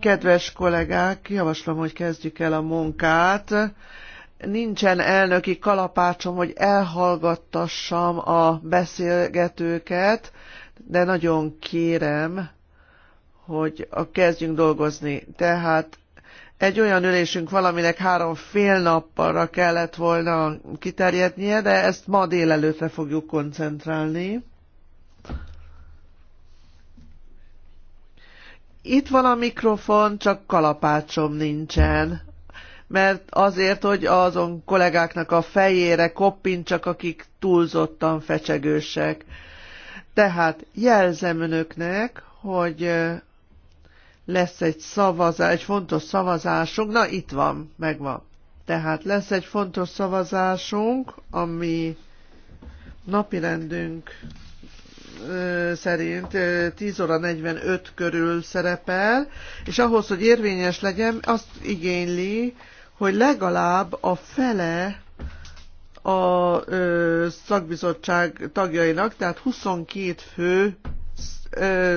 Kedves kollégák, javaslom, hogy kezdjük el a munkát. Nincsen elnöki kalapácsom, hogy elhallgattassam a beszélgetőket, de nagyon kérem, hogy a kezdjünk dolgozni. Tehát egy olyan ülésünk valaminek három fél nappalra kellett volna kiterjednie, de ezt ma délelőtre fogjuk koncentrálni. Itt van a mikrofon, csak kalapácsom nincsen. Mert azért, hogy azon kollégáknak a fejére koppintsak, akik túlzottan fecsegősek. Tehát jelzem önöknek, hogy lesz egy szavazás, egy fontos szavazásunk. Na, itt van, megvan. Tehát lesz egy fontos szavazásunk, ami napirendünk szerint 10 óra 45 körül szerepel, és ahhoz, hogy érvényes legyen, azt igényli, hogy legalább a fele a szakbizottság tagjainak, tehát 22 fő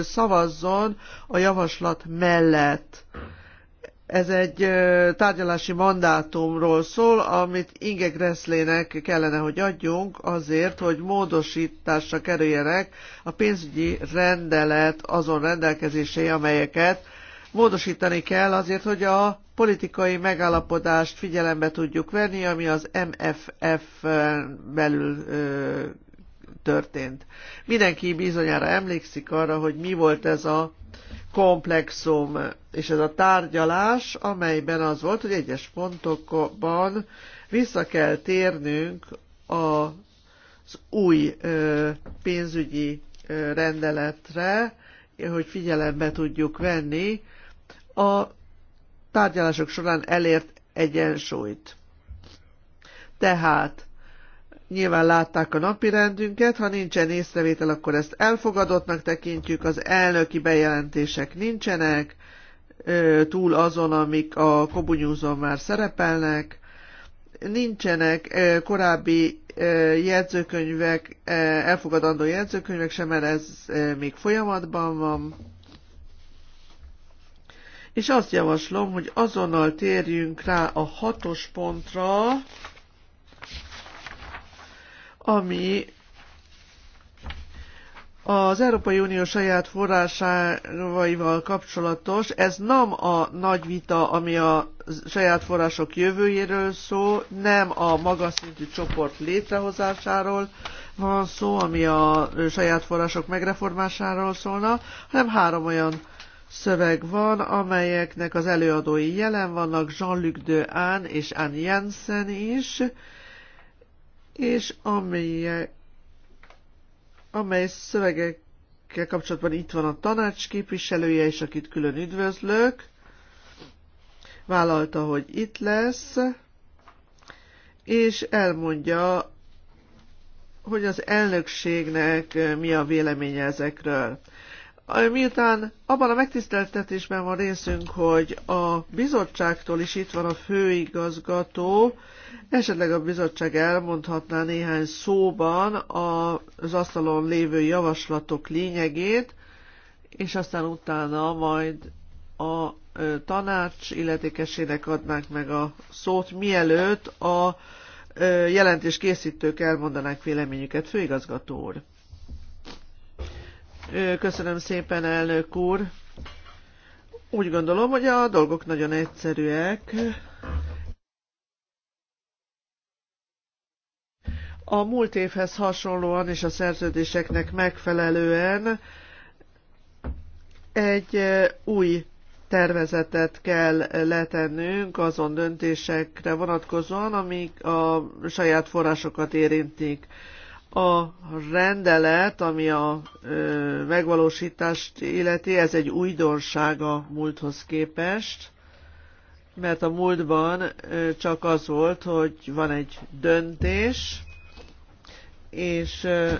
szavazzon a javaslat mellett. Ez egy tárgyalási mandátumról szól, amit Inge Gresslének kellene, hogy adjunk azért, hogy módosításra kerüljenek a pénzügyi rendelet azon rendelkezései, amelyeket módosítani kell azért, hogy a politikai megállapodást figyelembe tudjuk venni, ami az MFF belül történt. Mindenki bizonyára emlékszik arra, hogy mi volt ez a komplexum, és ez a tárgyalás, amelyben az volt, hogy egyes pontokban vissza kell térnünk az új pénzügyi rendeletre, hogy figyelembe tudjuk venni a tárgyalások során elért egyensúlyt. Tehát Nyilván látták a napi rendünket, ha nincsen észrevétel, akkor ezt elfogadottnak tekintjük, az elnöki bejelentések nincsenek, túl azon, amik a Kobunyúzon már szerepelnek, nincsenek korábbi jegyzőkönyvek, elfogadandó jegyzőkönyvek sem, mert ez még folyamatban van. És azt javaslom, hogy azonnal térjünk rá a hatos pontra, ami az Európai Unió saját forrásaival kapcsolatos, ez nem a nagy vita, ami a saját források jövőjéről szó, nem a magas szintű csoport létrehozásáról van szó, ami a saját források megreformásáról szólna, hanem három olyan szöveg van, amelyeknek az előadói jelen vannak, Jean-Luc de Anne és Anne Jensen is, és amely, amely szövegekkel kapcsolatban itt van a tanács képviselője, és akit külön üdvözlök. Vállalta, hogy itt lesz, és elmondja, hogy az elnökségnek eh, mi a véleménye ezekről. Miután abban a megtiszteltetésben van részünk, hogy a bizottságtól is itt van a főigazgató, esetleg a bizottság elmondhatná néhány szóban az asztalon lévő javaslatok lényegét, és aztán utána majd a tanács illetékesének adnánk meg a szót, mielőtt a jelentés készítők elmondanák véleményüket. Főigazgató úr! Köszönöm szépen, elnök úr. Úgy gondolom, hogy a dolgok nagyon egyszerűek. A múlt évhez hasonlóan és a szerződéseknek megfelelően egy új tervezetet kell letennünk azon döntésekre vonatkozóan, amik a saját forrásokat érintik. A rendelet, ami a ö, megvalósítást illeti, ez egy újdonság a múlthoz képest, mert a múltban ö, csak az volt, hogy van egy döntés, és ö,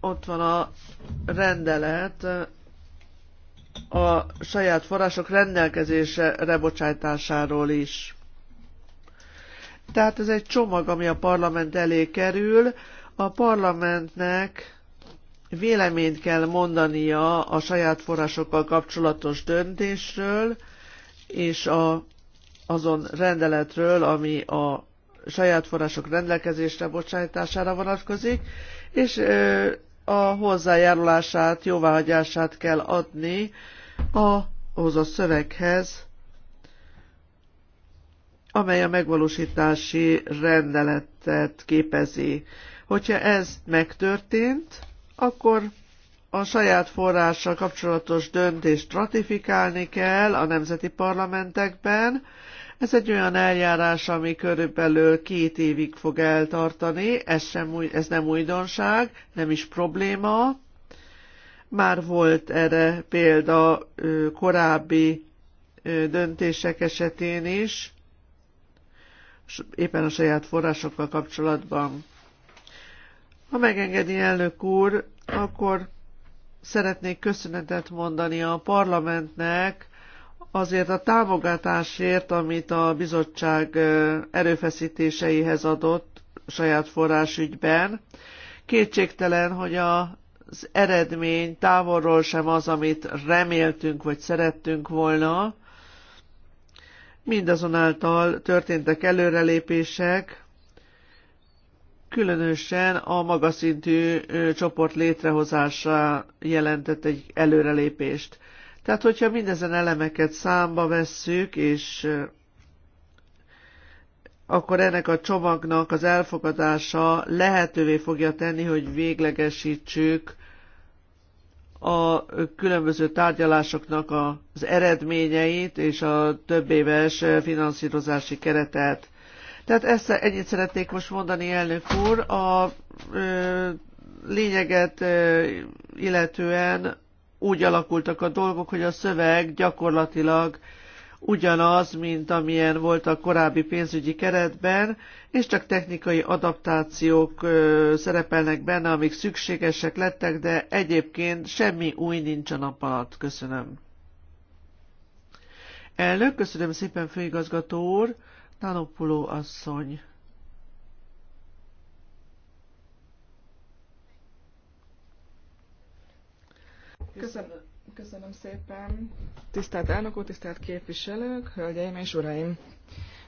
ott van a rendelet, a saját források rendelkezésre bocsájtásáról is. Tehát ez egy csomag, ami a parlament elé kerül, a parlamentnek véleményt kell mondania a saját forrásokkal kapcsolatos döntésről, és a, azon rendeletről, ami a saját források rendelkezésre bocsájtására vonatkozik, és ö, a hozzájárulását, jóváhagyását kell adni ahhoz a szöveghez, amely a megvalósítási rendeletet képezi. Hogyha ez megtörtént, akkor a saját forrással kapcsolatos döntést ratifikálni kell a nemzeti parlamentekben. Ez egy olyan eljárás, ami körülbelül két évig fog eltartani, ez, sem, ez nem újdonság, nem is probléma. Már volt erre példa korábbi döntések esetén is, éppen a saját forrásokkal kapcsolatban. Ha megengedi elnök úr, akkor szeretnék köszönetet mondani a parlamentnek azért a támogatásért, amit a bizottság erőfeszítéseihez adott saját forrásügyben. Kétségtelen, hogy az eredmény távolról sem az, amit reméltünk vagy szerettünk volna. Mindazonáltal történtek előrelépések, különösen a magaszintű csoport létrehozása jelentett egy előrelépést. Tehát, hogyha mindezen elemeket számba vesszük, és akkor ennek a csomagnak az elfogadása lehetővé fogja tenni, hogy véglegesítsük a különböző tárgyalásoknak az eredményeit és a többéves finanszírozási keretet. Tehát ezt, ennyit szeretnék most mondani, elnök úr. A ö, lényeget ö, illetően úgy alakultak a dolgok, hogy a szöveg gyakorlatilag ugyanaz, mint amilyen volt a korábbi pénzügyi keretben, és csak technikai adaptációk ö, szerepelnek benne, amik szükségesek lettek, de egyébként semmi új nincs a nap alatt. Köszönöm. Elnök, köszönöm szépen, főigazgató úr. Nanopuló asszony. Köszönöm, köszönöm szépen. Tisztelt elnök úr, tisztelt képviselők, hölgyeim és uraim!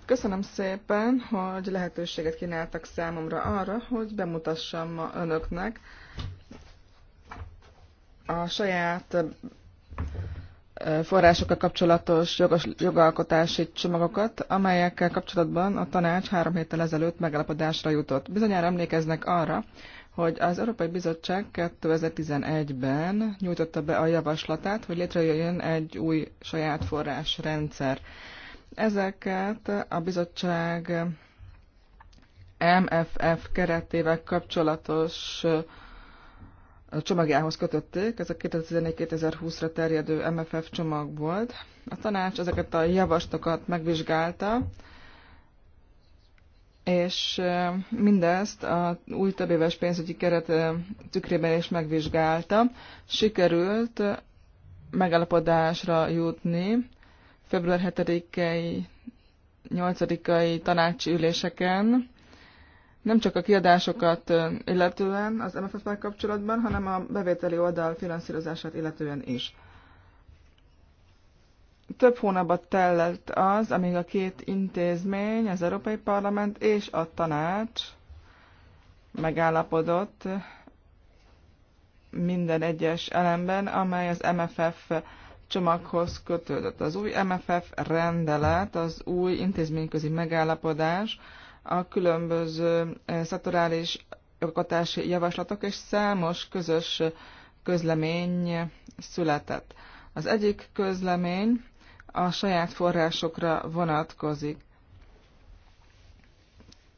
Köszönöm szépen, hogy lehetőséget kínáltak számomra arra, hogy bemutassam ma önöknek a saját forrásokkal kapcsolatos jogos, jogalkotási csomagokat, amelyekkel kapcsolatban a tanács három héttel ezelőtt megállapodásra jutott. Bizonyára emlékeznek arra, hogy az Európai Bizottság 2011-ben nyújtotta be a javaslatát, hogy létrejöjjön egy új saját forrásrendszer. Ezeket a bizottság MFF keretével kapcsolatos uh, csomagjához kötötték, ez a 2014-2020-ra terjedő MFF csomag volt. A tanács ezeket a javaslatokat megvizsgálta, és mindezt a új többéves pénzügyi keret tükrében is megvizsgálta. Sikerült megállapodásra jutni február 7-i, 8-ai tanácsi üléseken, nem csak a kiadásokat illetően az MFF-vel kapcsolatban, hanem a bevételi oldal finanszírozását illetően is. Több hónapba tellett az, amíg a két intézmény, az Európai Parlament és a Tanács megállapodott minden egyes elemben, amely az MFF csomaghoz kötődött. Az új MFF rendelet, az új intézményközi megállapodás, a különböző eh, szektorális jogalkotási javaslatok és számos közös közlemény született. Az egyik közlemény a saját forrásokra vonatkozik.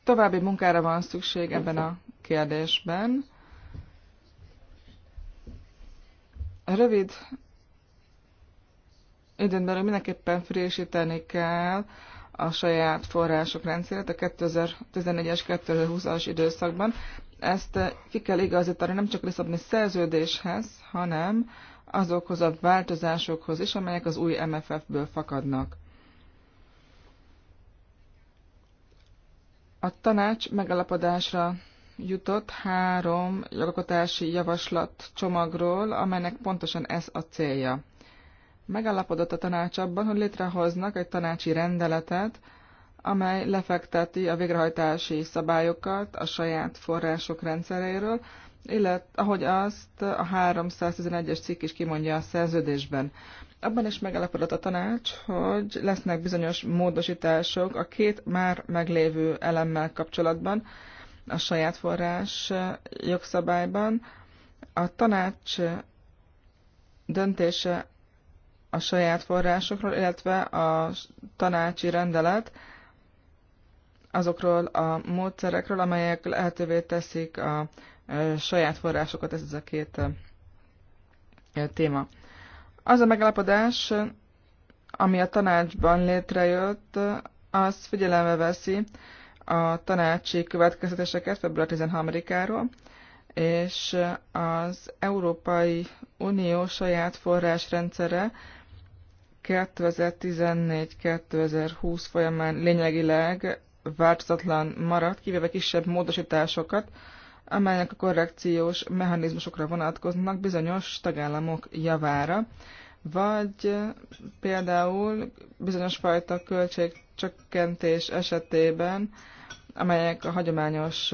További munkára van szükség ebben a kérdésben. Rövid időn belül mindenképpen frissíteni kell a saját források rendszerét a 2014-es 2020-as időszakban. Ezt eh, ki kell igazítani nem csak Lisszaboni szerződéshez, hanem azokhoz a változásokhoz is, amelyek az új MFF-ből fakadnak. A tanács megalapodásra jutott három jogalkotási javaslat csomagról, amelynek pontosan ez a célja megállapodott a tanács abban, hogy létrehoznak egy tanácsi rendeletet, amely lefekteti a végrehajtási szabályokat a saját források rendszeréről, illetve ahogy azt a 311-es cikk is kimondja a szerződésben. Abban is megállapodott a tanács, hogy lesznek bizonyos módosítások a két már meglévő elemmel kapcsolatban, a saját forrás jogszabályban. A tanács döntése a saját forrásokról, illetve a tanácsi rendelet azokról a módszerekről, amelyek lehetővé teszik a saját forrásokat, ez, ez a két téma. Az a megállapodás, ami a tanácsban létrejött, az figyelembe veszi a tanácsi következeteseket február 13-áról, és az Európai Unió saját forrásrendszere 2014-2020 folyamán lényegileg változatlan maradt, kivéve kisebb módosításokat, amelyek a korrekciós mechanizmusokra vonatkoznak bizonyos tagállamok javára, vagy például bizonyos fajta költségcsökkentés esetében, amelyek a hagyományos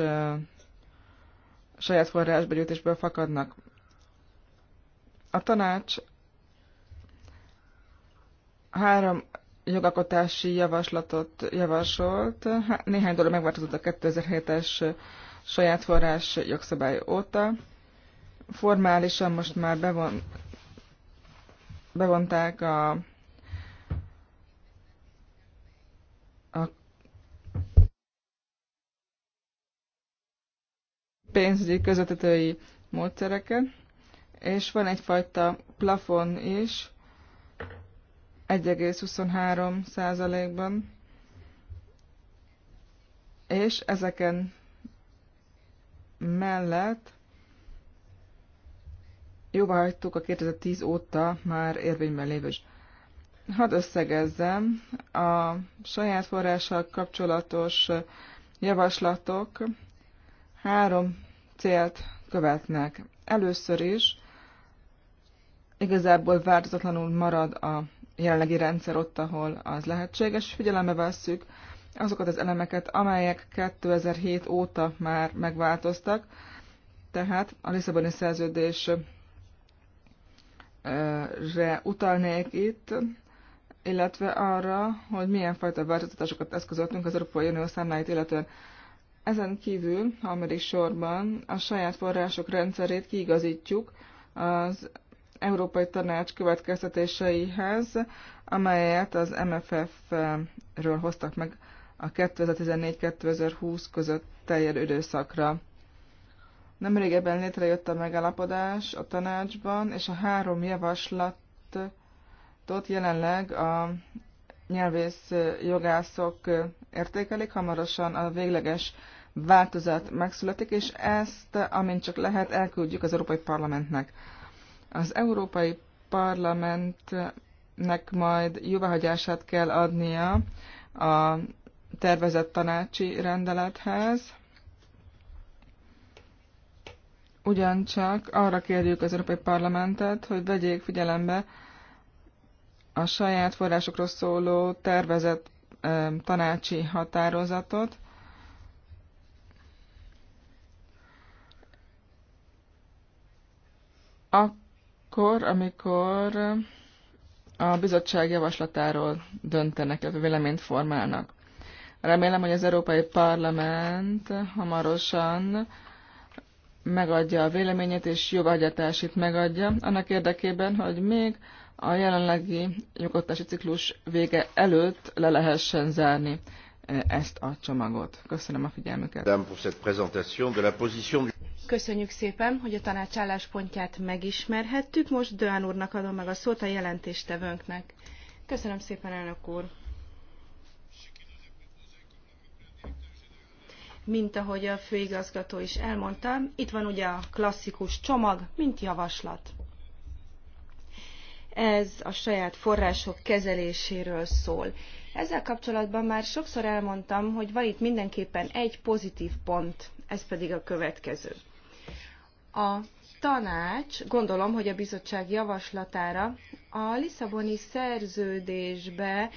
saját forrásbegyűjtésből fakadnak. A tanács három jogakotási javaslatot javasolt. Néhány dolog megváltozott a 2007-es saját forrás jogszabály óta. Formálisan most már bevon, bevonták a, a pénzügyi közvetítői módszereket, és van egyfajta plafon is, 1,23 százalékban, és ezeken mellett jóvá hagytuk a 2010 óta már érvényben lévő Hadd összegezzem, a saját forrással kapcsolatos javaslatok három célt követnek. Először is igazából változatlanul marad a jelenlegi rendszer ott, ahol az lehetséges. Figyelembe vesszük azokat az elemeket, amelyek 2007 óta már megváltoztak, tehát a Lisszaboni szerződésre utalnék itt, illetve arra, hogy milyen fajta változtatásokat eszközöltünk az Európai Unió számláit illetően. Ezen kívül, harmadik sorban a saját források rendszerét kiigazítjuk az Európai Tanács következtetéseihez, amelyet az MFF-ről hoztak meg a 2014-2020 között teljes időszakra. Nemrégebben létrejött a megállapodás a tanácsban, és a három javaslatot jelenleg a nyelvész jogászok értékelik, hamarosan a végleges változat megszületik, és ezt, amint csak lehet, elküldjük az Európai Parlamentnek. Az Európai Parlamentnek majd jóváhagyását kell adnia a tervezett tanácsi rendelethez. Ugyancsak arra kérjük az Európai Parlamentet, hogy vegyék figyelembe a saját forrásokról szóló tervezett tanácsi határozatot, Ak akkor, amikor a bizottság javaslatáról döntenek, illetve véleményt formálnak. Remélem, hogy az Európai Parlament hamarosan megadja a véleményét és jogagyatásít megadja, annak érdekében, hogy még a jelenlegi jogotási ciklus vége előtt le lehessen zárni eh, ezt a csomagot. Köszönöm a figyelmüket. Köszönjük szépen, hogy a tanács álláspontját megismerhettük. Most Dőán úrnak adom meg a szót a jelentéstevőnknek. Köszönöm szépen, elnök úr. Mint ahogy a főigazgató is elmondta, itt van ugye a klasszikus csomag, mint javaslat. Ez a saját források kezeléséről szól. Ezzel kapcsolatban már sokszor elmondtam, hogy van itt mindenképpen egy pozitív pont, ez pedig a következő. A tanács, gondolom, hogy a bizottság javaslatára a Lisszaboni szerződésbe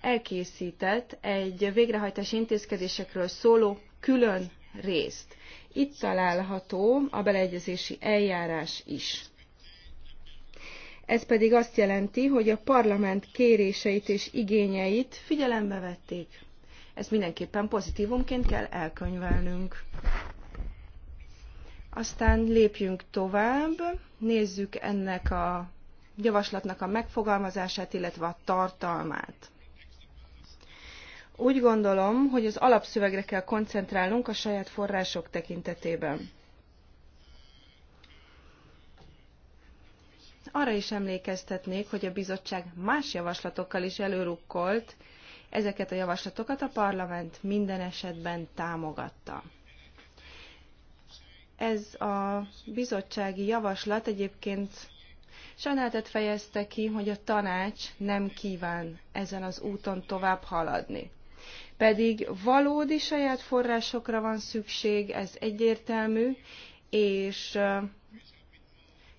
elkészített egy végrehajtási intézkedésekről szóló külön részt. Itt található a beleegyezési eljárás is. Ez pedig azt jelenti, hogy a parlament kéréseit és igényeit figyelembe vették. Ezt mindenképpen pozitívumként kell elkönyvelnünk. Aztán lépjünk tovább, nézzük ennek a javaslatnak a megfogalmazását, illetve a tartalmát. Úgy gondolom, hogy az alapszövegre kell koncentrálnunk a saját források tekintetében. Arra is emlékeztetnék, hogy a bizottság más javaslatokkal is előrukkolt, ezeket a javaslatokat a parlament minden esetben támogatta. Ez a bizottsági javaslat egyébként sajnálatot fejezte ki, hogy a tanács nem kíván ezen az úton tovább haladni. Pedig valódi saját forrásokra van szükség, ez egyértelmű, és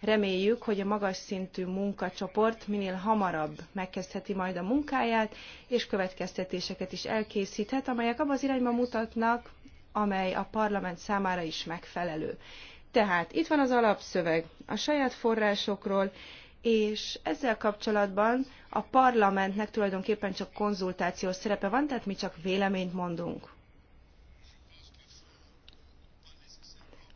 reméljük, hogy a magas szintű munkacsoport minél hamarabb megkezdheti majd a munkáját, és következtetéseket is elkészíthet, amelyek abban az irányba mutatnak, amely a parlament számára is megfelelő. Tehát itt van az alapszöveg a saját forrásokról, és ezzel kapcsolatban a parlamentnek tulajdonképpen csak konzultációs szerepe van, tehát mi csak véleményt mondunk.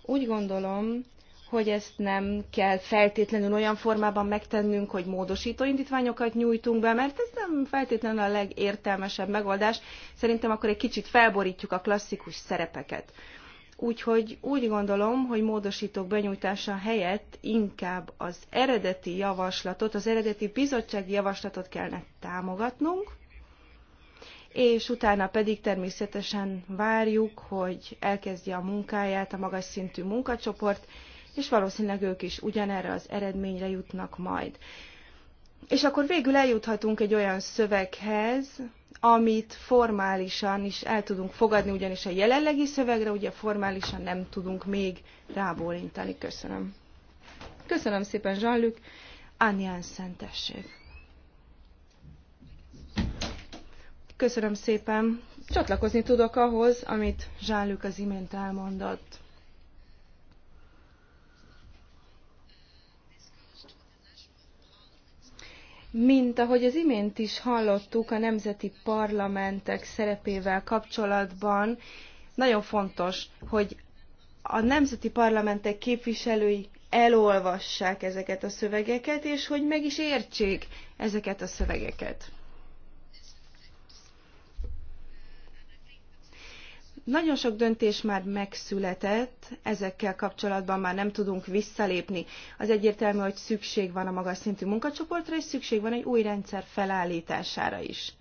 Úgy gondolom, hogy ezt nem kell feltétlenül olyan formában megtennünk, hogy módosító indítványokat nyújtunk be, mert ez nem feltétlenül a legértelmesebb megoldás. Szerintem akkor egy kicsit felborítjuk a klasszikus szerepeket. Úgyhogy úgy gondolom, hogy módosítók benyújtása helyett inkább az eredeti javaslatot, az eredeti bizottsági javaslatot kellene támogatnunk, és utána pedig természetesen várjuk, hogy elkezdje a munkáját a magas szintű munkacsoport, és valószínűleg ők is ugyanerre az eredményre jutnak majd. És akkor végül eljuthatunk egy olyan szöveghez, amit formálisan is el tudunk fogadni, ugyanis a jelenlegi szövegre ugye formálisan nem tudunk még rábólintani. Köszönöm. Köszönöm szépen, Zsallük. Anján Szentesség. Köszönöm szépen. Csatlakozni tudok ahhoz, amit Zsállük az imént elmondott. Mint ahogy az imént is hallottuk a nemzeti parlamentek szerepével kapcsolatban, nagyon fontos, hogy a nemzeti parlamentek képviselői elolvassák ezeket a szövegeket, és hogy meg is értsék ezeket a szövegeket. Nagyon sok döntés már megszületett, ezekkel kapcsolatban már nem tudunk visszalépni. Az egyértelmű, hogy szükség van a magas szintű munkacsoportra, és szükség van egy új rendszer felállítására is.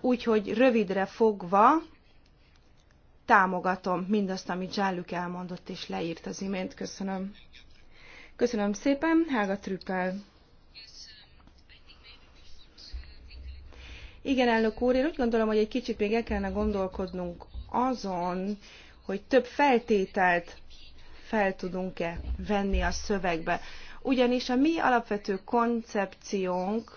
Úgyhogy rövidre fogva támogatom mindazt, amit Zsálluk elmondott és leírt az imént. Köszönöm. Köszönöm szépen, Hága Trüppel. Igen, elnök úr, én úgy gondolom, hogy egy kicsit még el kellene gondolkodnunk azon, hogy több feltételt fel tudunk-e venni a szövegbe. Ugyanis a mi alapvető koncepciónk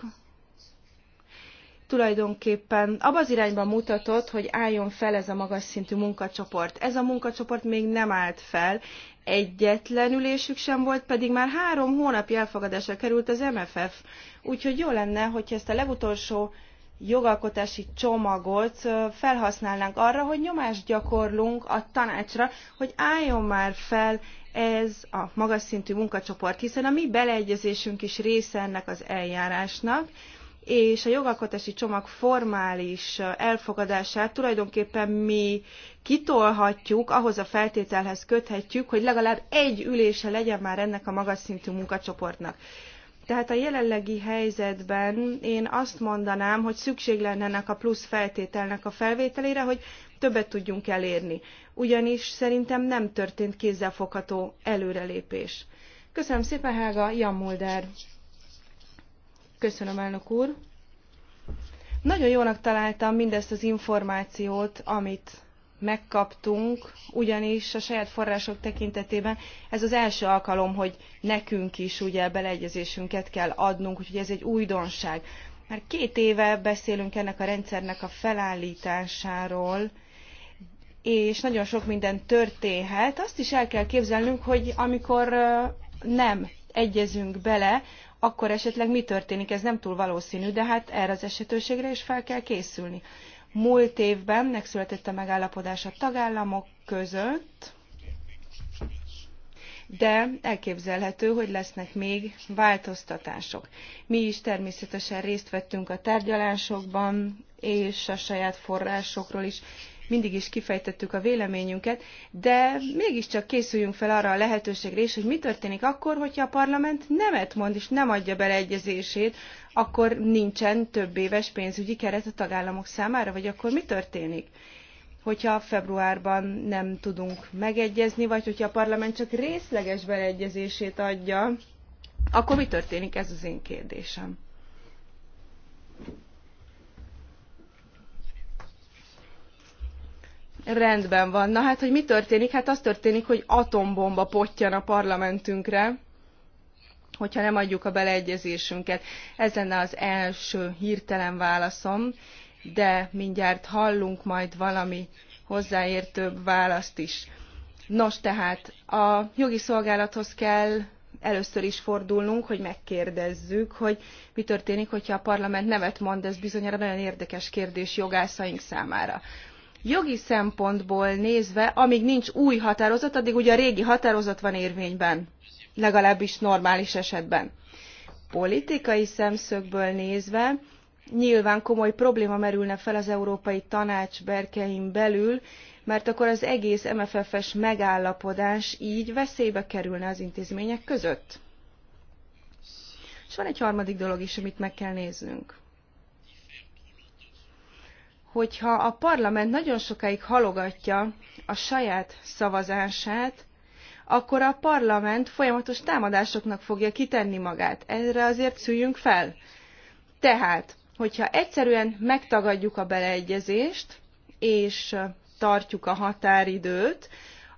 tulajdonképpen abban az irányban mutatott, hogy álljon fel ez a magas szintű munkacsoport. Ez a munkacsoport még nem állt fel, egyetlen ülésük sem volt, pedig már három hónapi elfogadásra került az MFF. Úgyhogy jó lenne, hogyha ezt a legutolsó jogalkotási csomagot felhasználnánk arra, hogy nyomást gyakorlunk a tanácsra, hogy álljon már fel ez a magas szintű munkacsoport, hiszen a mi beleegyezésünk is része ennek az eljárásnak, és a jogalkotási csomag formális elfogadását tulajdonképpen mi kitolhatjuk, ahhoz a feltételhez köthetjük, hogy legalább egy ülése legyen már ennek a magas szintű munkacsoportnak. Tehát a jelenlegi helyzetben én azt mondanám, hogy szükség lenne ennek a plusz feltételnek a felvételére, hogy többet tudjunk elérni. Ugyanis szerintem nem történt kézzelfogható előrelépés. Köszönöm szépen, Hága, Jan Mulder. Köszönöm, elnök úr. Nagyon jónak találtam mindezt az információt, amit megkaptunk, ugyanis a saját források tekintetében ez az első alkalom, hogy nekünk is ugye beleegyezésünket kell adnunk, úgyhogy ez egy újdonság. Már két éve beszélünk ennek a rendszernek a felállításáról, és nagyon sok minden történhet. Azt is el kell képzelnünk, hogy amikor nem egyezünk bele, akkor esetleg mi történik, ez nem túl valószínű, de hát erre az esetőségre is fel kell készülni. Múlt évben megszületett a megállapodás a tagállamok között, de elképzelhető, hogy lesznek még változtatások. Mi is természetesen részt vettünk a tárgyalásokban, és a saját forrásokról is mindig is kifejtettük a véleményünket, de mégiscsak készüljünk fel arra a lehetőségre is, hogy mi történik akkor, hogyha a parlament nemet mond és nem adja egyezését, akkor nincsen több éves pénzügyi keret a tagállamok számára, vagy akkor mi történik? hogyha februárban nem tudunk megegyezni, vagy hogyha a parlament csak részleges beleegyezését adja, akkor mi történik? Ez az én kérdésem. Rendben van. Na hát, hogy mi történik? Hát az történik, hogy atombomba potjan a parlamentünkre, hogyha nem adjuk a beleegyezésünket. Ez lenne az első hirtelen válaszom, de mindjárt hallunk majd valami hozzáértőbb választ is. Nos, tehát a jogi szolgálathoz kell először is fordulnunk, hogy megkérdezzük, hogy mi történik, hogyha a parlament nevet mond, ez bizonyára nagyon érdekes kérdés jogászaink számára. Jogi szempontból nézve, amíg nincs új határozat, addig ugye a régi határozat van érvényben, legalábbis normális esetben. Politikai szemszögből nézve, nyilván komoly probléma merülne fel az Európai Tanács berkein belül, mert akkor az egész MFF-es megállapodás így veszélybe kerülne az intézmények között. És van egy harmadik dolog is, amit meg kell néznünk hogyha a parlament nagyon sokáig halogatja a saját szavazását, akkor a parlament folyamatos támadásoknak fogja kitenni magát. Erre azért szüljünk fel. Tehát, hogyha egyszerűen megtagadjuk a beleegyezést, és tartjuk a határidőt,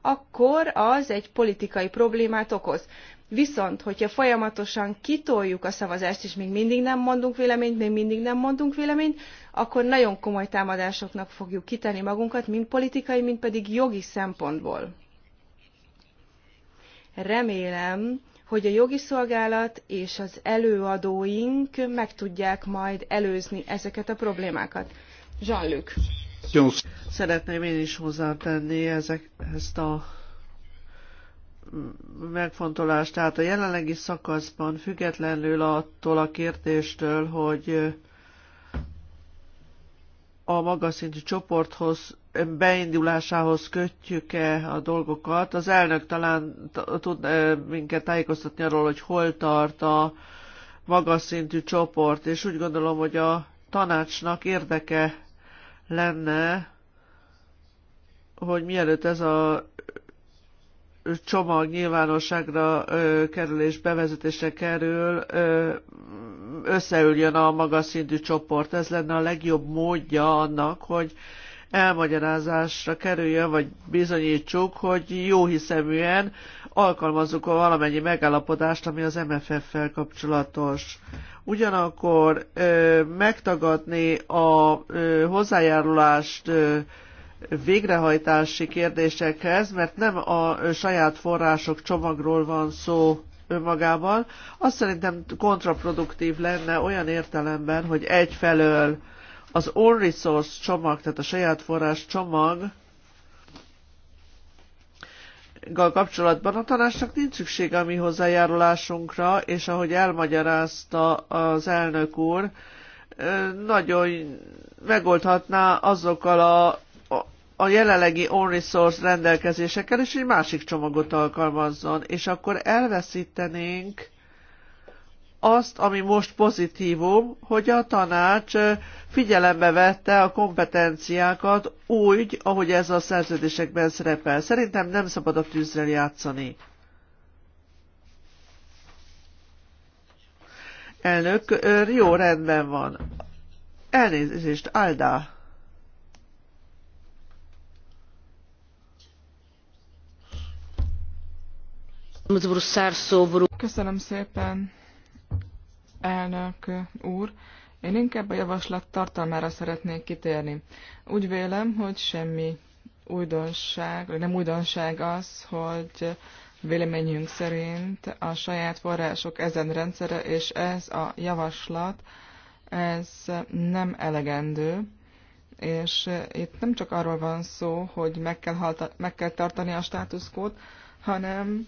akkor az egy politikai problémát okoz. Viszont, hogyha folyamatosan kitoljuk a szavazást, és még mindig nem mondunk véleményt, még mindig nem mondunk véleményt, akkor nagyon komoly támadásoknak fogjuk kitenni magunkat, mind politikai, mind pedig jogi szempontból. Remélem, hogy a jogi szolgálat és az előadóink meg tudják majd előzni ezeket a problémákat. Jean-Luc. Szeretném én is hozzátenni ezek, ezt a megfontolást. Tehát a jelenlegi szakaszban függetlenül attól a kérdéstől, hogy a magas szintű csoporthoz beindulásához kötjük-e a dolgokat. Az elnök talán tud minket tájékoztatni arról, hogy hol tart a magas szintű csoport, és úgy gondolom, hogy a tanácsnak érdeke lenne, hogy mielőtt ez a csomag nyilvánosságra ö, kerül és bevezetése kerül, ö, összeüljön a magas szintű csoport. Ez lenne a legjobb módja annak, hogy elmagyarázásra kerüljön, vagy bizonyítsuk, hogy jó hiszeműen alkalmazzuk a valamennyi megállapodást, ami az MFF-fel kapcsolatos. Ugyanakkor ö, megtagadni a ö, hozzájárulást ö, végrehajtási kérdésekhez, mert nem a saját források csomagról van szó önmagában, azt szerintem kontraproduktív lenne olyan értelemben, hogy egyfelől az own resource csomag, tehát a saját forrás csomag kapcsolatban a tanácsnak nincs szüksége a mi hozzájárulásunkra, és ahogy elmagyarázta az elnök úr, nagyon megoldhatná azokkal a a jelenlegi on-resource rendelkezésekkel, és egy másik csomagot alkalmazzon, és akkor elveszítenénk azt, ami most pozitívum, hogy a tanács figyelembe vette a kompetenciákat úgy, ahogy ez a szerződésekben szerepel. Szerintem nem szabad a tűzzel játszani. Elnök, jó rendben van. Elnézést, Áldá! Köszönöm szépen, elnök úr. Én inkább a javaslat tartalmára szeretnék kitérni. Úgy vélem, hogy semmi újdonság, vagy nem újdonság az, hogy véleményünk szerint a saját források ezen rendszere, és ez a javaslat, ez nem elegendő, és itt nem csak arról van szó, hogy meg kell, halta, meg kell tartani a státuszkót, hanem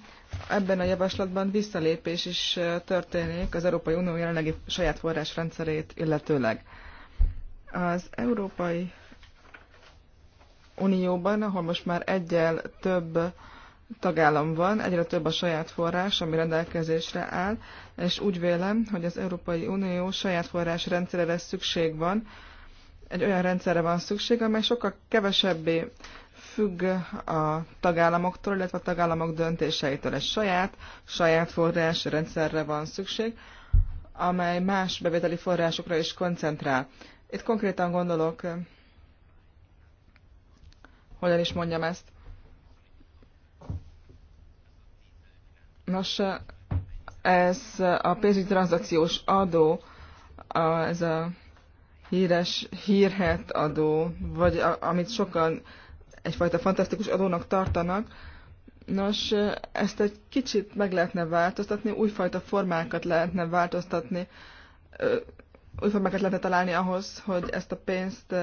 ebben a javaslatban visszalépés is történik az Európai Unió jelenlegi saját forrásrendszerét illetőleg. Az Európai Unióban, ahol most már egyel több tagállam van, egyre több a saját forrás, ami rendelkezésre áll, és úgy vélem, hogy az Európai Unió saját forrás rendszerre szükség van, egy olyan rendszerre van szükség, amely sokkal kevesebbé függ a tagállamoktól, illetve a tagállamok döntéseitől. Egy saját, saját forrás rendszerre van szükség, amely más bevételi forrásokra is koncentrál. Itt konkrétan gondolok, hogyan is mondjam ezt. Nos, ez a pénzügyi tranzakciós adó, ez a híres hírhet adó, vagy a, amit sokan egyfajta fantasztikus adónak tartanak. Nos, ezt egy kicsit meg lehetne változtatni, újfajta formákat lehetne változtatni, új formákat lehetne találni ahhoz, hogy ezt a pénzt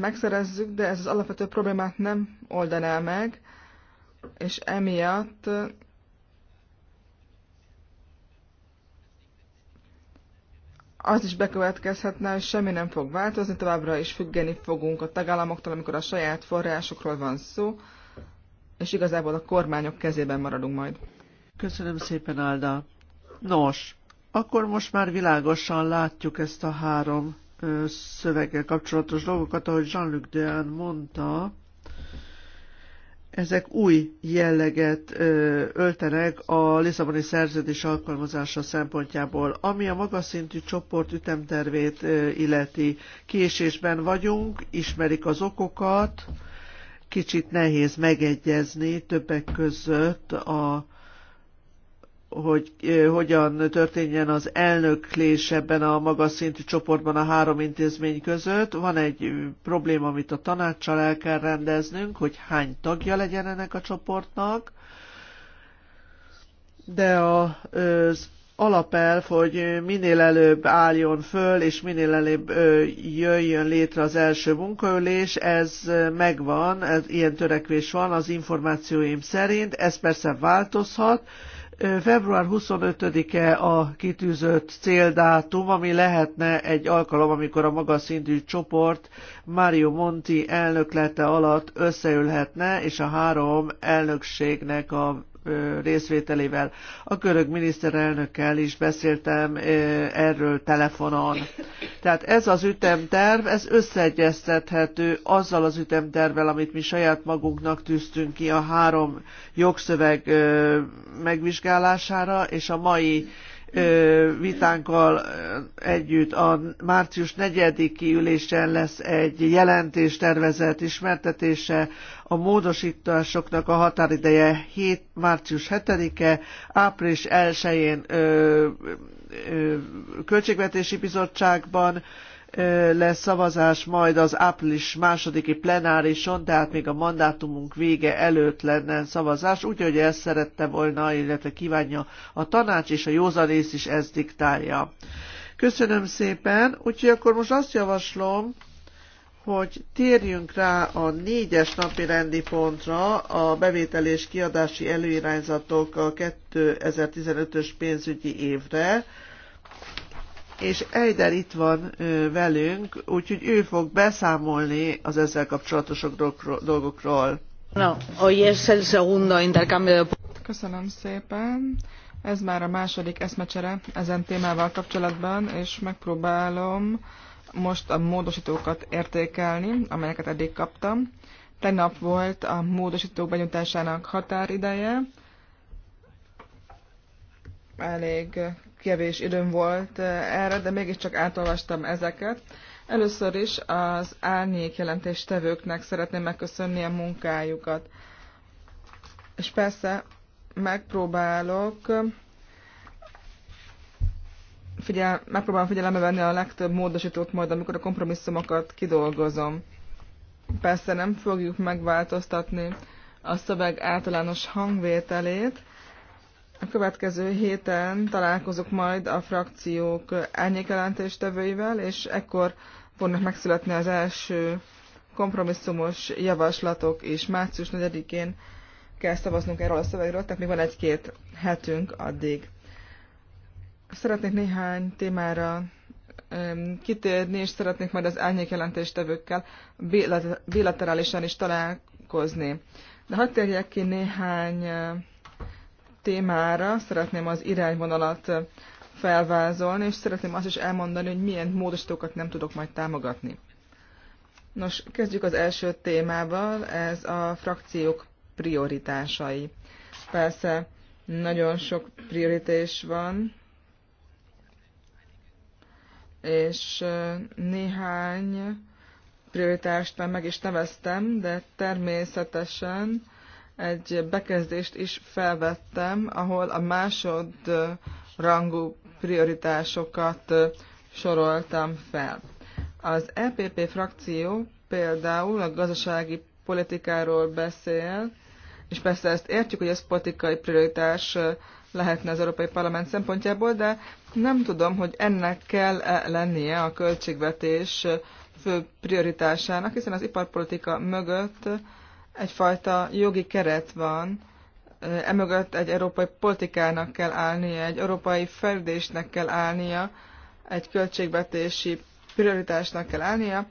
megszerezzük, de ez az alapvető problémát nem oldaná meg, és emiatt az is bekövetkezhetne, hogy semmi nem fog változni, továbbra is függeni fogunk a tagállamoktól, amikor a saját forrásokról van szó, és igazából a kormányok kezében maradunk majd. Köszönöm szépen, Alda. Nos, akkor most már világosan látjuk ezt a három szöveggel kapcsolatos dolgokat, ahogy Jean-Luc Dean mondta, ezek új jelleget öltenek a Lisszaboni szerződés alkalmazása szempontjából. Ami a magas szintű csoport ütemtervét illeti, késésben vagyunk, ismerik az okokat, kicsit nehéz megegyezni többek között a hogy hogyan történjen az elnöklés ebben a magas szintű csoportban a három intézmény között. Van egy probléma, amit a tanácssal el kell rendeznünk, hogy hány tagja legyen ennek a csoportnak, de a, az alapelv, hogy minél előbb álljon föl, és minél előbb jöjjön létre az első munkaülés, ez megvan, ez, ilyen törekvés van az információim szerint, ez persze változhat, Február 25-e a kitűzött céldátum, ami lehetne egy alkalom, amikor a magas szintű csoport Mario Monti elnöklete alatt összeülhetne, és a három elnökségnek a részvételével. A görög miniszterelnökkel is beszéltem erről telefonon. Tehát ez az ütemterv, ez összeegyeztethető azzal az ütemtervel, amit mi saját magunknak tűztünk ki a három jogszöveg megvizsgálására, és a mai vitánkkal együtt a március 4-i ülésen lesz egy jelentéstervezet ismertetése, a módosításoknak a határideje 7, március 7-e, április 1-én Költségvetési Bizottságban, lesz szavazás majd az április másodiki plenárison, tehát még a mandátumunk vége előtt lenne szavazás, úgyhogy ezt szerette volna, illetve kívánja a tanács, és a józanész is ezt diktálja. Köszönöm szépen, úgyhogy akkor most azt javaslom, hogy térjünk rá a négyes napi rendi pontra, a bevétel és kiadási előirányzatok a 2015-ös pénzügyi évre, és Eider itt van ö, velünk, úgyhogy ő fog beszámolni az ezzel kapcsolatos dolgokról. Na, hoy es el segundo intercambio Köszönöm szépen. Ez már a második eszmecsere ezen témával kapcsolatban, és megpróbálom most a módosítókat értékelni, amelyeket eddig kaptam. Tegnap volt a módosítók benyújtásának határideje, elég kevés időm volt eh, erre, de mégiscsak átolvastam ezeket. Először is az árnyék jelentéstevőknek szeretném megköszönni a munkájukat. És persze megpróbálok figyel, megpróbálom figyelembe venni a legtöbb módosítót majd, amikor a kompromisszumokat kidolgozom. Persze nem fogjuk megváltoztatni a szöveg általános hangvételét, a következő héten találkozok majd a frakciók árnyékelentéstevőivel, és ekkor fognak megszületni az első kompromisszumos javaslatok, és március 4-én kell szavaznunk erről a szövegről, tehát még van egy-két hetünk addig. Szeretnék néhány témára kitérni, és szeretnék majd az árnyékjelentéstevőkkel bilaterálisan is találkozni. De hadd térjek ki néhány témára, szeretném az irányvonalat felvázolni, és szeretném azt is elmondani, hogy milyen módosítókat nem tudok majd támogatni. Nos, kezdjük az első témával, ez a frakciók prioritásai. Persze nagyon sok prioritás van, és néhány prioritást már meg is neveztem, de természetesen egy bekezdést is felvettem, ahol a másodrangú prioritásokat soroltam fel. Az EPP frakció például a gazdasági politikáról beszél, és persze ezt értjük, hogy ez politikai prioritás lehetne az Európai Parlament szempontjából, de nem tudom, hogy ennek kell -e lennie a költségvetés fő prioritásának, hiszen az iparpolitika mögött egyfajta jogi keret van, emögött egy európai politikának kell állnia, egy európai fejlődésnek kell állnia, egy költségvetési prioritásnak kell állnia.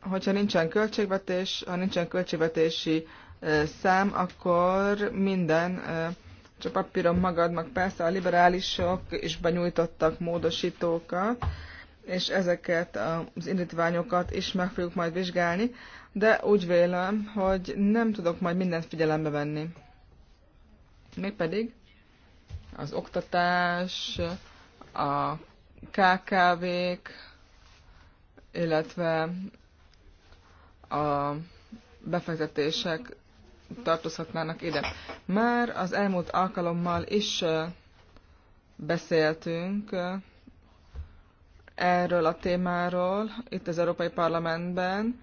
Hogyha nincsen költségvetés, ha nincsen költségvetési szám, akkor minden csak papíron magad, meg persze a liberálisok is benyújtottak módosítókat, és ezeket az indítványokat is meg fogjuk majd vizsgálni de úgy vélem, hogy nem tudok majd mindent figyelembe venni. Mégpedig az oktatás, a KKV-k, illetve a befektetések tartozhatnának ide. Már az elmúlt alkalommal is beszéltünk erről a témáról itt az Európai Parlamentben,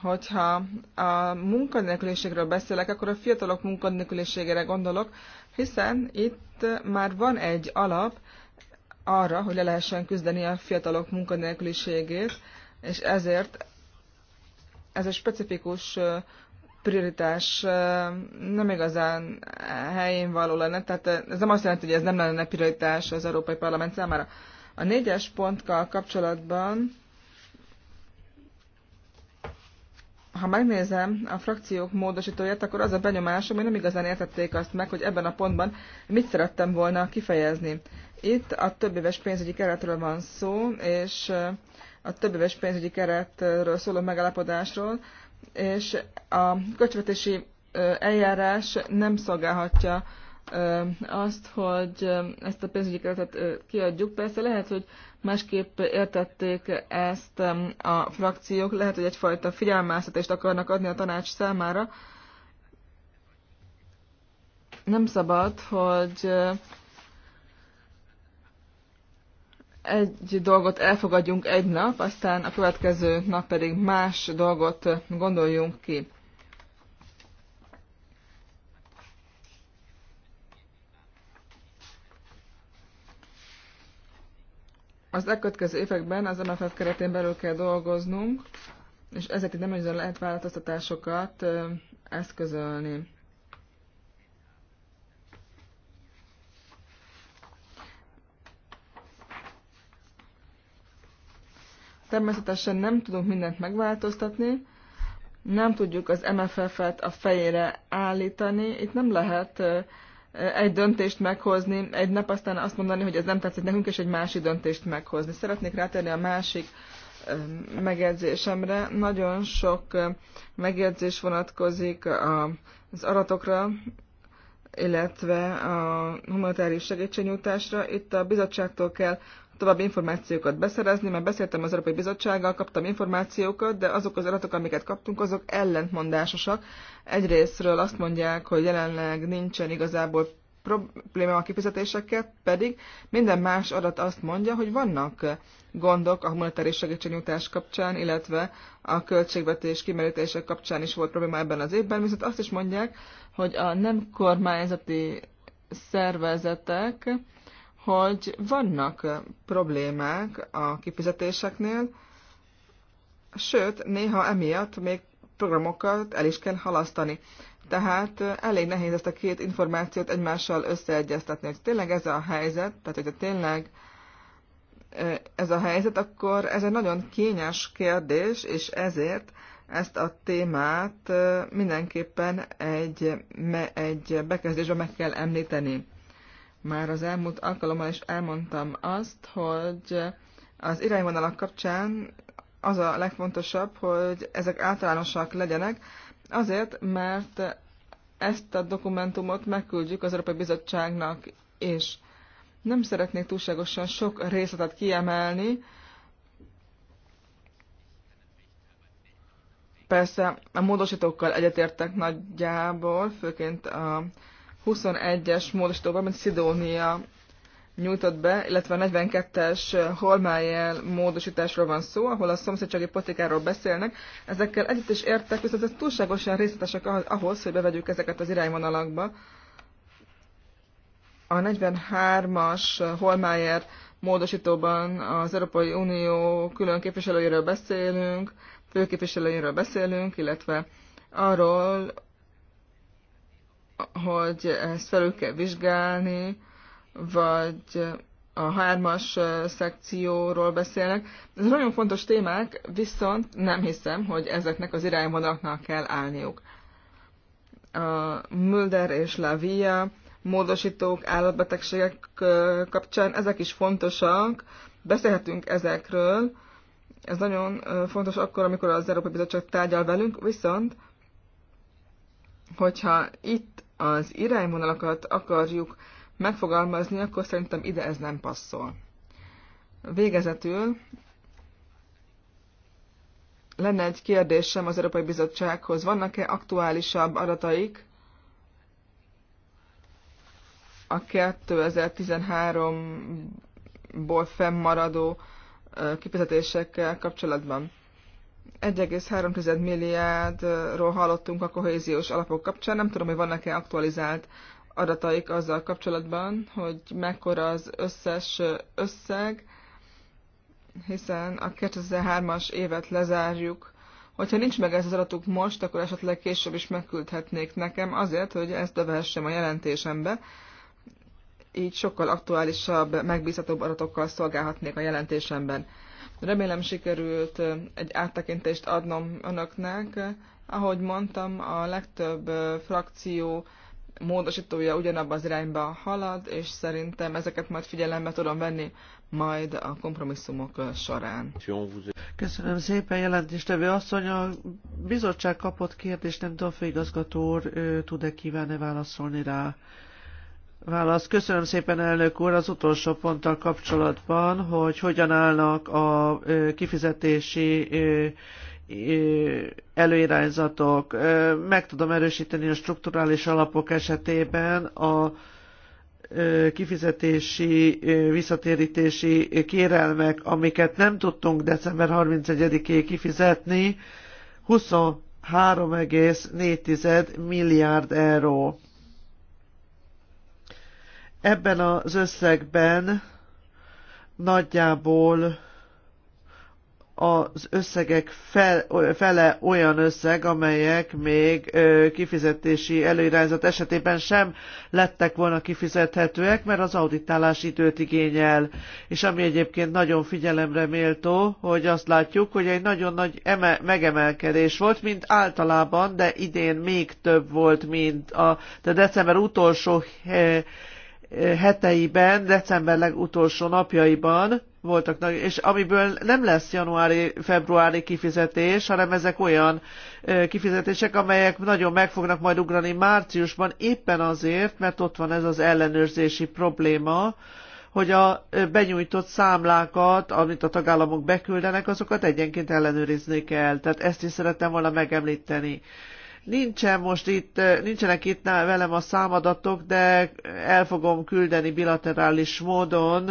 hogyha a munkanélküliségről beszélek, akkor a fiatalok munkanélküliségére gondolok, hiszen itt már van egy alap arra, hogy le lehessen küzdeni a fiatalok munkanélküliségét, és ezért ez egy specifikus prioritás nem igazán helyén való lenne, tehát ez nem azt jelenti, hogy ez nem lenne prioritás az Európai Parlament számára. A négyes pontkal kapcsolatban ha megnézem a frakciók módosítóját, akkor az a benyomásom, hogy nem igazán értették azt meg, hogy ebben a pontban mit szerettem volna kifejezni. Itt a többéves pénzügyi keretről van szó, és eh, a többéves pénzügyi keretről szóló megállapodásról, és a költségvetési eh, eljárás nem szolgálhatja eh, azt, hogy ezt a pénzügyi keretet kiadjuk. Persze lehet, hogy másképp értették ezt a frakciók, lehet, hogy egyfajta figyelmeztetést akarnak adni a tanács számára. Nem szabad, hogy egy dolgot elfogadjunk egy nap, aztán a következő nap pedig más dolgot gondoljunk ki. Az elkövetkező években az MFF keretén belül kell dolgoznunk, és ezért nem nagyon lehet változtatásokat eszközölni. Természetesen nem tudunk mindent megváltoztatni, nem tudjuk az MFF-et a fejére állítani, itt nem lehet egy döntést meghozni, egy nap aztán azt mondani, hogy ez nem tetszik nekünk, és egy másik döntést meghozni. Szeretnék rátenni a másik megjegyzésemre. Nagyon sok megjegyzés vonatkozik az aratokra, illetve a humanitárius segítségnyújtásra. Itt a bizottságtól kell további információkat beszerezni, mert beszéltem az Európai Bizottsággal, kaptam információkat, de azok az adatok, amiket kaptunk, azok ellentmondásosak. Egyrésztről azt mondják, hogy jelenleg nincsen igazából probléma a kifizetésekkel, pedig minden más adat azt mondja, hogy vannak gondok a humanitárius segítségnyújtás kapcsán, illetve a költségvetés kimerítések kapcsán is volt probléma ebben az évben, viszont azt is mondják, hogy a nem kormányzati szervezetek hogy vannak problémák a kifizetéseknél, sőt, néha emiatt még programokat el is kell halasztani. Tehát elég nehéz ezt a két információt egymással összeegyeztetni, hogy tényleg ez a helyzet, tehát hogyha tényleg ez a helyzet, akkor ez egy nagyon kényes kérdés, és ezért ezt a témát mindenképpen egy, egy bekezdésben meg kell említeni. Már az elmúlt alkalommal is elmondtam azt, hogy az irányvonalak kapcsán az a legfontosabb, hogy ezek általánosak legyenek, azért, mert ezt a dokumentumot megküldjük az Európai Bizottságnak, és nem szeretnék túlságosan sok részletet kiemelni. Persze a módosítókkal egyetértek nagyjából, főként a 21-es módosítóban, mint Szidónia nyújtott be, illetve a 42-es eh, Holmájel módosításról van szó, ahol a szomszédsági politikáról beszélnek. Ezekkel együtt is értek, viszont ez túlságosan részletesek ahhoz, hogy bevegyük ezeket az irányvonalakba. A 43-as eh, Holmájer módosítóban az Európai Unió külön képviselőjéről beszélünk, főképviselőjéről beszélünk, illetve arról, hogy ezt felül kell vizsgálni, vagy a hármas szekcióról beszélnek. Ez nagyon fontos témák, viszont nem hiszem, hogy ezeknek az irányvonalaknak kell állniuk. A Mulder és Lavia módosítók, állatbetegségek kapcsán, ezek is fontosak, beszélhetünk ezekről, ez nagyon fontos akkor, amikor az Európai Bizottság tárgyal velünk, viszont hogyha itt az irányvonalakat akarjuk megfogalmazni, akkor szerintem ide ez nem passzol. Végezetül lenne egy kérdésem az Európai Bizottsághoz. Vannak-e aktuálisabb adataik a 2013-ból fennmaradó kifizetésekkel kapcsolatban? 1,3 milliárdról hallottunk a kohéziós alapok kapcsán. Nem tudom, hogy vannak-e aktualizált adataik azzal kapcsolatban, hogy mekkora az összes összeg, hiszen a 2003-as évet lezárjuk. Hogyha nincs meg ez az adatuk most, akkor esetleg később is megküldhetnék nekem azért, hogy ezt bevehessem a jelentésembe. Így sokkal aktuálisabb, megbízhatóbb adatokkal szolgálhatnék a jelentésemben. Remélem sikerült egy áttekintést adnom önöknek. Ahogy mondtam, a legtöbb frakció módosítója ugyanabba az irányba halad, és szerintem ezeket majd figyelembe tudom venni majd a kompromisszumok során. Köszönöm szépen, jelentéstevő asszony. A bizottság kapott kérdést, nem tudom, főigazgató úr tud-e kívánne válaszolni rá. Válasz. Köszönöm szépen, elnök úr, az utolsó ponttal kapcsolatban, hogy hogyan állnak a kifizetési előirányzatok. Meg tudom erősíteni a strukturális alapok esetében a kifizetési, visszatérítési kérelmek, amiket nem tudtunk december 31-ig kifizetni, 23,4 milliárd euró Ebben az összegben nagyjából az összegek fel, fele olyan összeg, amelyek még kifizetési előirányzat esetében sem lettek volna kifizethetőek, mert az auditálás időt igényel. És ami egyébként nagyon figyelemre méltó, hogy azt látjuk, hogy egy nagyon nagy eme- megemelkedés volt, mint általában, de idén még több volt, mint a de december utolsó eh, heteiben, december legutolsó napjaiban voltak, és amiből nem lesz januári-februári kifizetés, hanem ezek olyan kifizetések, amelyek nagyon meg fognak majd ugrani márciusban, éppen azért, mert ott van ez az ellenőrzési probléma, hogy a benyújtott számlákat, amit a tagállamok beküldenek, azokat egyenként ellenőrizni kell. Tehát ezt is szerettem volna megemlíteni. Nincsen most itt, nincsenek itt velem a számadatok, de el fogom küldeni bilaterális módon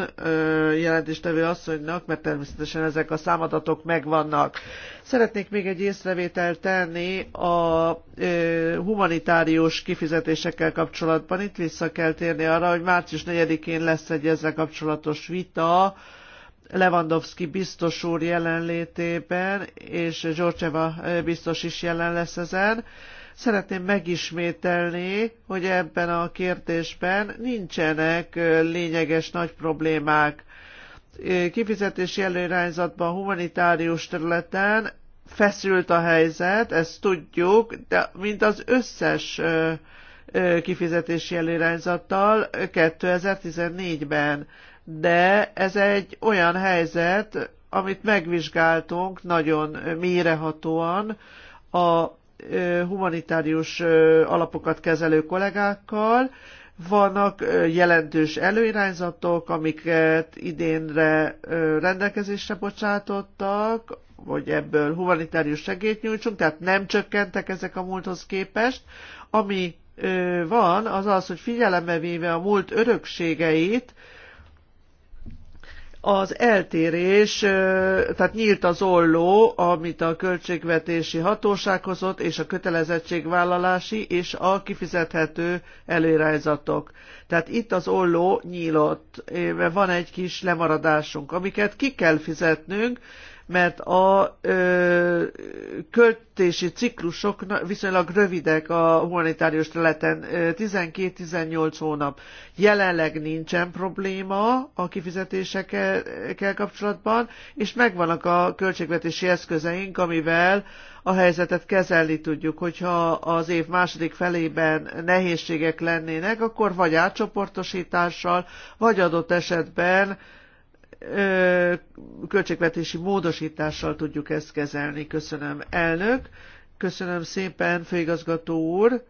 jelentéstevő asszonynak, mert természetesen ezek a számadatok megvannak. Szeretnék még egy észrevételt tenni a humanitárius kifizetésekkel kapcsolatban. Itt vissza kell térni arra, hogy március 4-én lesz egy ezzel kapcsolatos vita, Lewandowski biztos úr jelenlétében, és Georgeva biztos is jelen lesz ezen. Szeretném megismételni, hogy ebben a kérdésben nincsenek lényeges nagy problémák. Kifizetési előirányzatban, humanitárius területen feszült a helyzet, ezt tudjuk, de mint az összes kifizetési előirányzattal 2014-ben de ez egy olyan helyzet, amit megvizsgáltunk nagyon mérehatóan a humanitárius alapokat kezelő kollégákkal. Vannak jelentős előirányzatok, amiket idénre rendelkezésre bocsátottak, hogy ebből humanitárius segélyt nyújtsunk, tehát nem csökkentek ezek a múlthoz képest. Ami van, az az, hogy figyelembe véve a múlt örökségeit, az eltérés, tehát nyílt az olló, amit a költségvetési hatóság hozott, és a kötelezettségvállalási és a kifizethető előirányzatok. Tehát itt az olló nyílott, van egy kis lemaradásunk, amiket ki kell fizetnünk, mert a ö, költési ciklusok viszonylag rövidek a humanitárius területen, 12-18 hónap. Jelenleg nincsen probléma a kifizetésekkel kapcsolatban, és megvannak a költségvetési eszközeink, amivel a helyzetet kezelni tudjuk. Hogyha az év második felében nehézségek lennének, akkor vagy átcsoportosítással, vagy adott esetben költségvetési módosítással tudjuk ezt kezelni. Köszönöm, elnök. Köszönöm szépen, főigazgató úr.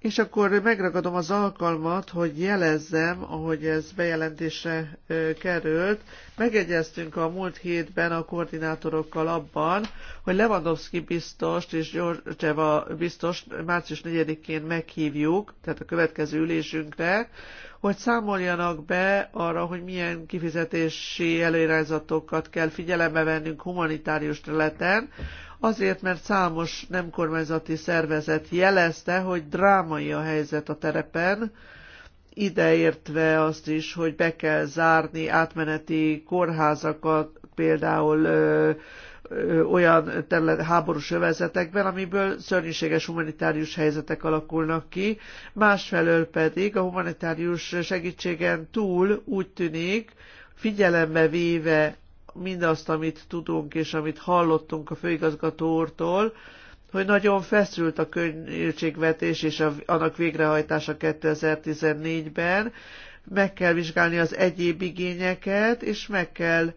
És akkor megragadom az alkalmat, hogy jelezzem, ahogy ez bejelentésre került. Megegyeztünk a múlt hétben a koordinátorokkal abban, hogy Lewandowski biztost és Gyorgyeva biztos, március 4-én meghívjuk, tehát a következő ülésünkre, hogy számoljanak be arra, hogy milyen kifizetési előirányzatokat kell figyelembe vennünk humanitárius területen, azért, mert számos nem kormányzati szervezet jelezte, hogy drámai a helyzet a terepen, ideértve azt is, hogy be kell zárni átmeneti kórházakat, például olyan terület, háborús övezetekben, amiből szörnyűséges humanitárius helyzetek alakulnak ki, másfelől pedig a humanitárius segítségen túl úgy tűnik, figyelembe véve mindazt, amit tudunk és amit hallottunk a főigazgató úrtól, hogy nagyon feszült a költségvetés és a, annak végrehajtása 2014-ben, meg kell vizsgálni az egyéb igényeket, és meg kell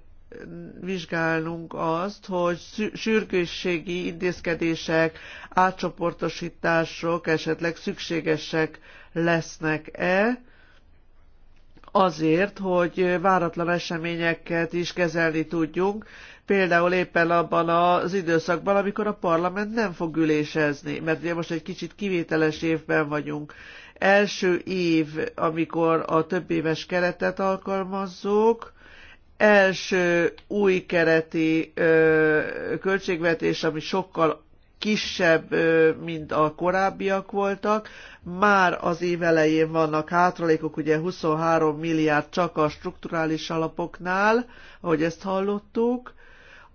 vizsgálnunk azt, hogy sürgősségi intézkedések, átcsoportosítások esetleg szükségesek lesznek-e, azért, hogy váratlan eseményeket is kezelni tudjunk, például éppen abban az időszakban, amikor a parlament nem fog ülésezni, mert ugye most egy kicsit kivételes évben vagyunk. Első év, amikor a több éves keretet alkalmazzuk, első új kereti költségvetés, ami sokkal kisebb, mint a korábbiak voltak. Már az év elején vannak hátralékok, ugye 23 milliárd csak a strukturális alapoknál, ahogy ezt hallottuk.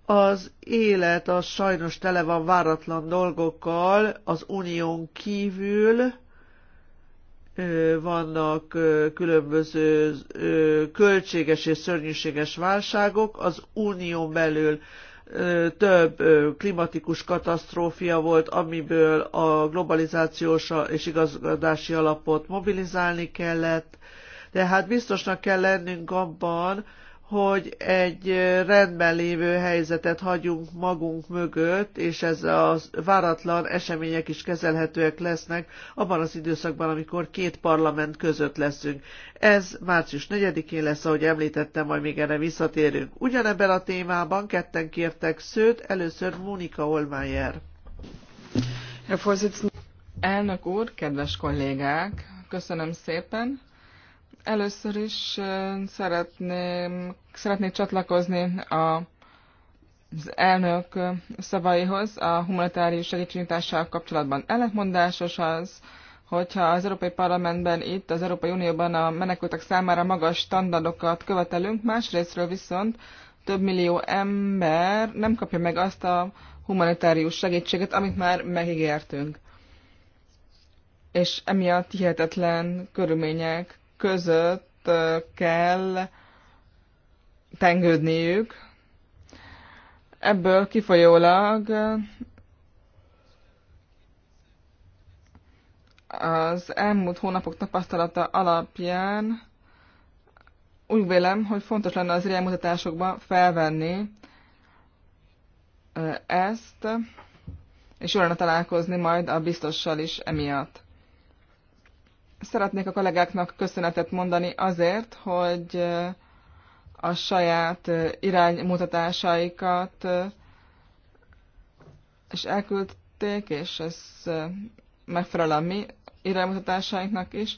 Az élet az sajnos tele van váratlan dolgokkal az unión kívül, vannak különböző költséges és szörnyűséges válságok, az unión belül több klimatikus katasztrófia volt, amiből a globalizációs és igazgatási alapot mobilizálni kellett, de hát biztosnak kell lennünk abban, hogy egy rendben lévő helyzetet hagyunk magunk mögött, és ez a váratlan események is kezelhetőek lesznek abban az időszakban, amikor két parlament között leszünk. Ez március 4-én lesz, ahogy említettem, majd még erre visszatérünk. Ugyanebben a témában ketten kértek szőt, először Monika Olmájer. Elnök úr, kedves kollégák, köszönöm szépen. Először is szeretném, szeretnék csatlakozni a, az elnök szavaihoz a humanitárius segítségnyújtással kapcsolatban. Ellentmondásos az, hogyha az Európai Parlamentben itt, az Európai Unióban a menekültek számára magas standardokat követelünk, másrésztről viszont több millió ember nem kapja meg azt a humanitárius segítséget, amit már megígértünk. És emiatt hihetetlen körülmények között kell tengődniük. Ebből kifolyólag az elmúlt hónapok tapasztalata alapján úgy vélem, hogy fontos lenne az iránymutatásokba felvenni ezt, és jól találkozni majd a biztossal is emiatt. Szeretnék a kollégáknak köszönetet mondani azért, hogy a saját iránymutatásaikat és elküldték, és ez megfelel a mi iránymutatásainknak is.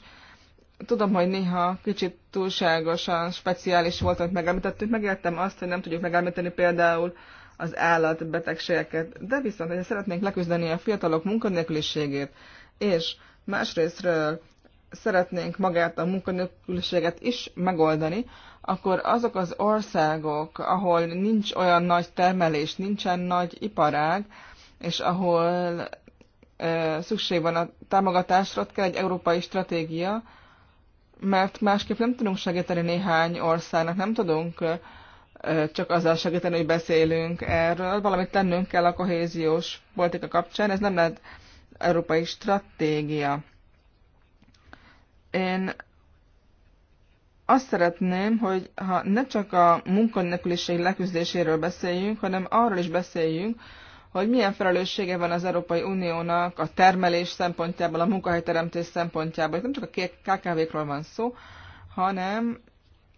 Tudom, hogy néha kicsit túlságosan speciális volt, amit megemlítettünk. Megértem azt, hogy nem tudjuk megemlíteni például az állatbetegségeket, de viszont, hogyha szeretnénk leküzdeni a fiatalok munkanélküliségét, és másrésztről szeretnénk magát a munkanélküliséget is megoldani, akkor azok az országok, ahol nincs olyan nagy termelés, nincsen nagy iparág, és ahol e, szükség van a támogatásra, ott kell egy európai stratégia, mert másképp nem tudunk segíteni néhány országnak, nem tudunk e, csak azzal segíteni, hogy beszélünk erről, valamit tennünk kell a kohéziós politika kapcsán, ez nem lehet európai stratégia. Én azt szeretném, hogy ha ne csak a munkanélküliség leküzdéséről beszéljünk, hanem arról is beszéljünk, hogy milyen felelőssége van az Európai Uniónak a termelés szempontjából, a munkahelyteremtés szempontjából. Itt nem csak a KKV-król van szó, hanem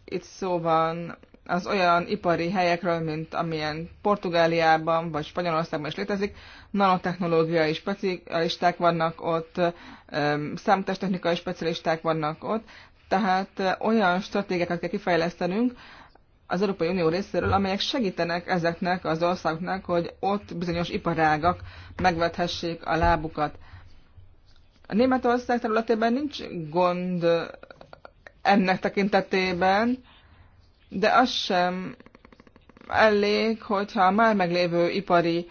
itt szó van az olyan ipari helyekről, mint amilyen Portugáliában vagy Spanyolországban is létezik. Nanotechnológiai specialisták vannak ott, számítástechnikai specialisták vannak ott, tehát eh, olyan stratégiákat kell kifejlesztenünk az Európai Unió részéről, amelyek segítenek ezeknek az országoknak, hogy ott bizonyos iparágak megvethessék a lábukat. A Németország területében nincs gond eh, ennek tekintetében, de az sem elég, hogyha a már meglévő ipari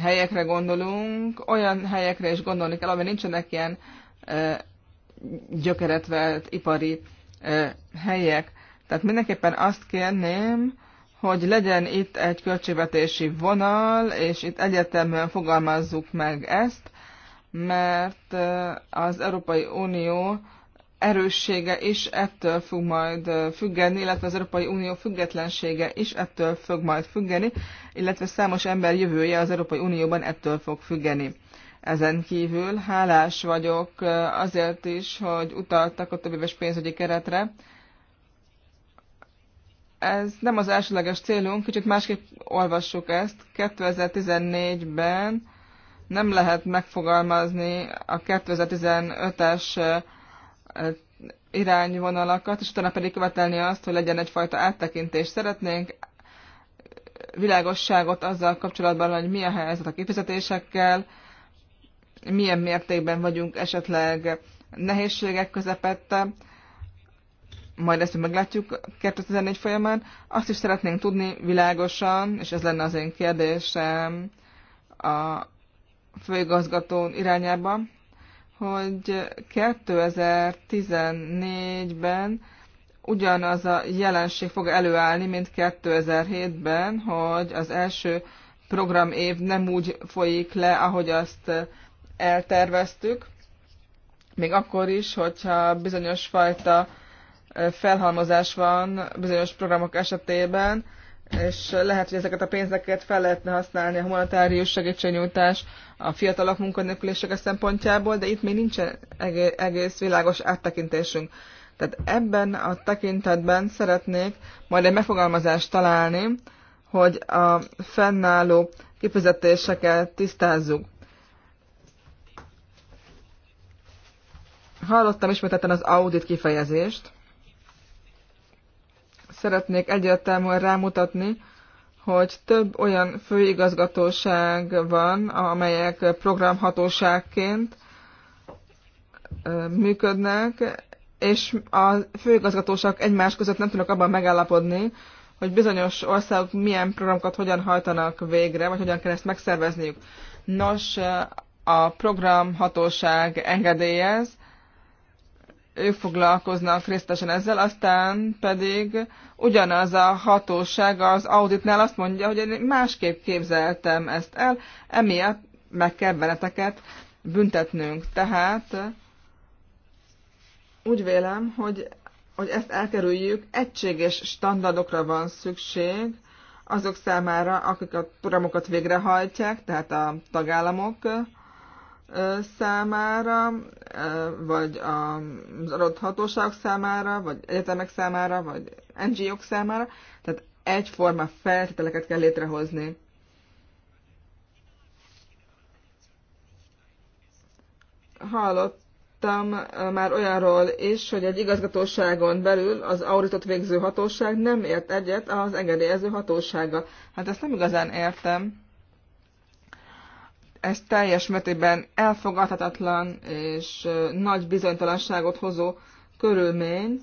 helyekre gondolunk, olyan helyekre is gondolni kell, ahol nincsenek ilyen e, gyökeretvelt ipari e, helyek. Tehát mindenképpen azt kérném, hogy legyen itt egy költségvetési vonal, és itt egyetemben fogalmazzuk meg ezt, mert az Európai Unió erőssége is ettől fog majd függeni, illetve az Európai Unió függetlensége is ettől fog majd függeni, illetve számos ember jövője az Európai Unióban ettől fog függeni. Ezen kívül hálás vagyok azért is, hogy utaltak a éves pénzügyi keretre. Ez nem az elsőleges célunk, kicsit másképp olvassuk ezt. 2014-ben nem lehet megfogalmazni a 2015-es irányvonalakat, és utána pedig követelni azt, hogy legyen egyfajta áttekintés. Szeretnénk világosságot azzal kapcsolatban, hogy mi a helyzet a kifizetésekkel, milyen mértékben vagyunk esetleg nehézségek közepette, majd ezt meglátjuk 2014 folyamán. Azt is szeretnénk tudni világosan, és ez lenne az én kérdésem a főigazgatón irányába, hogy 2014-ben ugyanaz a jelenség fog előállni, mint 2007-ben, hogy az első programév nem úgy folyik le, ahogy azt elterveztük, még akkor is, hogyha bizonyos fajta felhalmozás van bizonyos programok esetében, és lehet, hogy ezeket a pénzeket fel lehetne használni a humanitárius segítségnyújtás a fiatalok munkanélkülisége szempontjából, de itt még nincsen egész világos áttekintésünk. Tehát ebben a tekintetben szeretnék majd egy megfogalmazást találni, hogy a fennálló kifizetéseket tisztázzuk. Hallottam ismételten az audit kifejezést, szeretnék egyértelműen rámutatni, hogy több olyan főigazgatóság van, amelyek programhatóságként működnek, és a főigazgatóság egymás között nem tudnak abban megállapodni, hogy bizonyos országok milyen programokat hogyan hajtanak végre, vagy hogyan kell ezt megszervezniük. Nos, a programhatóság engedélyez, ők foglalkoznak részletesen ezzel, aztán pedig ugyanaz a hatóság az auditnál azt mondja, hogy én másképp képzeltem ezt el, emiatt meg kell benneteket büntetnünk. Tehát úgy vélem, hogy, hogy ezt elkerüljük, egységes standardokra van szükség azok számára, akik a programokat végrehajtják, tehát a tagállamok, számára, vagy az adott hatóság számára, vagy egyetemek számára, vagy NGO-k számára. Tehát egyforma feltételeket kell létrehozni. Hallottam már olyanról is, hogy egy igazgatóságon belül az auditot végző hatóság nem ért egyet az engedélyező hatósággal. Hát ezt nem igazán értem ez teljes mértékben elfogadhatatlan és nagy bizonytalanságot hozó körülmény.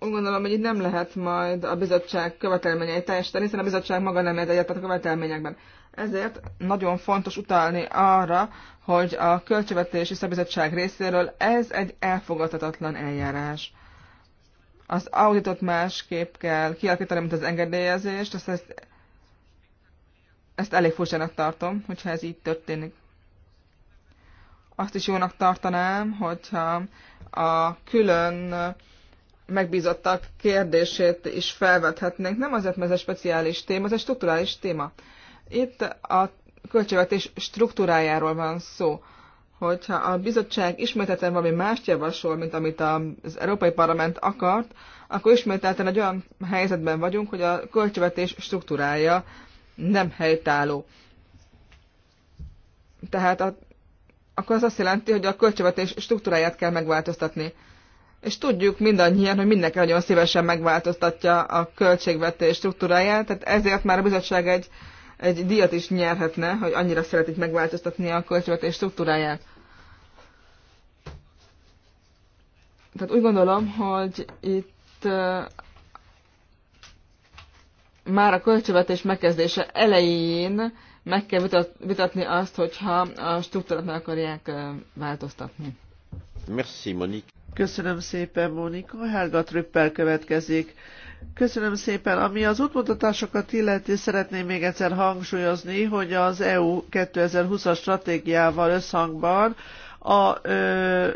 Úgy gondolom, hogy itt nem lehet majd a bizottság követelményeit teljesíteni, hiszen a bizottság maga nem ért egyet a követelményekben. Ezért nagyon fontos utalni arra, hogy a Költségvetési Szabizottság részéről ez egy elfogadhatatlan eljárás. Az auditot másképp kell kialakítani, mint az engedélyezést, azt, ezt ezt elég furcsának tartom, hogyha ez így történik. Azt is jónak tartanám, hogyha a külön megbízottak kérdését is felvethetnénk. Nem azért, mert ez egy speciális téma, ez egy strukturális téma. Itt a költségvetés struktúrájáról van szó. Hogyha a bizottság ismételten valami mást javasol, mint amit az Európai Parlament akart, akkor ismételten egy olyan helyzetben vagyunk, hogy a költségvetés struktúrája nem helytálló. Tehát a, akkor az azt jelenti, hogy a költségvetés struktúráját kell megváltoztatni. És tudjuk mindannyian, hogy mindenki nagyon szívesen megváltoztatja a költségvetés struktúráját, tehát ezért már a bizottság egy, egy díjat is nyerhetne, hogy annyira szeretik megváltoztatni a költségvetés struktúráját. Tehát úgy gondolom, hogy itt már a költségvetés megkezdése elején meg kell vitat, vitatni azt, hogyha a struktúrát meg akarják változtatni. Merci, Monique. Köszönöm szépen, Monika. Helga Trüppel következik. Köszönöm szépen. Ami az útmutatásokat illeti, szeretném még egyszer hangsúlyozni, hogy az EU 2020-as stratégiával összhangban a ö,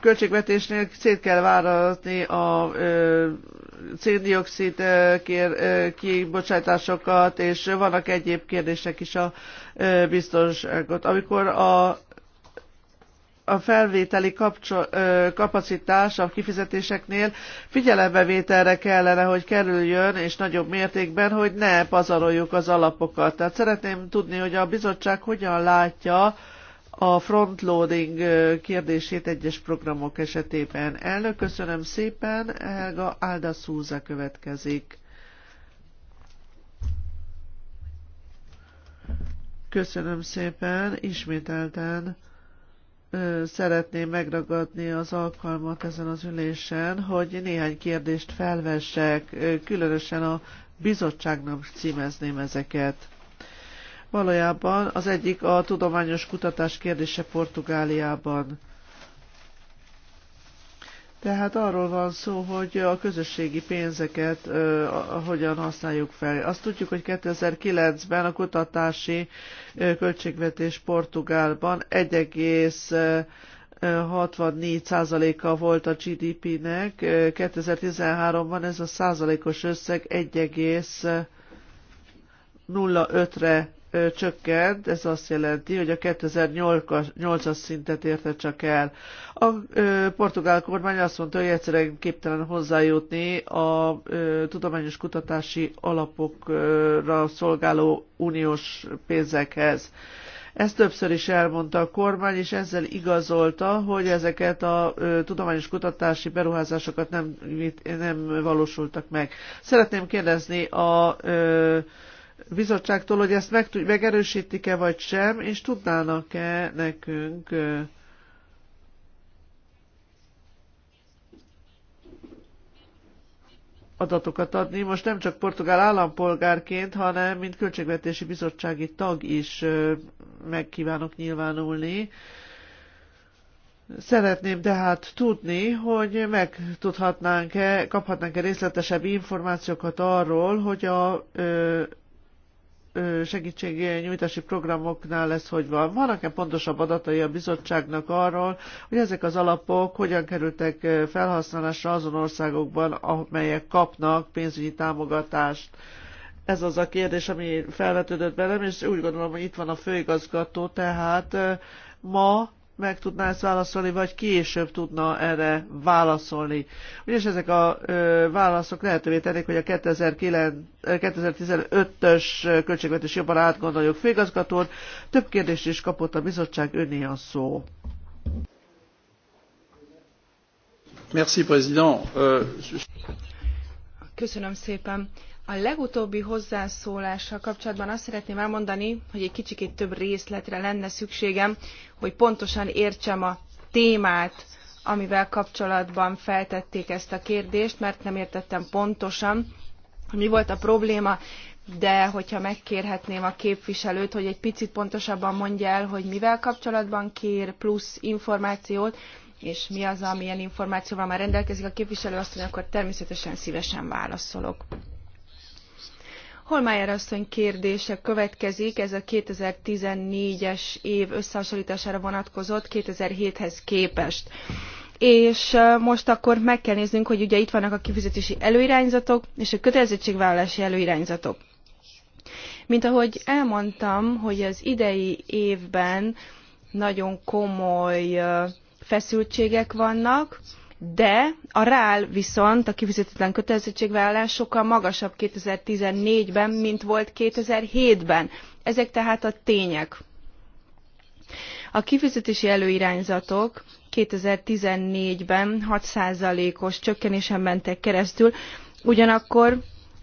költségvetésnél szét kell váratni a ö, széndiokszid kibocsátásokat, és vannak egyéb kérdések is a ö, biztonságot. Amikor a a felvételi kapcsol, kapacitás a kifizetéseknél figyelembevételre kellene, hogy kerüljön, és nagyobb mértékben, hogy ne pazaroljuk az alapokat. Tehát szeretném tudni, hogy a bizottság hogyan látja, a frontloading kérdését egyes programok esetében. Elnök, köszönöm szépen. Helga Álda Szúza következik. Köszönöm szépen, ismételten szeretném megragadni az alkalmat ezen az ülésen, hogy néhány kérdést felvessek, különösen a bizottságnak címezném ezeket. Valójában az egyik a tudományos kutatás kérdése Portugáliában. Tehát arról van szó, hogy a közösségi pénzeket ö, hogyan használjuk fel. Azt tudjuk, hogy 2009-ben a kutatási ö, költségvetés Portugálban 1,64%-a volt a GDP-nek, 2013-ban ez a százalékos összeg 1,05-re csökkent, ez azt jelenti, hogy a 2008-as szintet érte csak el. A portugál kormány azt mondta, hogy egyszerűen képtelen hozzájutni a tudományos kutatási alapokra szolgáló uniós pénzekhez. Ezt többször is elmondta a kormány, és ezzel igazolta, hogy ezeket a ö, tudományos kutatási beruházásokat nem, nem valósultak meg. Szeretném kérdezni a ö, bizottságtól, hogy ezt meg, megerősítik-e vagy sem, és tudnának-e nekünk adatokat adni. Most nem csak portugál állampolgárként, hanem mint költségvetési bizottsági tag is megkívánok nyilvánulni. Szeretném tehát tudni, hogy megtudhatnánk-e, kaphatnánk-e részletesebb információkat arról, hogy a segítségnyújtási programoknál ez hogy van? Vannak-e pontosabb adatai a bizottságnak arról, hogy ezek az alapok hogyan kerültek felhasználásra azon országokban, amelyek kapnak pénzügyi támogatást? Ez az a kérdés, ami felvetődött velem, és úgy gondolom, hogy itt van a főigazgató, tehát ma meg tudná ezt válaszolni, vagy később tudna erre válaszolni. Ugyanis ezek a ö, válaszok lehetővé tennék, hogy a 2015-ös költségvetés jobban átgondoljuk főigazgatót. Több kérdést is kapott a bizottság, önné a szó. Merci, président. Euh, Köszönöm szépen. A legutóbbi hozzászólással kapcsolatban azt szeretném elmondani, hogy egy kicsikét több részletre lenne szükségem, hogy pontosan értsem a témát, amivel kapcsolatban feltették ezt a kérdést, mert nem értettem pontosan, hogy mi volt a probléma, de hogyha megkérhetném a képviselőt, hogy egy picit pontosabban mondja el, hogy mivel kapcsolatban kér plusz információt, és mi az, amilyen információval már rendelkezik a képviselő, azt mondja, akkor természetesen szívesen válaszolok. Holmájer asszony kérdése következik, ez a 2014-es év összehasonlítására vonatkozott 2007-hez képest. És most akkor meg kell néznünk, hogy ugye itt vannak a kifizetési előirányzatok és a kötelezettségvállalási előirányzatok. Mint ahogy elmondtam, hogy az idei évben nagyon komoly feszültségek vannak, de a RÁL viszont a kifizetetlen kötelezettségvállalás sokkal magasabb 2014-ben, mint volt 2007-ben. Ezek tehát a tények. A kifizetési előirányzatok 2014-ben 6%-os csökkenésen mentek keresztül, ugyanakkor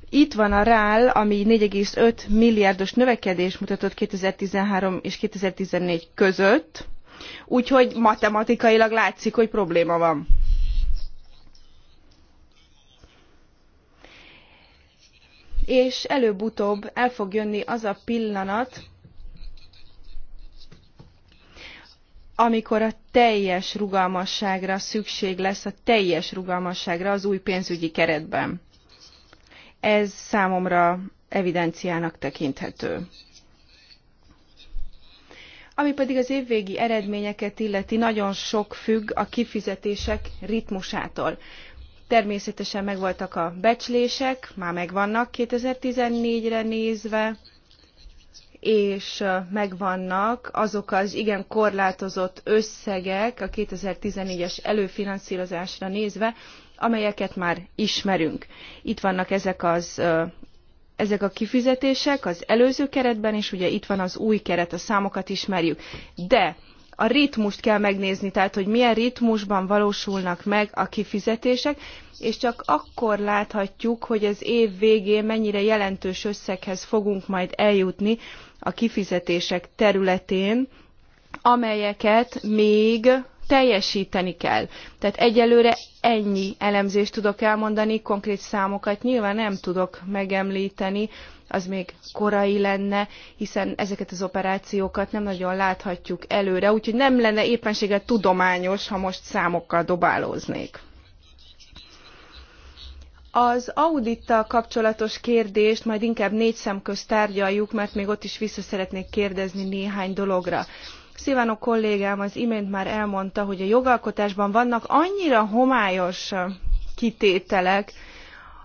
itt van a RÁL, ami 4,5 milliárdos növekedés mutatott 2013 és 2014 között, úgyhogy matematikailag látszik, hogy probléma van. és előbb-utóbb el fog jönni az a pillanat, amikor a teljes rugalmasságra szükség lesz, a teljes rugalmasságra az új pénzügyi keretben. Ez számomra evidenciának tekinthető. Ami pedig az évvégi eredményeket illeti, nagyon sok függ a kifizetések ritmusától. Természetesen megvoltak a becslések, már megvannak 2014-re nézve, és megvannak azok az igen korlátozott összegek a 2014-es előfinanszírozásra nézve, amelyeket már ismerünk. Itt vannak ezek az ezek a kifizetések az előző keretben, és ugye itt van az új keret, a számokat ismerjük. De a ritmust kell megnézni, tehát hogy milyen ritmusban valósulnak meg a kifizetések, és csak akkor láthatjuk, hogy az év végén mennyire jelentős összeghez fogunk majd eljutni a kifizetések területén, amelyeket még teljesíteni kell. Tehát egyelőre ennyi elemzést tudok elmondani, konkrét számokat nyilván nem tudok megemlíteni, az még korai lenne, hiszen ezeket az operációkat nem nagyon láthatjuk előre, úgyhogy nem lenne éppenséggel tudományos, ha most számokkal dobálóznék. Az audittal kapcsolatos kérdést majd inkább négy szem közt tárgyaljuk, mert még ott is vissza szeretnék kérdezni néhány dologra. Szívánó kollégám az imént már elmondta, hogy a jogalkotásban vannak annyira homályos kitételek,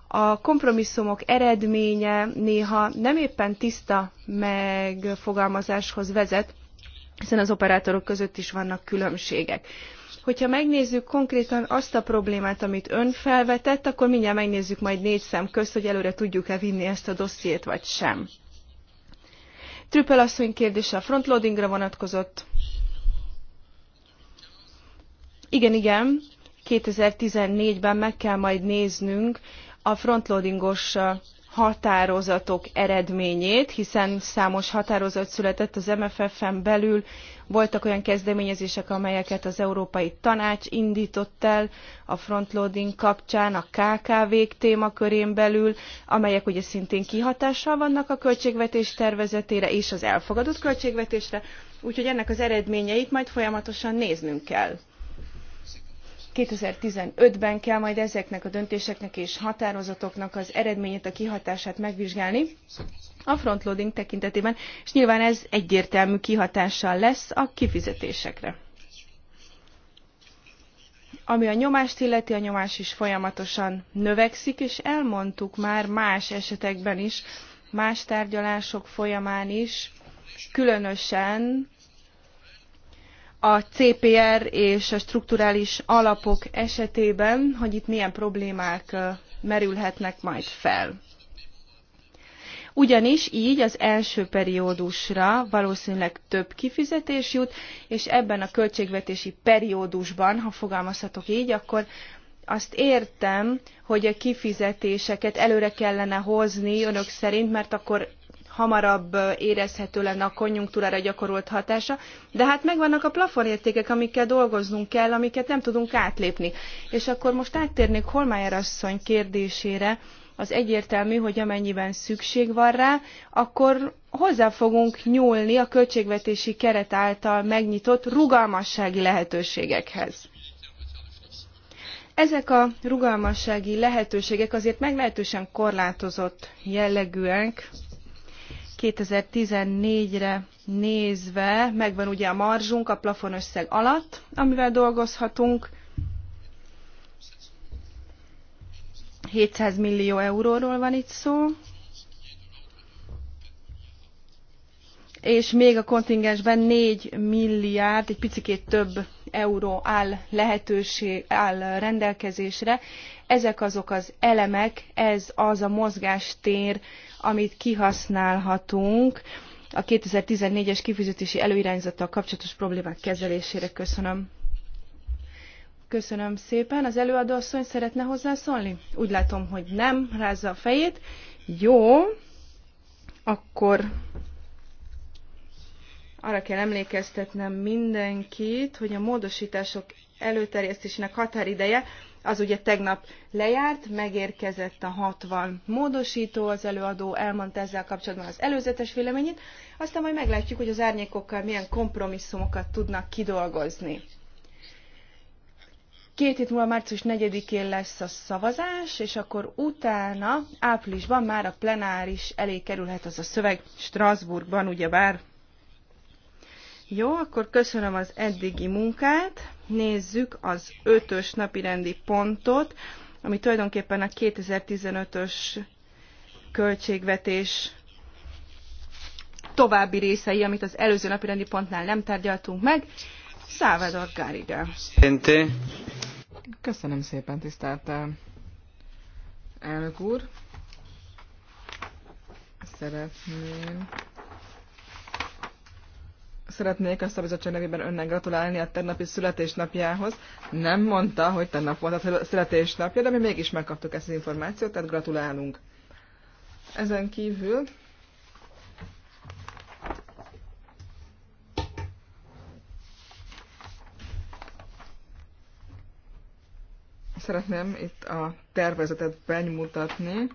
a kompromisszumok eredménye néha nem éppen tiszta megfogalmazáshoz vezet, hiszen az operátorok között is vannak különbségek. Hogyha megnézzük konkrétan azt a problémát, amit ön felvetett, akkor mindjárt megnézzük majd négy szem közt, hogy előre tudjuk-e vinni ezt a dossziét, vagy sem. Trüppel asszony kérdése a frontloadingra vonatkozott. Igen, igen, 2014-ben meg kell majd néznünk, a frontloadingos határozatok eredményét, hiszen számos határozat született az MFF-en belül, voltak olyan kezdeményezések, amelyeket az Európai Tanács indított el a frontloading kapcsán, a KKV-k témakörén belül, amelyek ugye szintén kihatással vannak a költségvetés tervezetére és az elfogadott költségvetésre, úgyhogy ennek az eredményeit majd folyamatosan néznünk kell. 2015-ben kell majd ezeknek a döntéseknek és határozatoknak az eredményét, a kihatását megvizsgálni a frontloading tekintetében, és nyilván ez egyértelmű kihatással lesz a kifizetésekre. Ami a nyomást illeti, a nyomás is folyamatosan növekszik, és elmondtuk már más esetekben is, más tárgyalások folyamán is, különösen a CPR és a strukturális alapok esetében, hogy itt milyen problémák merülhetnek majd fel. Ugyanis így az első periódusra valószínűleg több kifizetés jut, és ebben a költségvetési periódusban, ha fogalmazhatok így, akkor azt értem, hogy a kifizetéseket előre kellene hozni önök szerint, mert akkor hamarabb érezhető lenne a konjunktúrára gyakorolt hatása, de hát megvannak a plafonértékek, amikkel dolgoznunk kell, amiket nem tudunk átlépni. És akkor most áttérnék Holmájer asszony kérdésére, az egyértelmű, hogy amennyiben szükség van rá, akkor hozzá fogunk nyúlni a költségvetési keret által megnyitott rugalmassági lehetőségekhez ezek a rugalmassági lehetőségek azért meglehetősen korlátozott jellegűek 2014-re nézve megvan ugye a marzsunk a plafon összeg alatt, amivel dolgozhatunk. 700 millió euróról van itt szó. És még a kontingensben 4 milliárd, egy picikét több euró áll lehetőség, áll rendelkezésre. Ezek azok az elemek, ez az a mozgástér, amit kihasználhatunk a 2014-es kifizetési előirányzattal kapcsolatos problémák kezelésére. Köszönöm. Köszönöm szépen. Az előadó asszony szeretne hozzászólni? Úgy látom, hogy nem, rázza a fejét. Jó, akkor arra kell emlékeztetnem mindenkit, hogy a módosítások előterjesztésének határideje az ugye tegnap lejárt, megérkezett a 60 módosító, az előadó elmondta ezzel kapcsolatban az előzetes véleményét, aztán majd meglátjuk, hogy az árnyékokkal milyen kompromisszumokat tudnak kidolgozni. Két hét múlva március 4-én lesz a szavazás, és akkor utána áprilisban már a plenáris elé kerülhet az a szöveg Strasbourgban, ugyebár jó, akkor köszönöm az eddigi munkát. Nézzük az ötös napirendi pontot, ami tulajdonképpen a 2015-ös költségvetés további részei, amit az előző napirendi pontnál nem tárgyaltunk meg. Salvador Garriga. Köszönöm szépen, tisztelt eh, elnök úr. Szeretném szeretnék a szabizottság nevében önnek gratulálni a tegnapi születésnapjához. Nem mondta, hogy tegnap volt a születésnapja, de mi mégis megkaptuk ezt az információt, tehát gratulálunk. Ezen kívül szeretném itt a tervezetet benyomutatni.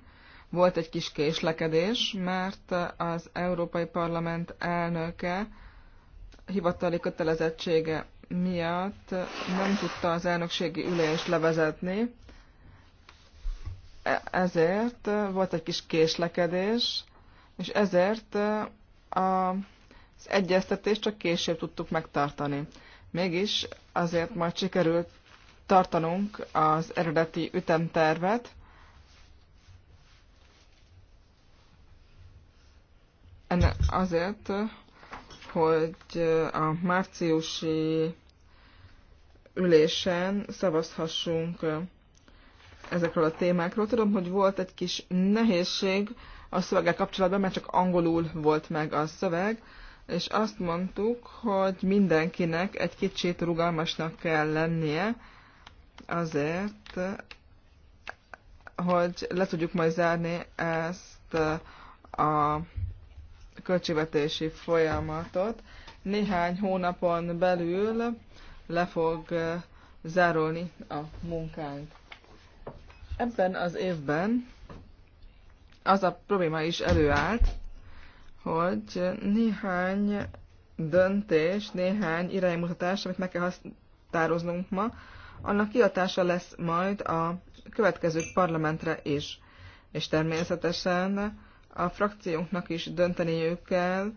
Volt egy kis késlekedés, mert az Európai Parlament elnöke hivatali kötelezettsége miatt nem tudta az elnökségi ülést levezetni, e- ezért volt egy kis késlekedés, és ezért az egyeztetést csak később tudtuk megtartani. Mégis azért majd sikerült tartanunk az eredeti ütemtervet, ennek azért, hogy a márciusi ülésen szavazhassunk ezekről a témákról. Tudom, hogy volt egy kis nehézség a szöveggel kapcsolatban, mert csak angolul volt meg a szöveg, és azt mondtuk, hogy mindenkinek egy kicsit rugalmasnak kell lennie azért, hogy le tudjuk majd zárni ezt a költségvetési folyamatot. Néhány hónapon belül le fog zárolni a munkánk. Ebben az évben az a probléma is előállt, hogy néhány döntés, néhány iránymutatás, amit meg kell határoznunk ma, annak kiadása lesz majd a következő parlamentre is. És természetesen a frakciónknak is dönteniük kell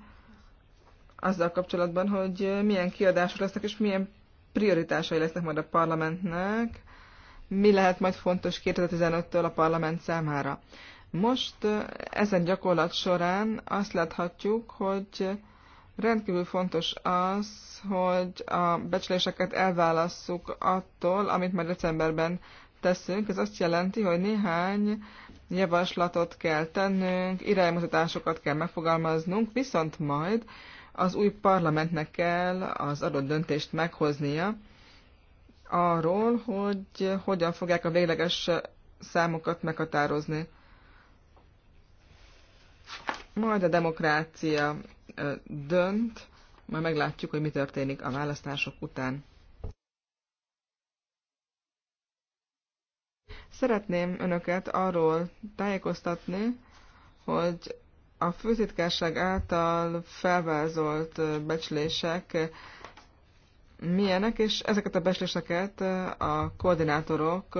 azzal kapcsolatban, hogy milyen kiadások lesznek, és milyen prioritásai lesznek majd a parlamentnek, mi lehet majd fontos 2015-től a parlament számára. Most ezen gyakorlat során azt láthatjuk, hogy rendkívül fontos az, hogy a becsléseket elválasszuk attól, amit majd decemberben teszünk. Ez azt jelenti, hogy néhány javaslatot kell tennünk, iránymutatásokat kell megfogalmaznunk, viszont majd az új parlamentnek kell az adott döntést meghoznia arról, hogy hogyan fogják a végleges számokat meghatározni. Majd a demokrácia dönt, majd meglátjuk, hogy mi történik a választások után. Szeretném önöket arról tájékoztatni, hogy a főtitkárság által felvázolt becslések milyenek, és ezeket a becsléseket a koordinátorok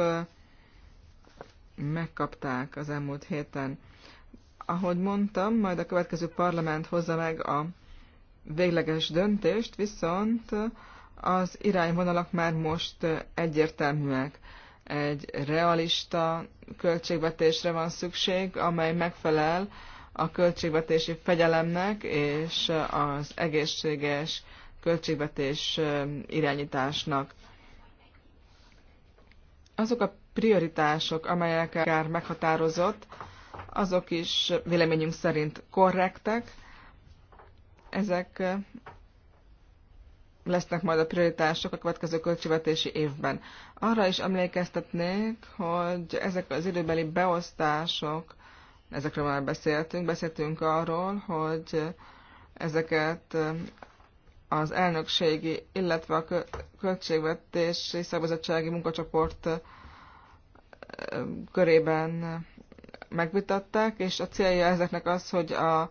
megkapták az elmúlt héten. Ahogy mondtam, majd a következő parlament hozza meg a végleges döntést, viszont az irányvonalak már most egyértelműek egy realista költségvetésre van szükség, amely megfelel a költségvetési fegyelemnek és az egészséges költségvetés irányításnak. Azok a prioritások, amelyek akár meghatározott, azok is véleményünk szerint korrektek. Ezek lesznek majd a prioritások a következő költségvetési évben. Arra is emlékeztetnék, hogy ezek az időbeli beosztások, ezekről már beszéltünk, beszéltünk arról, hogy ezeket az elnökségi, illetve a költségvetési szabadsági munkacsoport körében megvitatták, és a célja ezeknek az, hogy a, az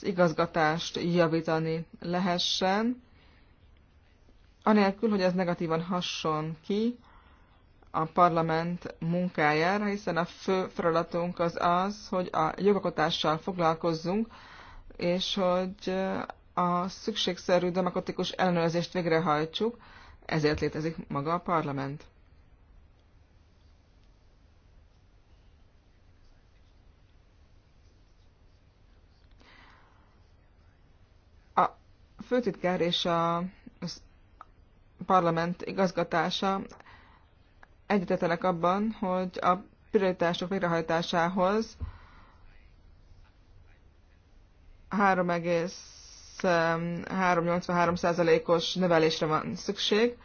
igazgatást javítani lehessen, anélkül, hogy ez negatívan hasson ki a parlament munkájára, hiszen a fő feladatunk az az, hogy a jogalkotással foglalkozzunk, és hogy a szükségszerű demokratikus ellenőrzést végrehajtsuk, ezért létezik maga a parlament. A főtitkár és a parlament igazgatása egyetetelek abban, hogy a prioritások végrehajtásához 3,383%-os növelésre van szükség.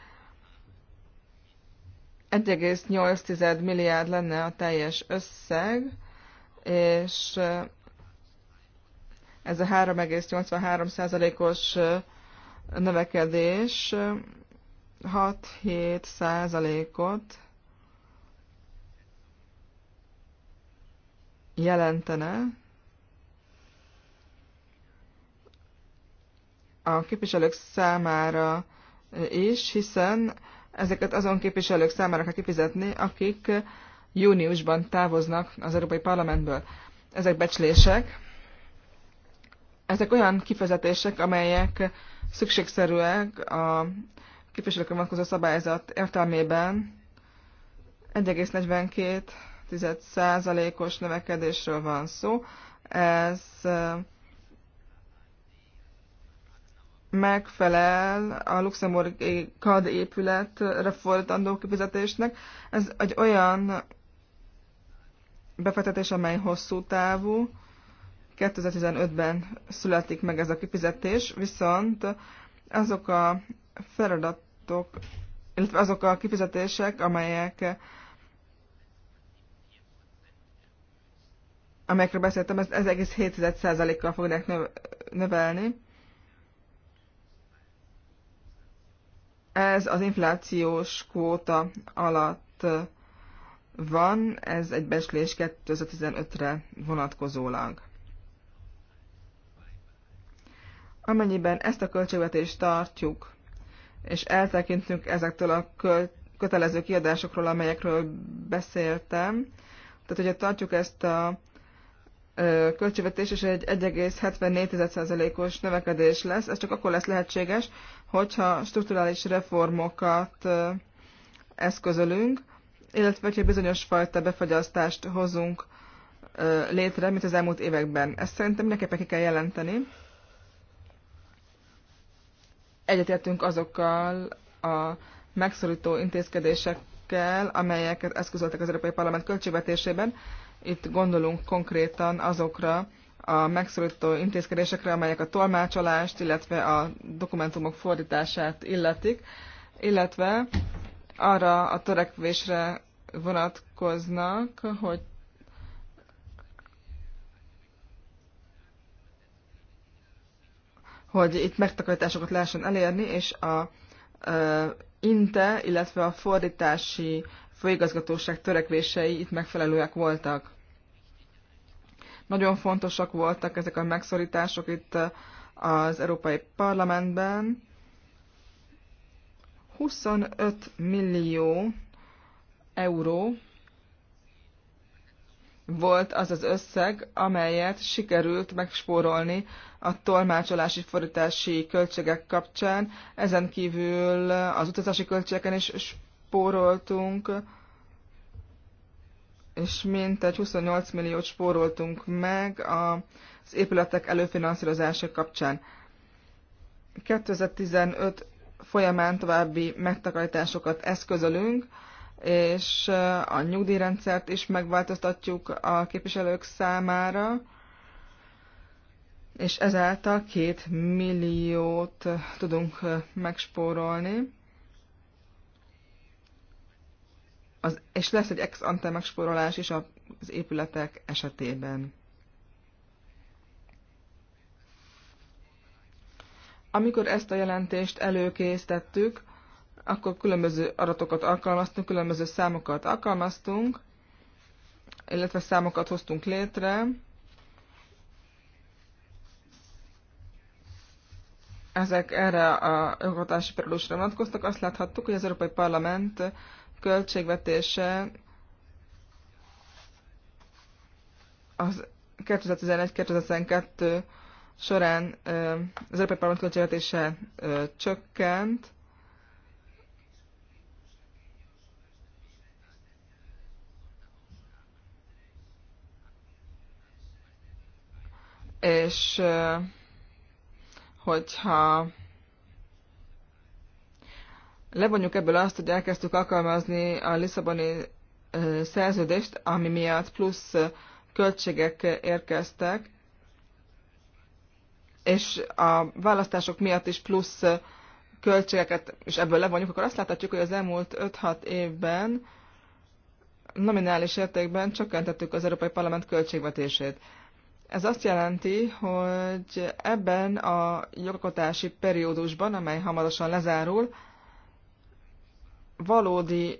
1,8 milliárd lenne a teljes összeg, és ez a 3,83%-os növekedés 6-7 százalékot jelentene a képviselők számára is, hiszen ezeket azon képviselők számára kell kifizetni, akik júniusban távoznak az Európai Parlamentből. Ezek becslések. Ezek olyan kifizetések, amelyek szükségszerűek a képviselőkön vonatkozó szabályzat értelmében 1,42 6,1%-os növekedésről van szó. Ez megfelel a luxemburgi KAD épületre fordítandó kifizetésnek. Ez egy olyan befektetés, amely hosszú távú. 2015-ben születik meg ez a kifizetés, viszont azok a feladatok, illetve azok a kifizetések, amelyek amelyekről beszéltem, ezt 1,7%-kal fogják növelni. Ez az inflációs kvóta alatt van, ez egy beslés 2015-re vonatkozólag. Amennyiben ezt a költségvetést tartjuk, és eltekintünk ezektől a kötelező kiadásokról, amelyekről beszéltem, tehát hogyha tartjuk ezt a költségvetés, és egy 1,74%-os növekedés lesz. Ez csak akkor lesz lehetséges, hogyha strukturális reformokat eszközölünk, illetve hogyha bizonyos fajta befagyasztást hozunk létre, mint az elmúlt években. Ezt szerintem mindenképpen ki kell jelenteni. Egyetértünk azokkal a megszorító intézkedésekkel, amelyeket eszközöltek az Európai Parlament költségvetésében, itt gondolunk konkrétan azokra a megszorító intézkedésekre, amelyek a tolmácsolást, illetve a dokumentumok fordítását illetik, illetve arra a törekvésre vonatkoznak, hogy hogy itt megtakarításokat lehessen elérni, és a e, inte, illetve a fordítási főigazgatóság törekvései itt megfelelőek voltak. Nagyon fontosak voltak ezek a megszorítások itt eh, az Európai Parlamentben. 25 millió euró volt az az összeg, amelyet sikerült megspórolni a tolmácsolási fordítási költségek kapcsán, ezen kívül eh, az utazási költségeken is spóroltunk, és mintegy 28 milliót spóroltunk meg az épületek előfinanszírozása kapcsán. 2015 folyamán további megtakarításokat eszközölünk, és eh, a nyugdíjrendszert is megváltoztatjuk a képviselők számára, és ezáltal két milliót eh, tudunk eh, megspórolni. az, és lesz egy ex ante megspórolás is az épületek esetében. Amikor ezt a jelentést előkészítettük, akkor különböző adatokat alkalmaztunk, különböző számokat alkalmaztunk, illetve számokat hoztunk létre. Ezek erre a jogotási periódusra vonatkoztak. Azt láthattuk, hogy az Európai Parlament költségvetése az 2011-2012 során az Európai Parlament költségvetése csökkent, és hogyha Levonjuk ebből azt, hogy elkezdtük alkalmazni a Lisszaboni szerződést, ami miatt plusz költségek érkeztek, és a választások miatt is plusz költségeket, és ebből levonjuk, akkor azt láthatjuk, hogy az elmúlt 5-6 évben nominális értékben csökkentettük az Európai Parlament költségvetését. Ez azt jelenti, hogy ebben a jogalkotási periódusban, amely hamarosan lezárul, valódi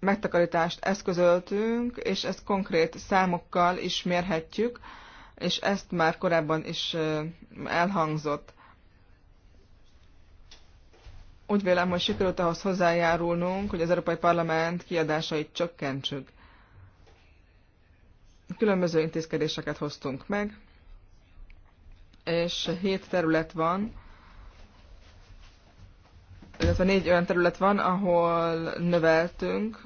megtakarítást eszközöltünk, és ezt konkrét számokkal is mérhetjük, és ezt már korábban is elhangzott. Úgy vélem, hogy sikerült ahhoz hozzájárulnunk, hogy az Európai Parlament kiadásait csökkentsük. Különböző intézkedéseket hoztunk meg, és hét terület van, illetve négy olyan terület van, ahol növeltünk.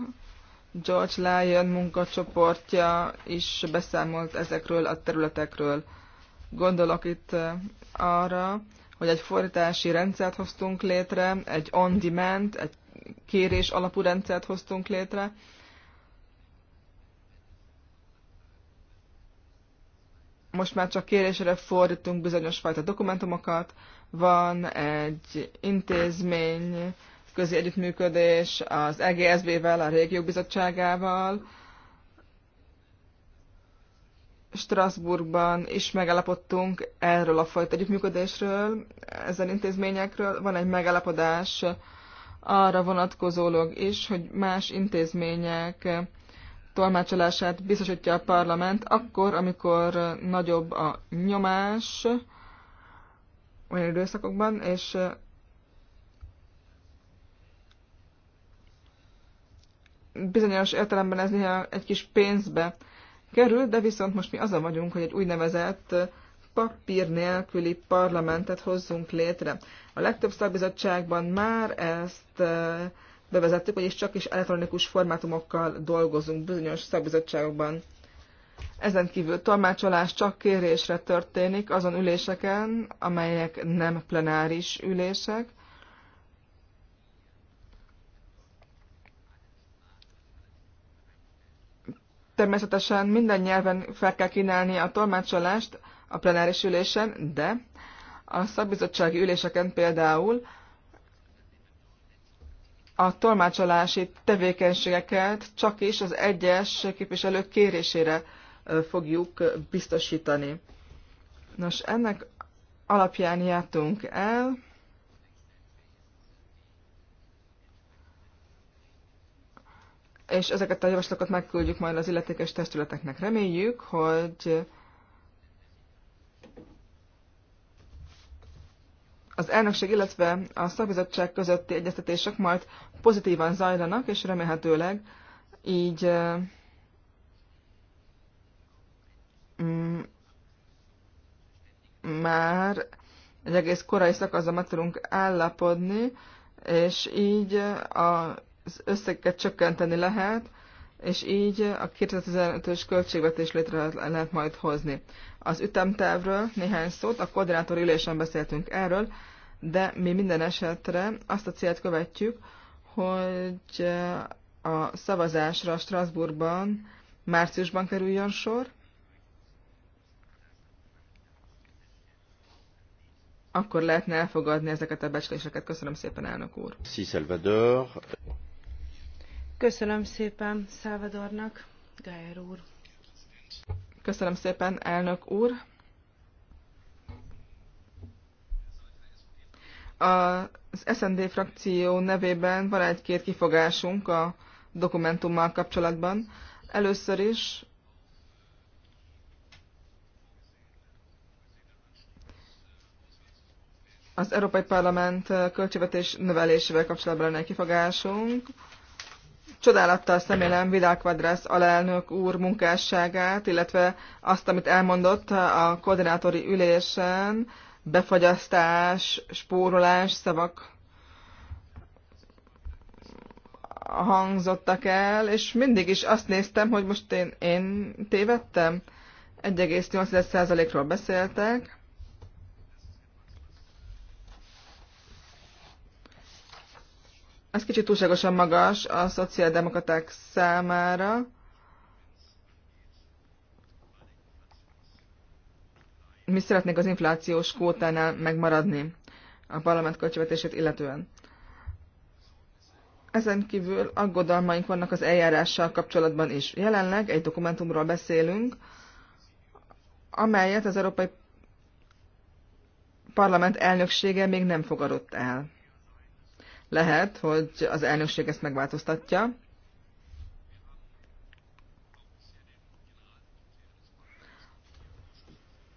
George Lyon munkacsoportja is beszámolt ezekről a területekről. Gondolok itt eh, arra, hogy egy fordítási rendszert hoztunk létre, egy on-demand, egy kérés alapú rendszert hoztunk létre, most már csak kérésre fordítunk bizonyos fajta dokumentumokat, van egy intézmény, közi együttműködés az EGSB-vel, a Régiók Bizottságával, Strasbourgban is megállapodtunk erről a fajta együttműködésről, ezen intézményekről. Van egy megállapodás arra vonatkozólag is, hogy más intézmények tolmácsolását biztosítja a parlament, akkor, amikor nagyobb a nyomás olyan időszakokban, és bizonyos értelemben ez néha egy kis pénzbe kerül, de viszont most mi azon vagyunk, hogy egy úgynevezett papír nélküli parlamentet hozzunk létre. A legtöbb szabizottságban már ezt bevezettük, vagyis csak is elektronikus formátumokkal dolgozunk bizonyos szakbizottságokban. Ezen kívül tolmácsolás csak kérésre történik azon üléseken, amelyek nem plenáris ülések. Természetesen minden nyelven fel kell kínálni a tolmácsolást a plenáris ülésen, de a szakbizottsági üléseken például a tolmácsolási tevékenységeket csak is az egyes képviselők kérésére fogjuk biztosítani. Nos, ennek alapján jártunk el. És ezeket a javaslatokat megküldjük majd az illetékes testületeknek. Reméljük, hogy az elnökség, illetve a szakbizottság közötti egyeztetések majd pozitívan zajlanak, és remélhetőleg így mm, már egy egész korai szakaszban meg tudunk állapodni, és így az összeget csökkenteni lehet, és így a 2015-ös költségvetés létre lehet majd hozni. Az ütemtervről néhány szót, a koordinátor ülésen beszéltünk erről, de mi minden esetre azt a célt követjük, hogy a szavazásra Strasbourgban márciusban kerüljön sor, akkor lehetne elfogadni ezeket a becsléseket. Köszönöm szépen, elnök úr. Si, Salvador. Köszönöm szépen Szávadornak, Gájer úr. Köszönöm szépen, elnök úr. Az SND frakció nevében van egy-két kifogásunk a dokumentummal kapcsolatban. Először is az Európai Parlament költségvetés növelésével kapcsolatban lenne egy kifogásunk. Csodálattal személem Vidákvadrász alelnök úr munkásságát, illetve azt, amit elmondott a koordinátori ülésen, befagyasztás, spórolás szavak hangzottak el, és mindig is azt néztem, hogy most én, én tévedtem. 1,8%-ról beszéltek, Ez kicsit túlságosan magas a szociáldemokraták számára. Mi szeretnénk az inflációs kótánál megmaradni a parlament költségvetését illetően. Ezen kívül aggodalmaink vannak az eljárással kapcsolatban is. Jelenleg egy dokumentumról beszélünk, amelyet az Európai Parlament elnöksége még nem fogadott el. Lehet, hogy az elnökség ezt megváltoztatja.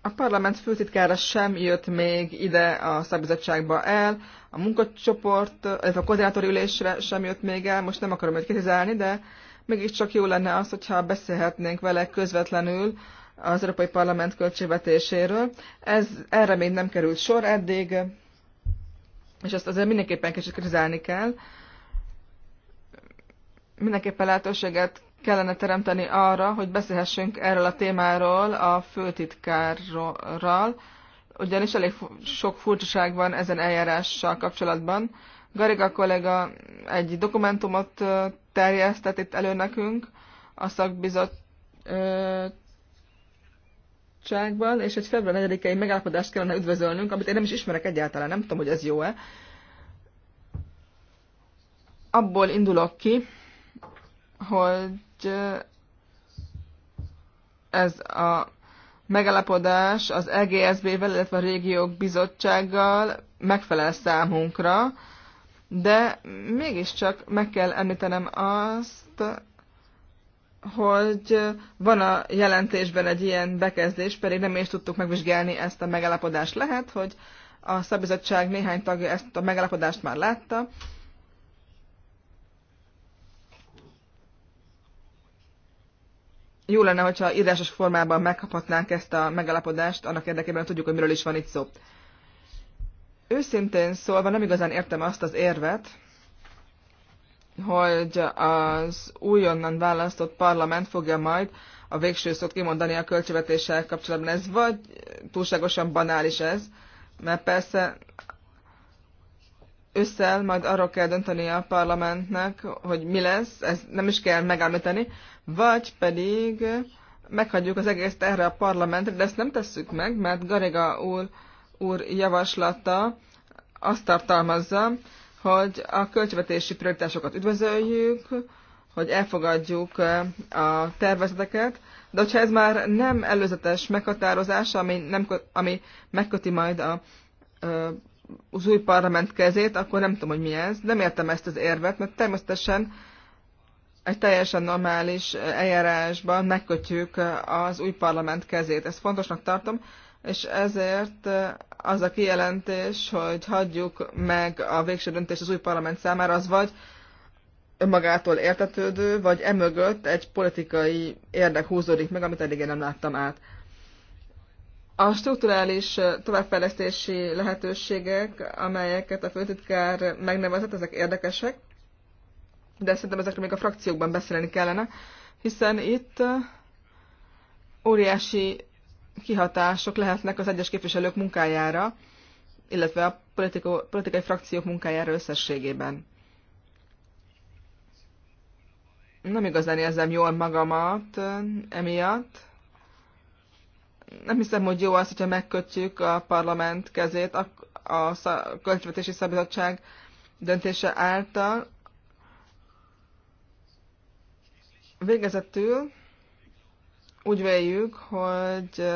A parlament főtitkára sem jött még ide a szabizottságba el, a munkacsoport, illetve a koordinátori ülésre sem jött még el, most nem akarom őt kritizálni, de mégiscsak jó lenne az, hogyha beszélhetnénk vele közvetlenül az Európai Parlament költségvetéséről. Ez erre még nem került sor eddig, és ezt azért mindenképpen kicsit kritizálni kell. Mindenképpen lehetőséget kellene teremteni arra, hogy beszélhessünk erről a témáról a főtitkárral, ugyanis elég sok furcsaság van ezen eljárással kapcsolatban. Gariga kollega egy dokumentumot terjesztett itt elő nekünk a szakbizottság bizottságban, és egy február 4-i megállapodást kellene üdvözölnünk, amit én nem is ismerek egyáltalán, nem tudom, hogy ez jó-e. Abból indulok ki, hogy ez a megállapodás az EGSB-vel, illetve a régiók bizottsággal megfelel számunkra, de mégiscsak meg kell említenem azt, hogy van a jelentésben egy ilyen bekezdés, pedig nem is tudtuk megvizsgálni ezt a megállapodást. Lehet, hogy a szabizottság néhány tagja ezt a megállapodást már látta, jó lenne, hogyha írásos formában megkaphatnánk ezt a megállapodást, annak érdekében hogy tudjuk, hogy miről is van itt szó. Őszintén szólva nem igazán értem azt az érvet, hogy az újonnan választott parlament fogja majd a végső szót kimondani a költségvetéssel kapcsolatban. Ez vagy túlságosan banális ez, mert persze ősszel majd arról kell dönteni a parlamentnek, hogy mi lesz, ez nem is kell megállítani, vagy pedig meghagyjuk az egész erre a parlamentre, de ezt nem tesszük meg, mert Gariga úr, úr javaslata azt tartalmazza, hogy a költségvetési prioritásokat üdvözöljük, hogy elfogadjuk eh, a tervezeteket, de hogyha ez már nem előzetes meghatározás, ami, nem, ami megköti majd a, eh, az új parlament kezét, akkor nem tudom, hogy mi ez. Nem értem ezt az érvet, mert természetesen egy teljesen normális eh, eljárásban megkötjük az új parlament kezét. Ezt fontosnak tartom, és ezért az a kijelentés, hogy hagyjuk meg a végső döntést az új parlament számára, az vagy önmagától értetődő, vagy emögött egy politikai érdek húzódik meg, amit eddig én nem láttam át. A strukturális továbbfejlesztési lehetőségek, amelyeket a főtitkár megnevezett, ezek érdekesek, de szerintem ezekről még a frakciókban beszélni kellene, hiszen itt óriási kihatások lehetnek az egyes képviselők munkájára, illetve a politiko, politikai frakciók munkájára összességében. Nem igazán érzem jól magamat eh, emiatt. Nem hiszem, hogy jó az, hogyha megkötjük a parlament kezét a, a, a költségvetési szabadság döntése által. Végezetül úgy véljük, hogy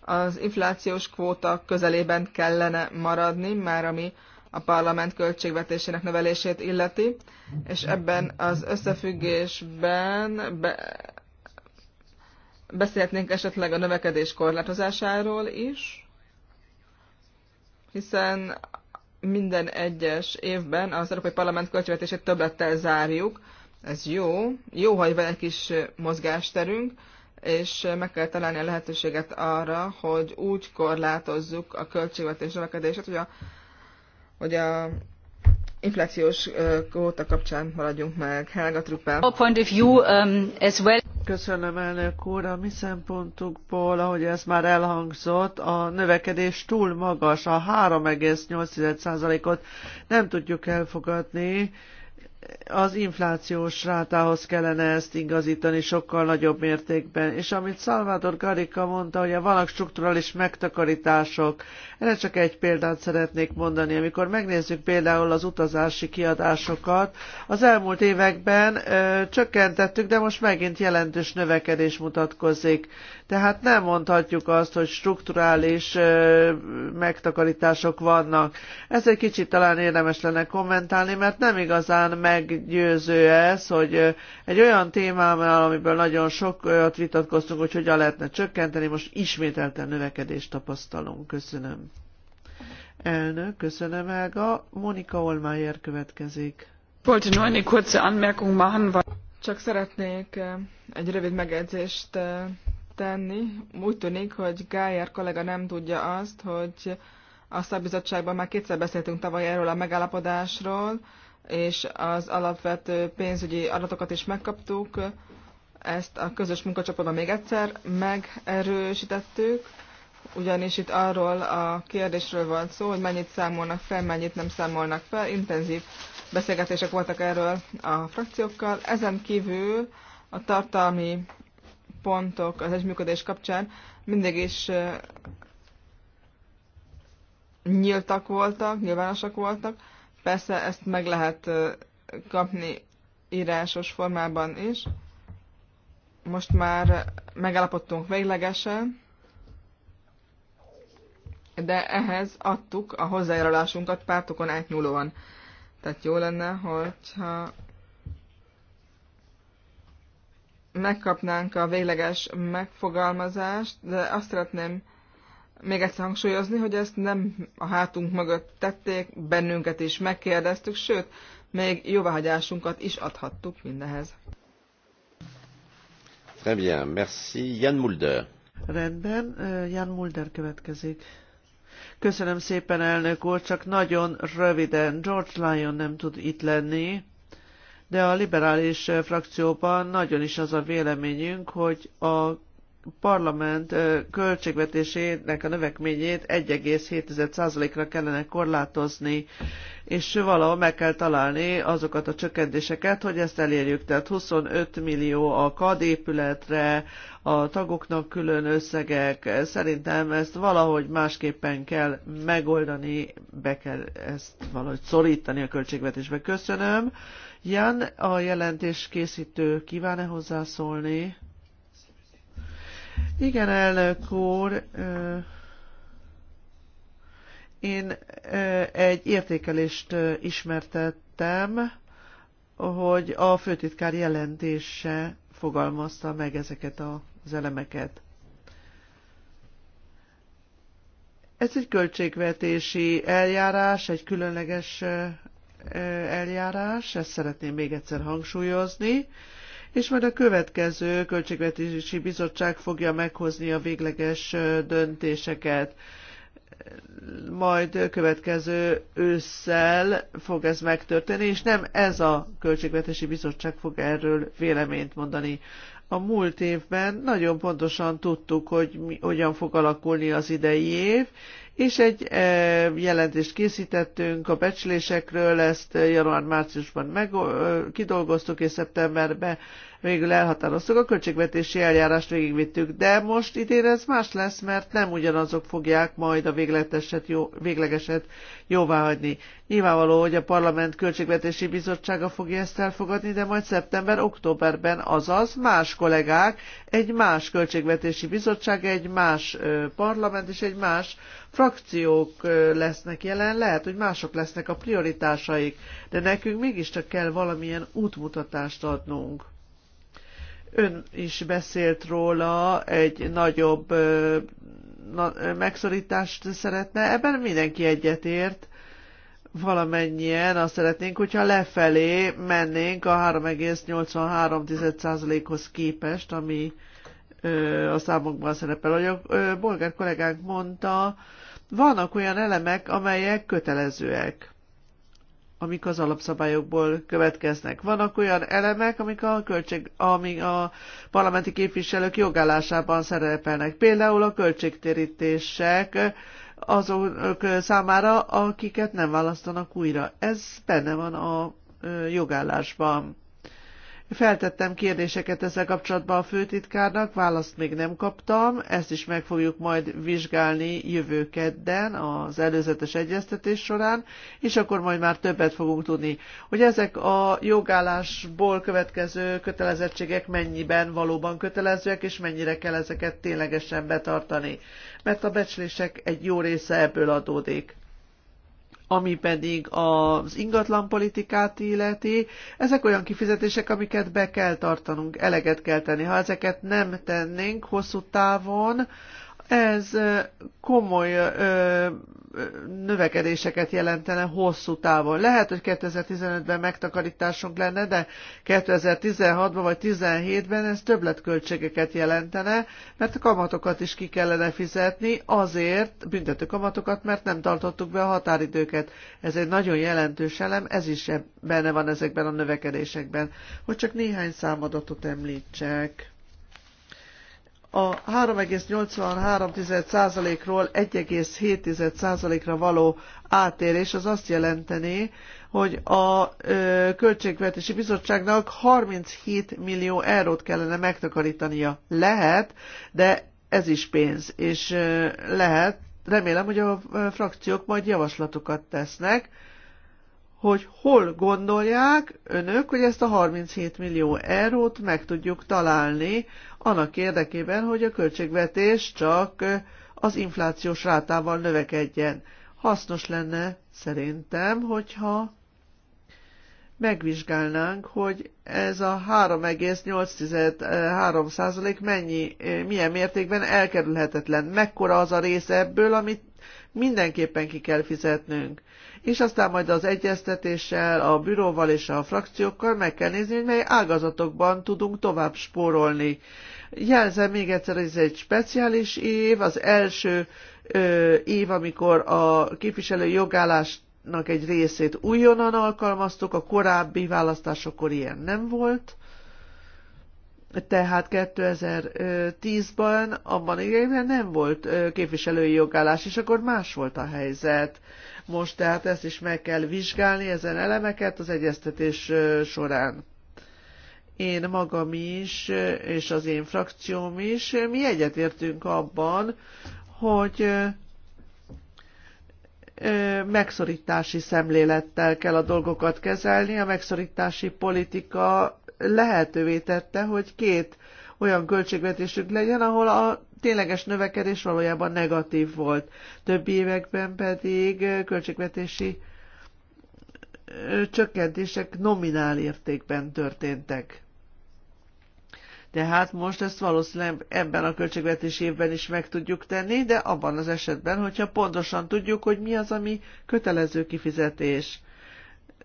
az inflációs kvóta közelében kellene maradni, már ami a parlament költségvetésének növelését illeti, és ebben az összefüggésben be, beszélhetnénk esetleg a növekedés korlátozásáról is, hiszen minden egyes évben az Európai Parlament költségvetését többlettel zárjuk, ez jó, jó, ha van egy kis mozgásterünk, és meg kell találni a lehetőséget arra, hogy úgy korlátozzuk a költségvetés növekedését, hogy a, hogy a inflációs kóta kapcsán maradjunk meg. Helga Truppel. Point of view, um, as well. Köszönöm, elnök úr. A mi szempontunkból, ahogy ez már elhangzott, a növekedés túl magas, a 3,8%-ot nem tudjuk elfogadni, az inflációs rátához kellene ezt igazítani sokkal nagyobb mértékben. És amit Salvador Garica mondta, hogy a vannak strukturális megtakarítások, erre csak egy példát szeretnék mondani. Amikor megnézzük például az utazási kiadásokat, az elmúlt években ö, csökkentettük, de most megint jelentős növekedés mutatkozik. Tehát nem mondhatjuk azt, hogy strukturális ö, megtakarítások vannak. Ez egy kicsit talán érdemes lenne kommentálni, mert nem igazán meggyőző ez, hogy ö, egy olyan témával, amiből nagyon sokat vitatkoztunk, hogy hogyan lehetne csökkenteni, most ismételten növekedést tapasztalunk. Köszönöm. Elnök, köszönöm Elga. Monika Olmájer következik. Volt egy eine kurze Anmerkung machen, csak szeretnék eh, egy rövid megjegyzést eh, tenni. Úgy tűnik, hogy Gájer kollega nem tudja azt, hogy a szabizottságban már kétszer beszéltünk tavaly erről a megállapodásról, és az alapvető pénzügyi adatokat is megkaptuk. Ezt a közös munkacsoportban még egyszer megerősítettük ugyanis itt arról a kérdésről van szó, hogy mennyit számolnak fel, mennyit nem számolnak fel. Intenzív beszélgetések voltak erről a frakciókkal. Ezen kívül a tartalmi pontok az egyműködés kapcsán mindig is nyíltak voltak, nyilvánosak voltak. Persze ezt meg lehet kapni írásos formában is. Most már megállapodtunk véglegesen, de ehhez adtuk a hozzájárulásunkat pártokon átnyúlóan. Tehát jó lenne, hogyha megkapnánk a végleges megfogalmazást, de azt szeretném még egyszer hangsúlyozni, hogy ezt nem a hátunk mögött tették, bennünket is megkérdeztük, sőt, még jóváhagyásunkat is adhattuk mindehez. Très bien, merci. Jan Mulder. Rendben, Jan Mulder következik. Köszönöm szépen, elnök úr, csak nagyon röviden. George Lyon nem tud itt lenni, de a liberális frakcióban nagyon is az a véleményünk, hogy a parlament költségvetésének a növekményét 1,7%-ra kellene korlátozni, és valahol meg kell találni azokat a csökkentéseket, hogy ezt elérjük. Tehát 25 millió a KAD épületre, a tagoknak külön összegek. Szerintem ezt valahogy másképpen kell megoldani, be kell ezt valahogy szorítani a költségvetésbe. Köszönöm. Jan, a jelentés készítő kíván-e hozzászólni? Igen, elnök úr, én egy értékelést ismertettem, hogy a főtitkár jelentése fogalmazta meg ezeket az elemeket. Ez egy költségvetési eljárás, egy különleges eljárás, ezt szeretném még egyszer hangsúlyozni, és majd a következő Költségvetési Bizottság fogja meghozni a végleges döntéseket majd következő ősszel fog ez megtörténni, és nem ez a Költségvetési Bizottság fog erről véleményt mondani. A múlt évben nagyon pontosan tudtuk, hogy mi, hogyan fog alakulni az idei év, és egy e, jelentést készítettünk a becslésekről, ezt e, január-márciusban meg, kidolgoztuk, és szeptemberben végül elhatároztuk, a költségvetési eljárást végigvittük, de most idén ez más lesz, mert nem ugyanazok fogják majd a véglegeset, jó, véglegeset jóváhagyni. Nyilvánvaló, hogy a Parlament Költségvetési Bizottsága fogja ezt elfogadni, de majd szeptember-októberben, azaz más kollégák, egy más Költségvetési Bizottság, egy más parlament és egy más frakciók lesznek jelen, lehet, hogy mások lesznek a prioritásaik, de nekünk mégiscsak kell valamilyen útmutatást adnunk. Ön is beszélt róla, egy nagyobb megszorítást szeretne, ebben mindenki egyetért, valamennyien azt szeretnénk, hogyha lefelé mennénk a 3,83%-hoz képest, ami a számokban szerepel. Ahogy a bolgár kollégánk mondta, vannak olyan elemek, amelyek kötelezőek amik az alapszabályokból következnek. Vannak olyan elemek, amik a, költség, amik a parlamenti képviselők jogállásában szerepelnek. Például a költségtérítések azok számára, akiket nem választanak újra. Ez benne van a jogállásban. Feltettem kérdéseket ezzel kapcsolatban a főtitkárnak, választ még nem kaptam, ezt is meg fogjuk majd vizsgálni jövő kedden az előzetes egyeztetés során, és akkor majd már többet fogunk tudni, hogy ezek a jogállásból következő kötelezettségek mennyiben valóban kötelezőek, és mennyire kell ezeket ténylegesen betartani, mert a becslések egy jó része ebből adódik ami pedig az ingatlanpolitikát illeti, ezek olyan kifizetések, amiket be kell tartanunk, eleget kell tenni. Ha ezeket nem tennénk hosszú távon, ez komoly ö, növekedéseket jelentene hosszú távon. Lehet, hogy 2015-ben megtakarításunk lenne, de 2016-ban vagy 2017-ben ez többletköltségeket jelentene, mert a kamatokat is ki kellene fizetni azért, büntető kamatokat, mert nem tartottuk be a határidőket. Ez egy nagyon jelentős elem, ez is benne van ezekben a növekedésekben. Hogy csak néhány számadatot említsek a 3,83%-ról 1,7%-ra való átérés az azt jelenteni, hogy a Költségvetési Bizottságnak 37 millió eurót kellene megtakarítania. Lehet, de ez is pénz, és lehet, remélem, hogy a frakciók majd javaslatokat tesznek, hogy hol gondolják önök, hogy ezt a 37 millió eurót meg tudjuk találni annak érdekében, hogy a költségvetés csak az inflációs rátával növekedjen. Hasznos lenne szerintem, hogyha megvizsgálnánk, hogy ez a 38 eh, mennyi, eh, milyen mértékben elkerülhetetlen, mekkora az a rész ebből, amit mindenképpen ki kell fizetnünk. És aztán majd az egyeztetéssel, a büróval és a frakciókkal meg kell nézni, hogy mely ágazatokban tudunk tovább spórolni. Jelzem még egyszer, ez egy speciális év, az első ö, év, amikor a képviselő jogállásnak egy részét újonnan alkalmaztuk, a korábbi választásokkor ilyen nem volt tehát 2010-ban abban igényben nem volt képviselői jogállás, és akkor más volt a helyzet. Most tehát ezt is meg kell vizsgálni, ezen elemeket az egyeztetés során én magam is, és az én frakcióm is, mi egyetértünk abban, hogy megszorítási szemlélettel kell a dolgokat kezelni, a megszorítási politika lehetővé tette, hogy két olyan költségvetésük legyen, ahol a tényleges növekedés valójában negatív volt. Többi években pedig költségvetési csökkentések nominál értékben történtek. Tehát most ezt valószínűleg ebben a költségvetési évben is meg tudjuk tenni, de abban az esetben, hogyha pontosan tudjuk, hogy mi az, ami kötelező kifizetés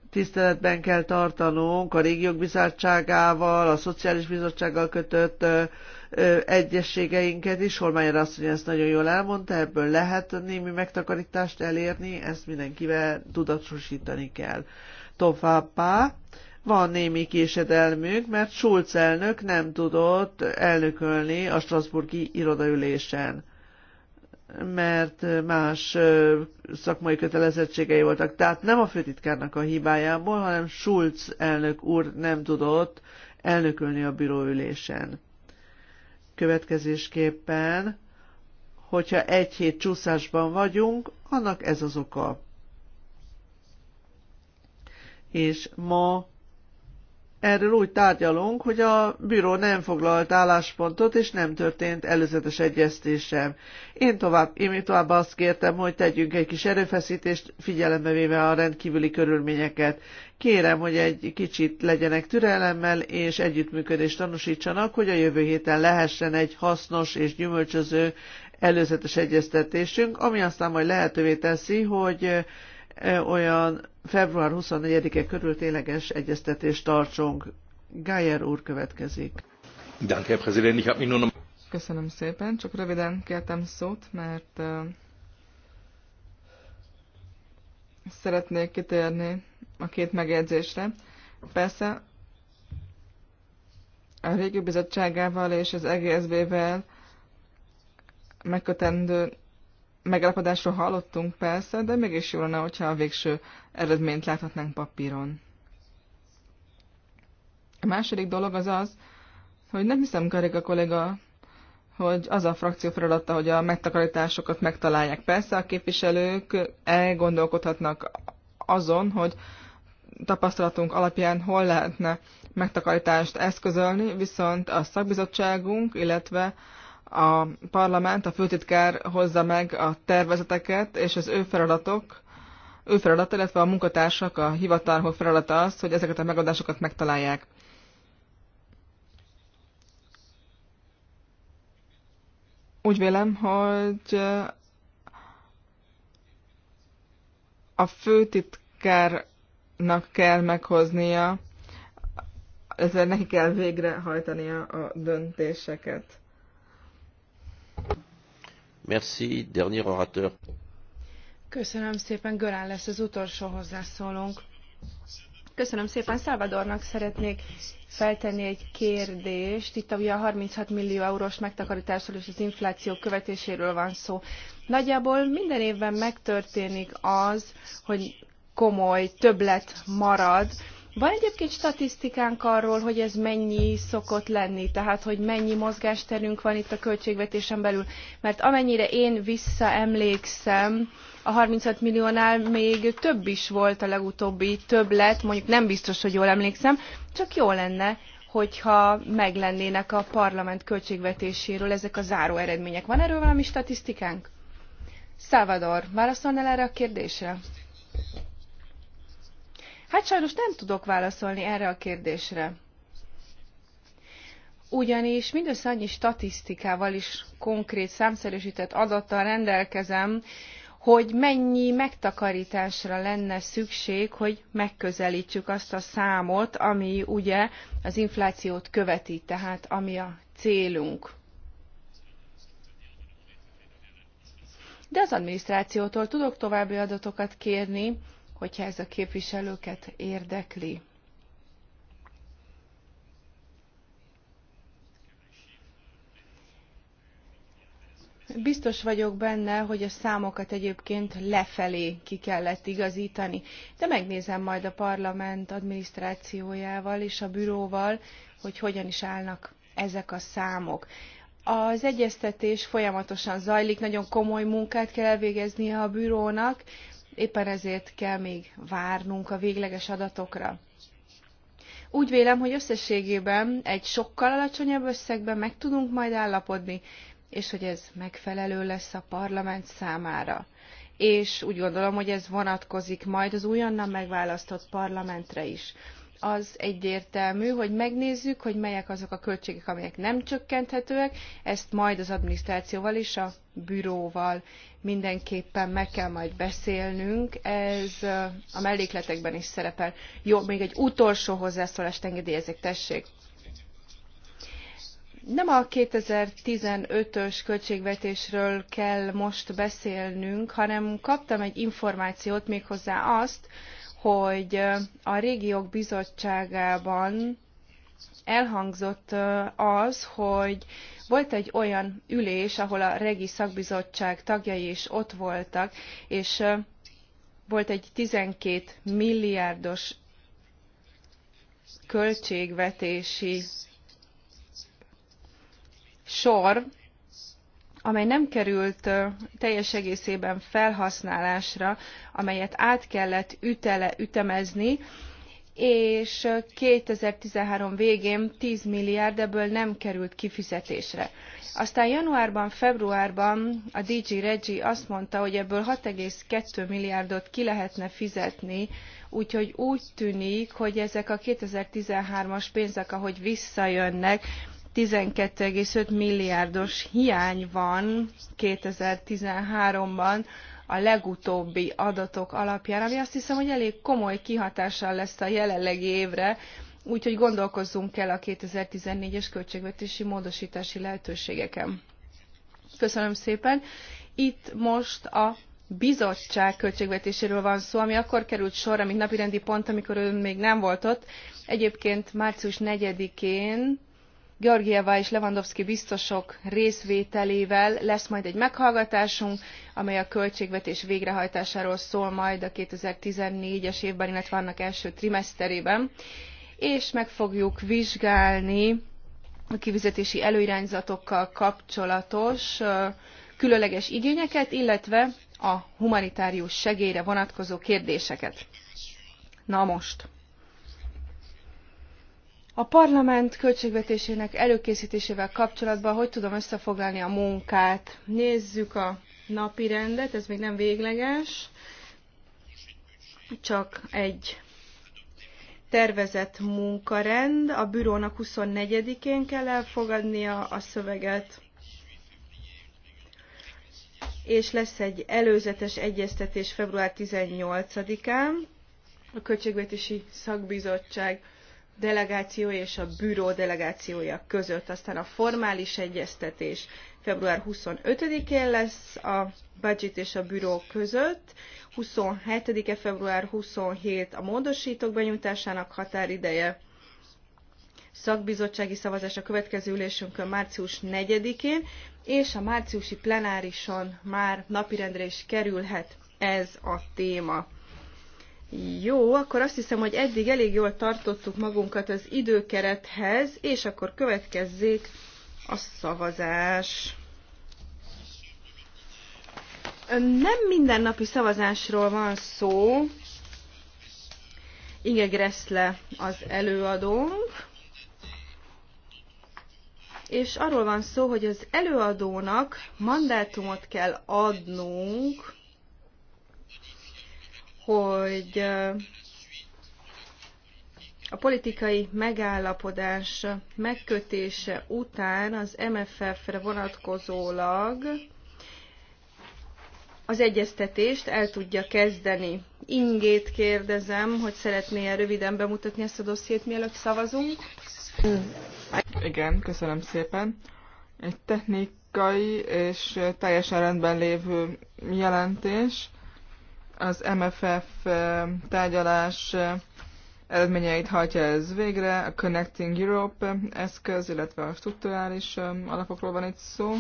tiszteletben kell tartanunk a régiók bizottságával, a Szociális Bizottsággal kötött egyességeinket is. Holmányra azt, mondja, ezt nagyon jól elmondta, ebből lehet némi megtakarítást elérni, ezt mindenkivel tudatosítani kell. Továbbá van némi késedelmünk, mert Schulz elnök nem tudott elnökölni a Strasburgi irodaülésen mert más szakmai kötelezettségei voltak. Tehát nem a főtitkárnak a hibájából, hanem Schulz elnök úr nem tudott elnökölni a bíróülésen. Következésképpen, hogyha egy hét csúszásban vagyunk, annak ez az oka. És ma erről úgy tárgyalunk, hogy a bíró nem foglalt álláspontot, és nem történt előzetes egyeztésem. Én tovább, én tovább azt kértem, hogy tegyünk egy kis erőfeszítést, figyelembe véve a rendkívüli körülményeket. Kérem, hogy egy kicsit legyenek türelemmel, és együttműködést tanúsítsanak, hogy a jövő héten lehessen egy hasznos és gyümölcsöző előzetes egyeztetésünk, ami aztán majd lehetővé teszi, hogy olyan február 24-e körül tényleges egyeztetést tartsunk. Gájer úr következik. Köszönöm szépen, csak röviden kértem szót, mert szeretnék kitérni a két megjegyzésre. Persze a régi bizottságával és az EGSB-vel megkötendő megállapodásról hallottunk persze, de mégis jó lenne, hogyha a végső eredményt láthatnánk papíron. A második dolog az az, hogy nem hiszem, Karika kolléga, hogy az a frakció feladata, hogy a megtakarításokat megtalálják. Persze a képviselők elgondolkodhatnak azon, hogy tapasztalatunk alapján hol lehetne megtakarítást eszközölni, viszont a szakbizottságunk, illetve a parlament, a főtitkár hozza meg a tervezeteket, és az ő feladatok, ő feladata, illetve a munkatársak, a hivatalok feladata az, hogy ezeket a megoldásokat megtalálják. Úgy vélem, hogy eh, a főtitkárnak kell meghoznia, ezzel neki kell végrehajtania a döntéseket. Merci, dernier orateur. Köszönöm szépen, Görán lesz az utolsó hozzászólónk. Köszönöm szépen, Szálvadornak szeretnék feltenni egy kérdést. Itt ugye a 36 millió eurós megtakarításról és az infláció követéséről van szó. Nagyjából minden évben megtörténik az, hogy komoly többlet marad, van egyébként statisztikánk arról, hogy ez mennyi szokott lenni, tehát hogy mennyi mozgásterünk van itt a költségvetésen belül, mert amennyire én visszaemlékszem, a 35 milliónál még több is volt a legutóbbi többlet, mondjuk nem biztos, hogy jól emlékszem, csak jó lenne, hogyha meglennének a parlament költségvetéséről ezek a záró eredmények. Van erről valami statisztikánk? Salvador, válaszolnál erre a kérdésre? Hát sajnos nem tudok válaszolni erre a kérdésre. Ugyanis mindössze annyi statisztikával is konkrét számszerűsített adattal rendelkezem, hogy mennyi megtakarításra lenne szükség, hogy megközelítsük azt a számot, ami ugye az inflációt követi, tehát ami a célunk. De az adminisztrációtól tudok további adatokat kérni, hogyha ez a képviselőket érdekli. Biztos vagyok benne, hogy a számokat egyébként lefelé ki kellett igazítani, de megnézem majd a parlament adminisztrációjával és a büróval, hogy hogyan is állnak ezek a számok. Az egyeztetés folyamatosan zajlik, nagyon komoly munkát kell elvégeznie a bürónak, éppen ezért kell még várnunk a végleges adatokra. Úgy vélem, hogy összességében egy sokkal alacsonyabb összegben meg tudunk majd állapodni, és hogy ez megfelelő lesz a parlament számára. És úgy gondolom, hogy ez vonatkozik majd az újonnan megválasztott parlamentre is az egyértelmű, hogy megnézzük, hogy melyek azok a költségek, amelyek nem csökkenthetőek, ezt majd az adminisztrációval és a büróval mindenképpen meg kell majd beszélnünk, ez a mellékletekben is szerepel. Jó, még egy utolsó hozzászólást engedélyezek, tessék. Nem a 2015-ös költségvetésről kell most beszélnünk, hanem kaptam egy információt méghozzá azt, hogy a régiók bizottságában elhangzott az, hogy volt egy olyan ülés, ahol a regi szakbizottság tagjai is ott voltak, és volt egy 12 milliárdos költségvetési sor, amely nem került teljes egészében felhasználásra, amelyet át kellett ütele, ütemezni, és 2013 végén 10 milliárd ebből nem került kifizetésre. Aztán januárban, februárban a DG Regi azt mondta, hogy ebből 6,2 milliárdot ki lehetne fizetni, úgyhogy úgy tűnik, hogy ezek a 2013-as pénzek, ahogy visszajönnek, 12,5 milliárdos hiány van 2013-ban a legutóbbi adatok alapján, ami azt hiszem, hogy elég komoly kihatással lesz a jelenlegi évre, úgyhogy gondolkozzunk el a 2014-es költségvetési módosítási lehetőségeken. Köszönöm szépen. Itt most a bizottság költségvetéséről van szó, ami akkor került sorra, mint napirendi pont, amikor ön még nem volt ott. Egyébként március 4-én Georgieva és Lewandowski biztosok részvételével lesz majd egy meghallgatásunk, amely a költségvetés végrehajtásáról szól majd a 2014-es évben, illetve annak első trimeszterében, és meg fogjuk vizsgálni a kifizetési előirányzatokkal kapcsolatos különleges igényeket, illetve a humanitárius segélyre vonatkozó kérdéseket. Na most. A parlament költségvetésének előkészítésével kapcsolatban hogy tudom összefoglalni a munkát? Nézzük a napi rendet, ez még nem végleges, csak egy tervezett munkarend. A bürónak 24-én kell elfogadnia a szöveget, és lesz egy előzetes egyeztetés február 18-án a Költségvetési Szakbizottság delegációja és a bűró delegációja között. Aztán a formális egyeztetés február 25-én lesz a budget és a büró között, 27-e február 27 a módosítók benyújtásának határideje, szakbizottsági szavazás a következő ülésünkön március 4-én, és a márciusi plenárison már napirendre is kerülhet ez a téma. Jó, akkor azt hiszem, hogy eddig elég jól tartottuk magunkat az időkerethez, és akkor következzék a szavazás. Nem mindennapi szavazásról van szó. Inge Gressle az előadónk. És arról van szó, hogy az előadónak mandátumot kell adnunk hogy a politikai megállapodás megkötése után az MFF-re vonatkozólag az egyeztetést el tudja kezdeni. Ingét kérdezem, hogy szeretné -e röviden bemutatni ezt a dossziét, mielőtt szavazunk? Igen, köszönöm szépen. Egy technikai és teljesen rendben lévő jelentés az MFF tárgyalás eredményeit hajtja ez végre, a Connecting Europe eszköz, illetve a strukturális alapokról van itt szó.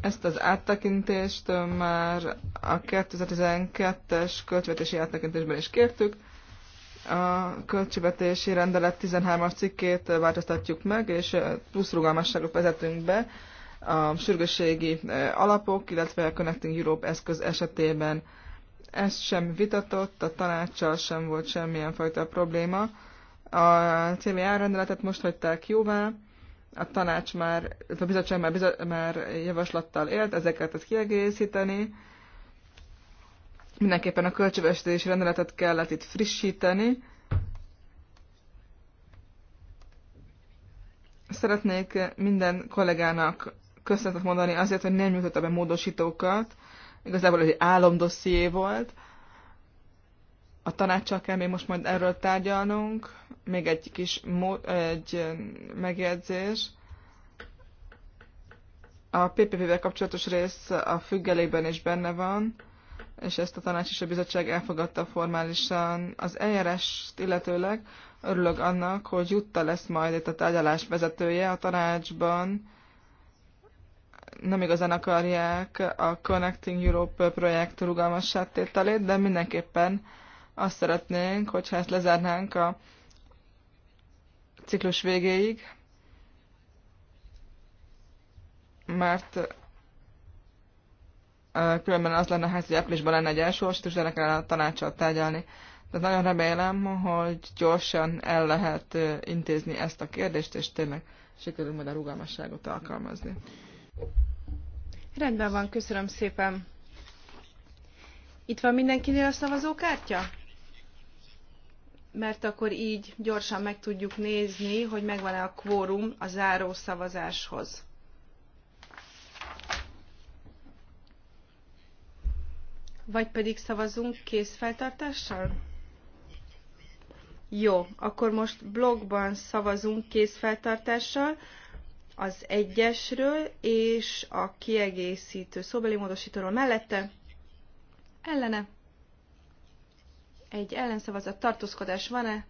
Ezt az áttekintést már a 2012-es költségvetési áttekintésben is kértük. A költségvetési rendelet 13-as cikkét változtatjuk meg, és plusz rugalmasságot vezetünk be a sürgősségi e, alapok, illetve a Connecting Europe eszköz esetében ezt sem vitatott, a tanácssal sem volt semmilyen fajta probléma. A CMI rendeletet most hagyták jóvá, a tanács már, a bizottság már, már javaslattal élt, ezeket az kiegészíteni. Mindenképpen a költségvetési rendeletet kellett itt frissíteni. Szeretnék minden kollégának köszönetet mondani azért, hogy nem nyújtotta be módosítókat. Igazából egy álomdosszié volt. A tanácssal kell még most majd erről tárgyalnunk. Még egy kis egy megjegyzés. A PPP-vel kapcsolatos rész a függelében is benne van, és ezt a tanács és a bizottság elfogadta formálisan. Az eljárást illetőleg örülök annak, hogy Jutta lesz majd itt a tárgyalás vezetője a tanácsban nem igazán akarják a Connecting Europe projekt rugalmas áttételét, de mindenképpen azt szeretnénk, hogyha ezt lezárnánk a ciklus végéig, mert különben az lenne, hát, hogy áprilisban lenne egy első és de kellene a tanácsot tárgyalni. De nagyon remélem, hogy gyorsan el lehet intézni ezt a kérdést, és tényleg sikerül majd a rugalmasságot alkalmazni. Rendben van, köszönöm szépen. Itt van mindenkinél a szavazókártya? Mert akkor így gyorsan meg tudjuk nézni, hogy megvan-e a kvórum a záró szavazáshoz. Vagy pedig szavazunk készfeltartással? Jó, akkor most blogban szavazunk készfeltartással az egyesről és a kiegészítő szóbeli módosítóról mellette ellene egy ellenszavazat tartózkodás van-e?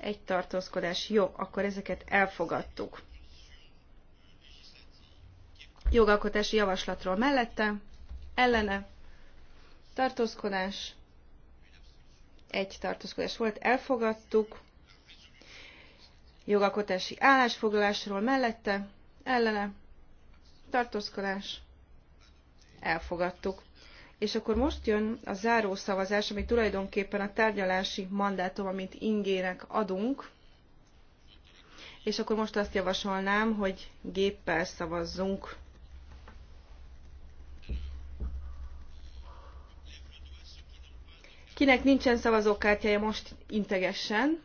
Egy tartózkodás. Jó, akkor ezeket elfogadtuk. Jogalkotási javaslatról mellette ellene tartózkodás. Egy tartózkodás volt, elfogadtuk. Jogalkotási állásfoglalásról mellette ellene, tartózkodás, elfogadtuk. És akkor most jön a záró szavazás, ami tulajdonképpen a tárgyalási mandátum, amit ingének adunk. És akkor most azt javasolnám, hogy géppel szavazzunk. Kinek nincsen szavazókártyája, most integessen.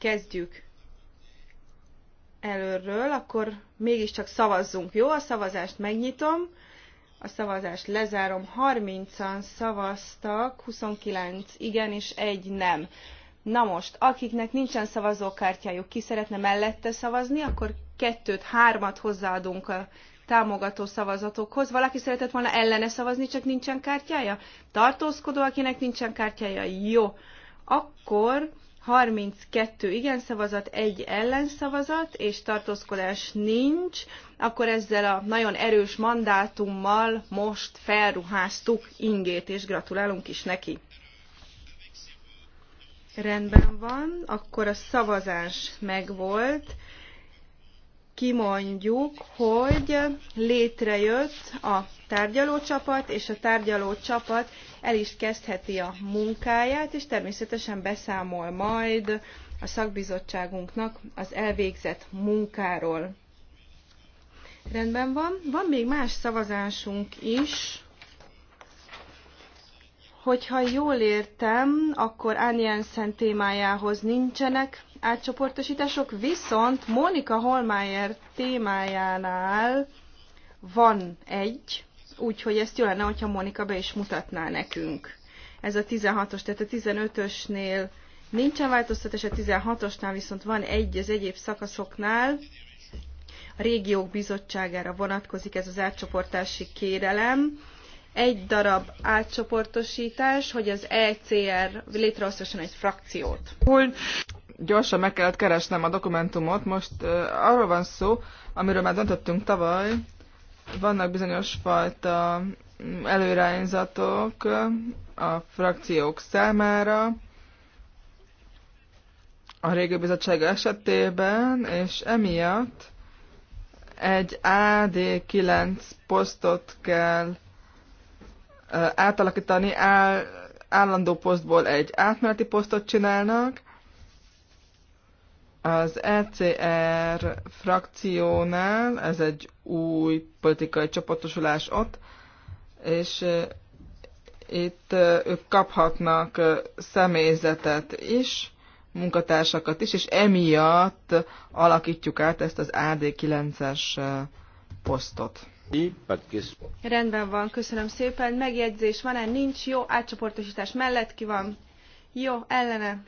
kezdjük előről, akkor mégiscsak szavazzunk. Jó, a szavazást megnyitom, a szavazást lezárom. 30-an szavaztak, 29 igen és egy nem. Na most, akiknek nincsen szavazókártyájuk, ki szeretne mellette szavazni, akkor kettőt, hármat hozzáadunk a támogató szavazatokhoz. Valaki szeretett volna ellene szavazni, csak nincsen kártyája? Tartózkodó, akinek nincsen kártyája? Jó. Akkor 32 igen szavazat, egy ellenszavazat, és tartózkodás nincs, akkor ezzel a nagyon erős mandátummal most felruháztuk ingét, és gratulálunk is neki. Rendben van, akkor a szavazás megvolt. Kimondjuk, hogy létrejött a tárgyalócsapat, és a tárgyalócsapat el is kezdheti a munkáját, és természetesen beszámol majd a szakbizottságunknak az elvégzett munkáról. Rendben van. Van még más szavazásunk is. Hogyha jól értem, akkor Annie Jensen témájához nincsenek átcsoportosítások, viszont Mónika Holmeyer témájánál van egy, úgyhogy ezt jó lenne, hogyha Monika be is mutatná nekünk. Ez a 16-os, tehát a 15-ösnél nincsen változtatás, a 16-osnál viszont van egy az egyéb szakaszoknál, a régiók bizottságára vonatkozik ez az átcsoportási kérelem. Egy darab átcsoportosítás, hogy az ECR létrehozhasson egy frakciót. Gyorsan meg kellett keresnem a dokumentumot. Most uh, arról van szó, amiről már döntöttünk tavaly, vannak bizonyos fajta mm, előrányzatok a frakciók számára, a régi bizottság esetében, és emiatt egy AD9 posztot kell átalakítani, áll, állandó posztból egy átmeneti posztot csinálnak, az ECR frakciónál, ez egy új politikai csoportosulás ott, és itt ők kaphatnak személyzetet is, munkatársakat is, és emiatt alakítjuk át ezt az AD9-es posztot. Rendben van, köszönöm szépen. Megjegyzés van-e? Nincs. Jó, átcsoportosítás mellett ki van? Jó, ellene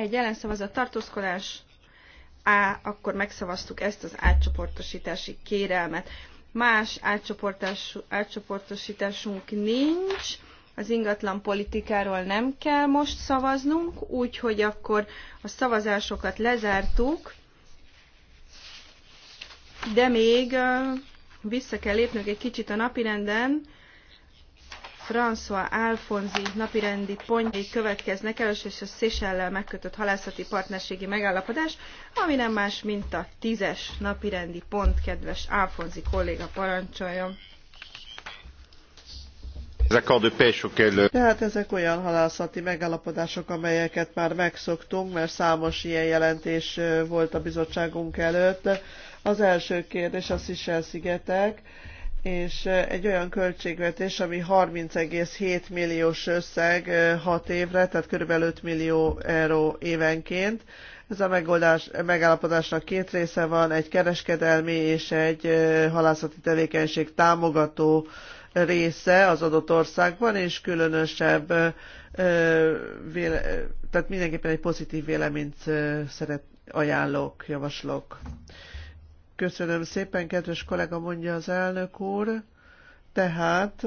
egy ellenszavazat tartózkodás, A, akkor megszavaztuk ezt az átcsoportosítási kérelmet. Más átcsoportosításunk nincs, az ingatlan politikáról nem kell most szavaznunk, úgyhogy akkor a szavazásokat lezártuk, de még vissza kell lépnünk egy kicsit a napirenden, François Alfonzi napirendi pontjai következnek. Először is a Széchellel megkötött halászati partnerségi megállapodás, ami nem más, mint a tízes napirendi pont, kedves Alfonzi kolléga parancsoljon. Euh, Tehát ezek olyan halászati megállapodások, amelyeket már megszoktunk, mert számos ilyen jelentés euh, volt a bizottságunk előtt. Az első kérdés a Seychelles szigetek és egy olyan költségvetés, ami 30,7 milliós összeg 6 évre, tehát kb. 5 millió euró évenként. Ez a megoldás, megállapodásnak két része van, egy kereskedelmi és egy halászati tevékenység támogató része az adott országban, és különösebb, tehát mindenképpen egy pozitív véleményt szeret, ajánlok, javaslok. Köszönöm szépen, kedves kollega, mondja az elnök úr. Tehát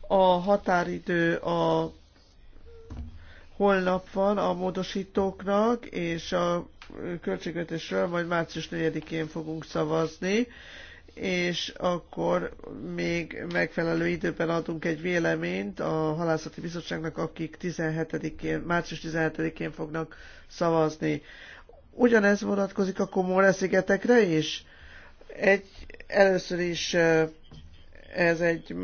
a határidő a holnap van a módosítóknak, és a költségvetésről majd március 4-én fogunk szavazni, és akkor még megfelelő időben adunk egy véleményt a halászati bizottságnak, akik 17 március 17-én fognak szavazni. Ugyanez vonatkozik a komor szigetekre is. Egy, először is ez egy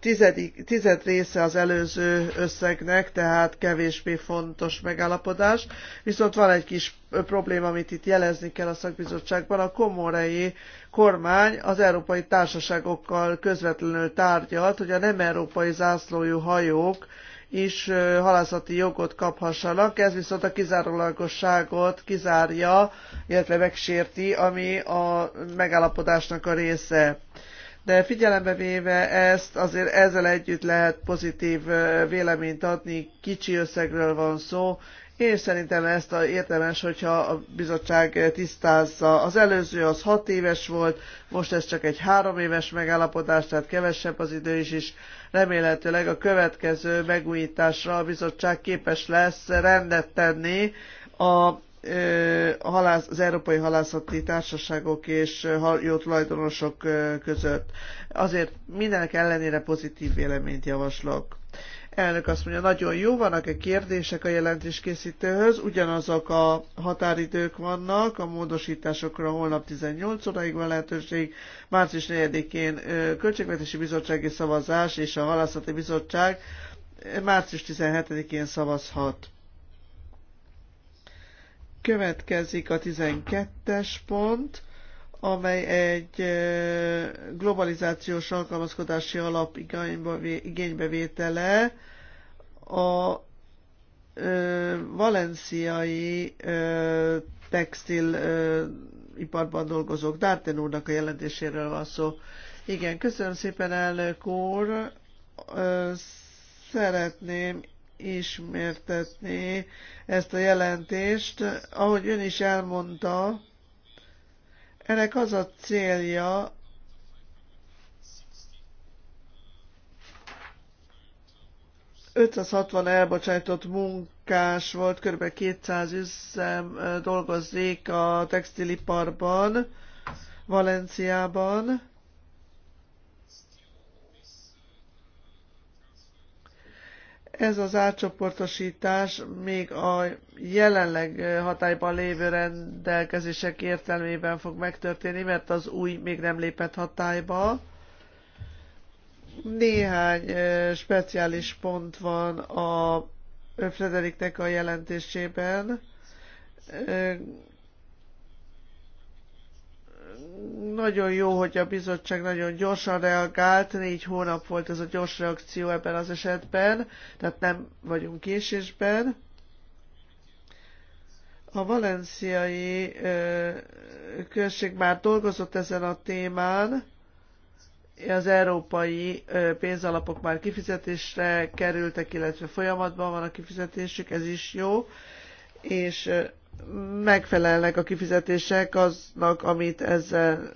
tizedik, tized része az előző összegnek, tehát kevésbé fontos megállapodás. Viszont van egy kis probléma, amit itt jelezni kell a szakbizottságban. A komorei kormány az európai társaságokkal közvetlenül tárgyalt, hogy a nem európai zászlójú hajók is halászati jogot kaphassanak. Ez viszont a kizárólagosságot kizárja, illetve megsérti, ami a megállapodásnak a része de figyelembe véve ezt, azért ezzel együtt lehet pozitív véleményt adni, kicsi összegről van szó, én szerintem ezt a értelmes, hogyha a bizottság tisztázza. Az előző az hat éves volt, most ez csak egy három éves megállapodás, tehát kevesebb az idő is, és remélhetőleg a következő megújításra a bizottság képes lesz rendet tenni a a halász, az Európai Halászati Társaságok és jó tulajdonosok között. Azért mindenek ellenére pozitív véleményt javaslok. Elnök azt mondja, nagyon jó, vannak-e kérdések a jelentéskészítőhöz, ugyanazok a határidők vannak, a módosításokra holnap 18 óraig van lehetőség, március 4-én Költségvetési Bizottsági Szavazás és a Halászati Bizottság március 17-én szavazhat. Következik a 12-es pont amely egy globalizációs alkalmazkodási alap igénybevétele a valenciai textiliparban dolgozók. Dárten úrnak a jelentéséről van szó. Igen, köszönöm szépen, elnök úr. Szeretném ismertetni ezt a jelentést. Ahogy ön is elmondta, ennek az a célja, ...560 elbocsájtott munkás volt, kb. 200 üzem dolgozik a textiliparban, Valenciában Ez az átcsoportosítás még a jelenleg hatályban lévő rendelkezések értelmében fog megtörténni, mert az új még nem lépett hatályba. Néhány eh, speciális pont van a Frederiknek a jelentésében eh, nagyon jó, hogy a bizottság nagyon gyorsan reagált, négy hónap volt ez a gyors reakció ebben az esetben, tehát nem vagyunk késésben. A valenciai ö, község már dolgozott ezen a témán, az európai pénzalapok már kifizetésre kerültek, illetve folyamatban van a kifizetésük, ez is jó, és megfelelnek a kifizetések aznak, amit ezzel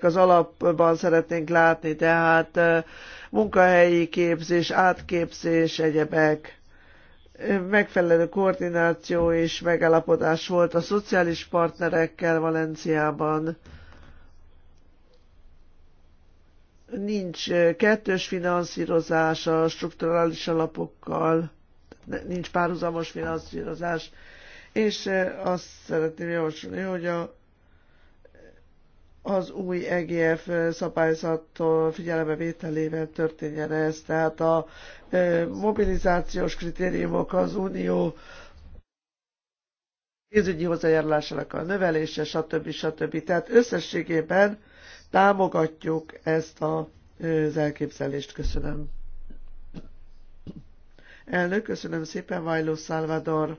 az alapban szeretnénk látni, tehát munkahelyi képzés, átképzés, egyebek. Megfelelő koordináció és megállapodás volt a szociális partnerekkel Valenciában. Nincs kettős finanszírozás a strukturális alapokkal, nincs párhuzamos finanszírozás és azt szeretném javasolni, hogy a, az új EGF szabályzattól figyelembe vételével történjen ez, tehát a mobilizációs kritériumok az unió pénzügyi hozzájárulásának a növelése, stb. stb. Tehát összességében támogatjuk ezt a, az elképzelést. Köszönöm. Elnök, köszönöm szépen, Vajló Szálvador.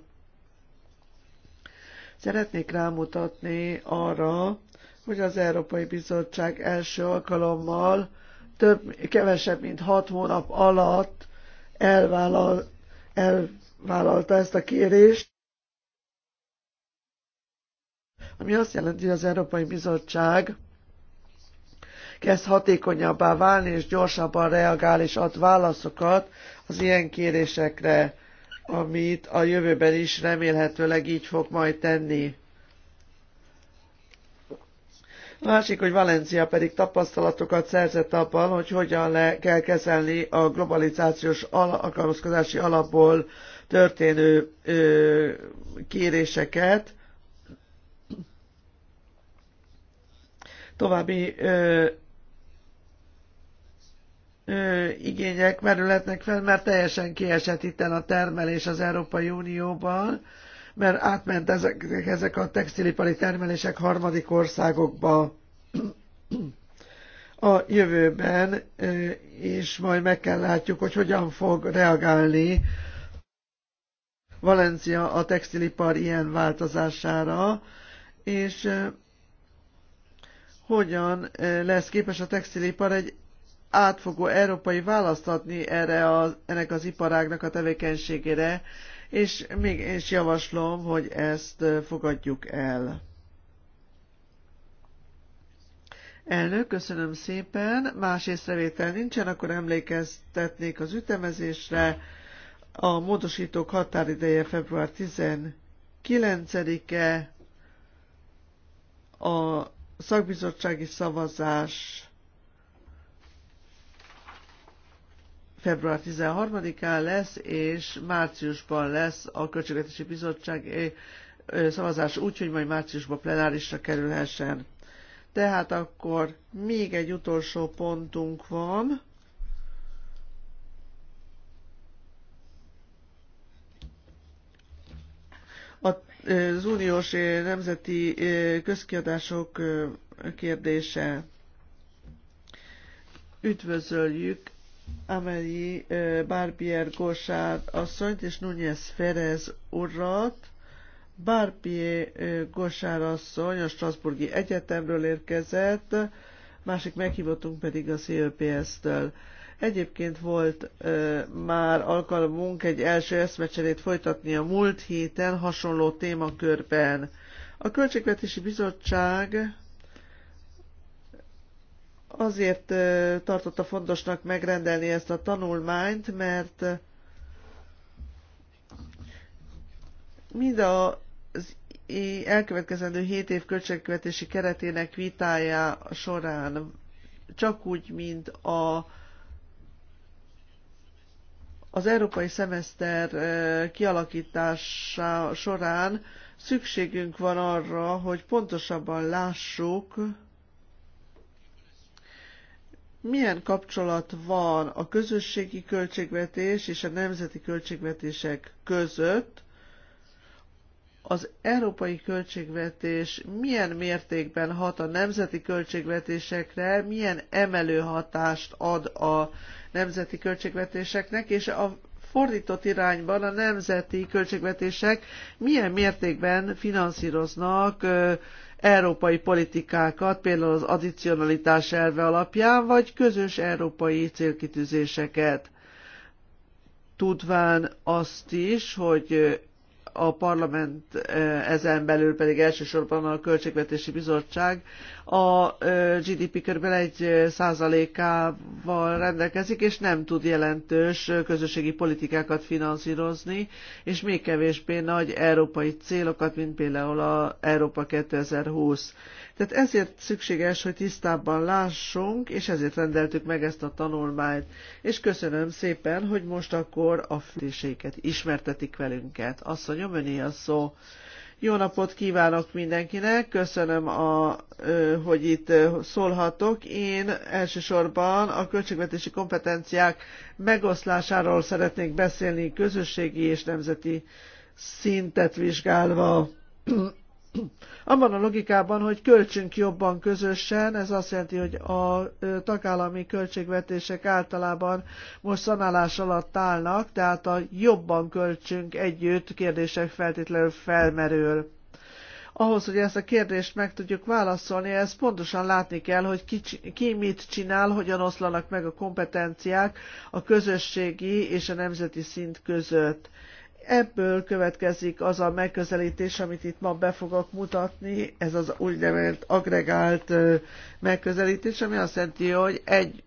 Szeretnék rámutatni arra, hogy az Európai Bizottság első alkalommal több, kevesebb, mint hat hónap alatt elvállal, elvállalta ezt a kérést, ami azt jelenti, hogy az Európai Bizottság kezd hatékonyabbá válni és gyorsabban reagál és ad válaszokat az ilyen kérésekre amit a jövőben is remélhetőleg így fog majd tenni. A másik, hogy Valencia pedig tapasztalatokat szerzett abban, hogy hogyan le kell kezelni a globalizációs alkalmazkodási alapból történő ö, kéréseket. További ö, ö, igények merülhetnek fel, mert teljesen kiesett itten a termelés az Európai Unióban, mert átment ezek, ezek a textilipari termelések harmadik országokba a jövőben, és majd meg kell látjuk, hogy hogyan fog reagálni Valencia a textilipar ilyen változására, és hogyan lesz képes a textilipar egy átfogó európai választ adni erre a, ennek az iparágnak a tevékenységére, és még én is javaslom, hogy ezt fogadjuk el. Elnök, köszönöm szépen. Más észrevétel nincsen, akkor emlékeztetnék az ütemezésre. A módosítók határideje február 19-e, a szakbizottsági szavazás február 13-án lesz, és márciusban lesz a Költségvetési Bizottság szavazás úgy, hogy majd márciusban plenárisra kerülhessen. Tehát akkor még egy utolsó pontunk van. Az uniós nemzeti közkiadások kérdése. Üdvözöljük Ameli Barbier Gosár asszonyt és Núñez Ferez urat. Barbier Gosár asszony a Strasburgi Egyetemről érkezett, másik meghívottunk pedig a CEPS-től. Egyébként volt ö, már alkalmunk egy első eszmecserét folytatni a múlt héten hasonló témakörben. A Költségvetési Bizottság azért tartotta fontosnak megrendelni ezt a tanulmányt, mert mind az elkövetkezendő 7 év költségvetési keretének vitája során csak úgy, mint a az európai szemeszter kialakítása során szükségünk van arra, hogy pontosabban lássuk, milyen kapcsolat van a közösségi költségvetés és a nemzeti költségvetések között, az európai költségvetés milyen mértékben hat a nemzeti költségvetésekre, milyen emelő hatást ad a nemzeti költségvetéseknek, és a fordított irányban a nemzeti költségvetések milyen mértékben finanszíroznak európai politikákat, például az addicionalitás elve alapján, vagy közös európai célkitűzéseket. Tudván azt is, hogy a parlament eh, ezen belül pedig elsősorban a Költségvetési Bizottság a GDP kb. egy százalékával rendelkezik, és nem tud jelentős közösségi politikákat finanszírozni, és még kevésbé nagy európai célokat, mint például a Európa 2020. Tehát ezért szükséges, hogy tisztában lássunk, és ezért rendeltük meg ezt a tanulmányt. És köszönöm szépen, hogy most akkor a fűtéseiket ismertetik velünket. Asszonyom, öné a szó. Jó napot kívánok mindenkinek, köszönöm, a, hogy itt szólhatok. Én elsősorban a költségvetési kompetenciák megoszlásáról szeretnék beszélni közösségi és nemzeti szintet vizsgálva. Abban a logikában, hogy költsünk jobban közösen, ez azt jelenti, hogy a tagállami költségvetések általában most szanálás alatt állnak, tehát a jobban költsünk együtt kérdések feltétlenül felmerül ahhoz, hogy ezt a kérdést meg tudjuk válaszolni, ez pontosan látni kell, hogy ki, ki mit csinál, hogyan oszlanak meg a kompetenciák a közösségi és a nemzeti szint között. Ebből következik az a megközelítés, amit itt ma be fogok mutatni, ez az úgynevezett agregált megközelítés, ami azt jelenti, hogy egy,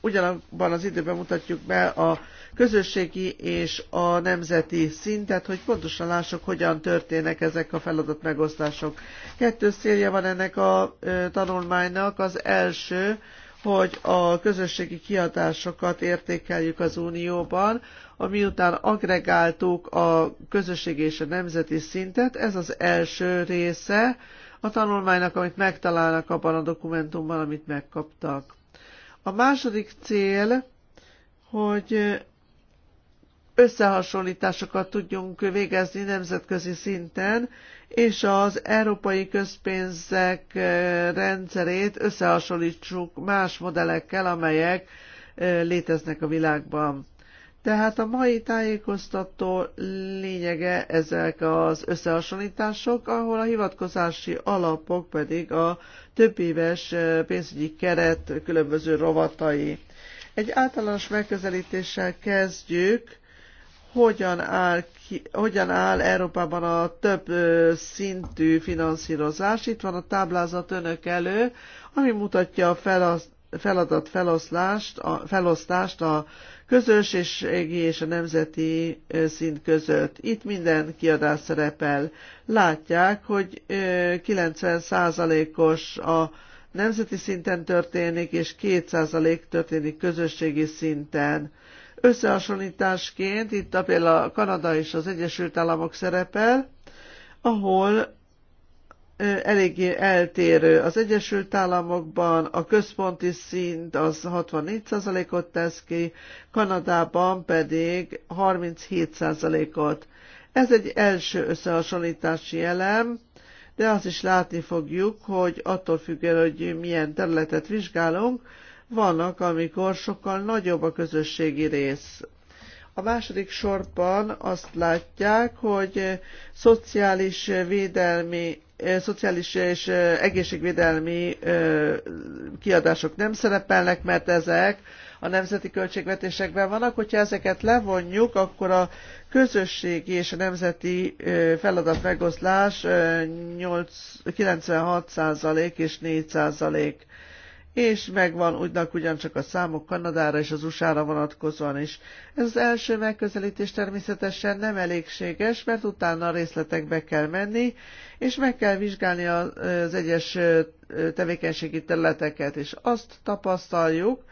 ugyanabban az időben mutatjuk be a közösségi és a nemzeti szintet, hogy pontosan lássuk, hogyan történnek ezek a feladat megosztások. Kettő célja van ennek a tanulmánynak. Az első, hogy a közösségi kiadásokat értékeljük az Unióban, miután agregáltuk a közösség és a nemzeti szintet, ez az első része a tanulmánynak, amit megtalálnak abban a dokumentumban, amit megkaptak. A második cél, hogy összehasonlításokat tudjunk végezni nemzetközi szinten, és az európai közpénzek rendszerét összehasonlítsuk más modellekkel, amelyek léteznek a világban. Tehát a mai tájékoztató lényege ezek az összehasonlítások, ahol a hivatkozási alapok pedig a éves pénzügyi keret különböző rovatai. Egy általános megközelítéssel kezdjük, hogyan áll, ki, hogyan áll Európában a több szintű finanszírozás. Itt van a táblázat önök elő, ami mutatja a feladat feloszlást, a, felosztást a közönségi és a nemzeti szint között. Itt minden kiadás szerepel. Látják, hogy 90%-os a nemzeti szinten történik, és 2% történik közösségi szinten. Összehasonlításként itt a például a Kanada és az Egyesült Államok szerepel, ahol eléggé eltérő. Az Egyesült Államokban a központi szint az 64%-ot tesz ki, Kanadában pedig 37%-ot. Ez egy első összehasonlítási elem, de azt is látni fogjuk, hogy attól függően, hogy milyen területet vizsgálunk, vannak, amikor sokkal nagyobb a közösségi rész. A második sorban azt látják, hogy szociális védelmi szociális és egészségvédelmi kiadások nem szerepelnek, mert ezek a nemzeti költségvetésekben vannak. Hogyha ezeket levonjuk, akkor a közösségi és a nemzeti feladat megoszlás 96% és 4% és megvan úgynak ugyancsak a számok Kanadára és az USA-ra vonatkozóan is. Ez az első megközelítés természetesen nem elégséges, mert utána a részletekbe kell menni, és meg kell vizsgálni az egyes tevékenységi területeket, és azt tapasztaljuk,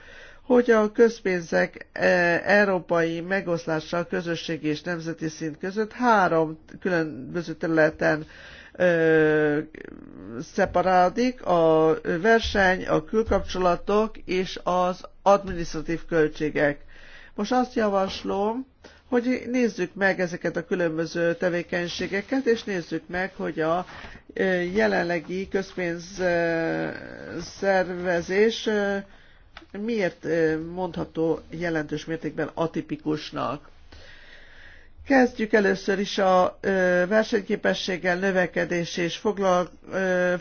hogy a közpénzek e, európai megoszlással közösségi és nemzeti szint között három különböző területen szeparádik, a verseny, a külkapcsolatok és az administratív költségek. Most azt javaslom, hogy nézzük meg ezeket a különböző tevékenységeket, és nézzük meg, hogy a jelenlegi közpénzszervezés miért mondható jelentős mértékben atipikusnak. Kezdjük először is a versenyképességgel növekedés és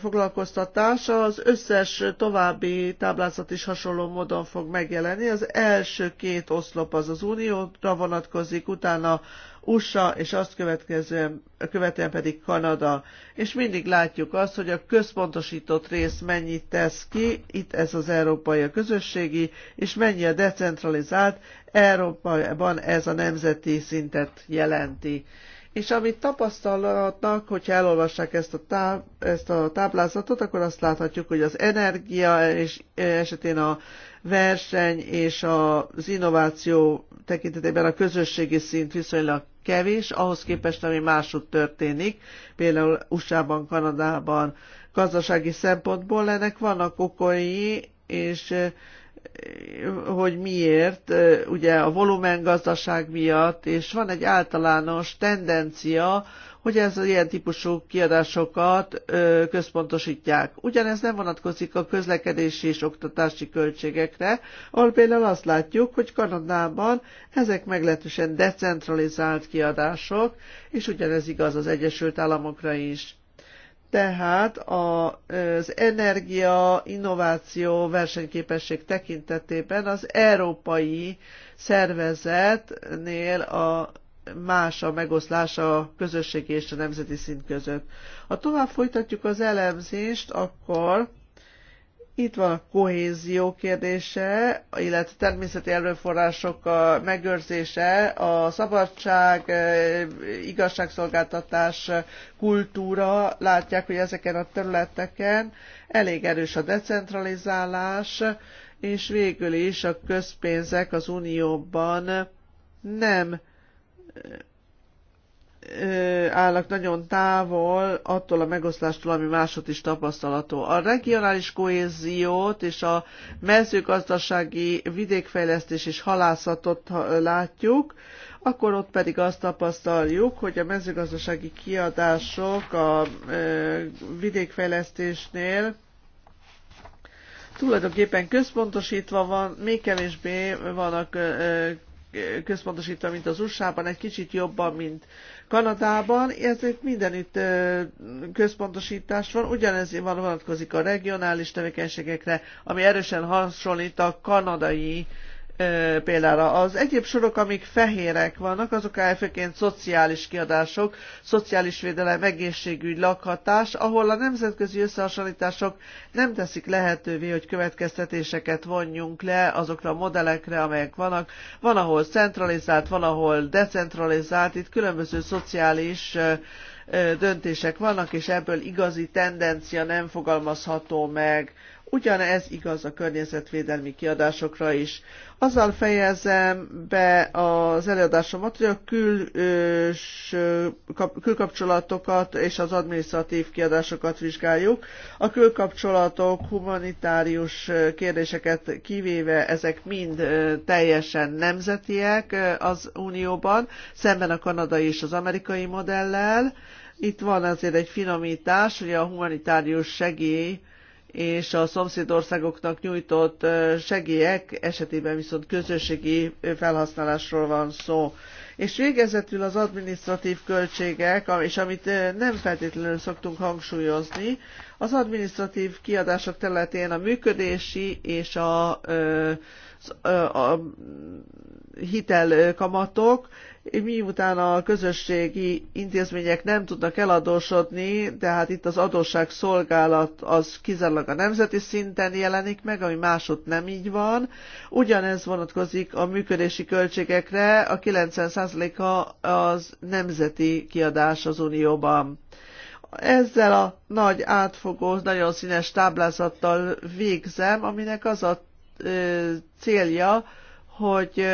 foglalkoztatás. Az összes további táblázat is hasonló módon fog megjelenni. Az első két oszlop az az unióra vonatkozik, utána USA, és azt következően, követően pedig Kanada. És mindig látjuk azt, hogy a központosított rész mennyit tesz ki, itt ez az európai a közösségi, és mennyi a decentralizált, Európában ez a nemzeti szintet jelenti. És amit tapasztalhatnak, hogyha elolvassák ezt a, tá, ezt a táblázatot, akkor azt láthatjuk, hogy az energia és esetén a verseny és az innováció tekintetében a közösségi szint viszonylag kevés ahhoz képest, ami máshogy történik, például USA-ban, Kanadában. Gazdasági szempontból ennek vannak okai, és eh, hogy miért, eh, ugye a volumen gazdaság miatt, és van egy általános tendencia hogy ez ilyen típusú kiadásokat ö, központosítják. Ugyanez nem vonatkozik a közlekedési és oktatási költségekre, ahol például azt látjuk, hogy Kanadában ezek meglehetősen decentralizált kiadások, és ugyanez igaz az Egyesült Államokra is. Tehát az energia, innováció, versenyképesség tekintetében az európai szervezetnél a más a megoszlása a közösségi és a nemzeti szint között. Ha tovább folytatjuk az elemzést, akkor itt van a kohézió kérdése, illetve természeti erőforrások a megőrzése, a szabadság, e, igazságszolgáltatás, kultúra, látják, hogy ezeken a területeken elég erős a decentralizálás, és végül is a közpénzek az unióban nem állnak nagyon távol attól a megoszlástól, ami másod is tapasztalató. A regionális kohéziót és a mezőgazdasági vidékfejlesztés és halászatot látjuk, akkor ott pedig azt tapasztaljuk, hogy a mezőgazdasági kiadások a vidékfejlesztésnél tulajdonképpen központosítva van, még kevésbé vannak központosítva, mint az USA-ban, egy kicsit jobban, mint Kanadában, ezért mindenütt központosítás van, ugyanez van vonatkozik a regionális tevékenységekre, ami erősen hasonlít a kanadai példára. Az egyéb sorok, amik fehérek vannak, azok elfőként szociális kiadások, szociális védelem, egészségügy, lakhatás, ahol a nemzetközi összehasonlítások nem teszik lehetővé, hogy következtetéseket vonjunk le azokra a modellekre, amelyek vannak. Van, ahol centralizált, van, ahol decentralizált, itt különböző szociális döntések vannak, és ebből igazi tendencia nem fogalmazható meg Ugyanez igaz a környezetvédelmi kiadásokra is. Azzal fejezem be az előadásomat, hogy a külös, külkapcsolatokat és az administratív kiadásokat vizsgáljuk. A külkapcsolatok humanitárius kérdéseket kivéve ezek mind teljesen nemzetiek az Unióban, szemben a kanadai és az amerikai modellel. Itt van azért egy finomítás, hogy a humanitárius segély és a szomszédországoknak nyújtott segélyek esetében viszont közösségi felhasználásról van szó. És végezetül az administratív költségek, és amit nem feltétlenül szoktunk hangsúlyozni, az administratív kiadások területén a működési és a a hitelkamatok, miután a közösségi intézmények nem tudnak eladósodni, tehát itt az adósságszolgálat az kizárólag a nemzeti szinten jelenik meg, ami másod nem így van. Ugyanez vonatkozik a működési költségekre, a 90%-a az nemzeti kiadás az Unióban. Ezzel a nagy átfogó, nagyon színes táblázattal végzem, aminek az a célja, hogy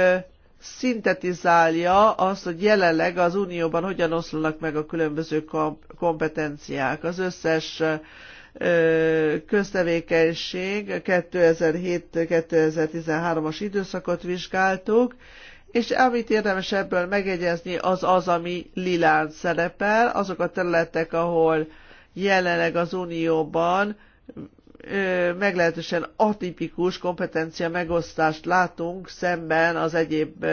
szintetizálja azt, hogy jelenleg az Unióban hogyan oszlanak meg a különböző kompetenciák. Az összes köztevékenység 2007-2013-as időszakot vizsgáltuk, és amit érdemes ebből megegyezni, az az, ami lilán szerepel, azok a területek, ahol jelenleg az Unióban meglehetősen atipikus kompetencia megosztást látunk szemben az egyéb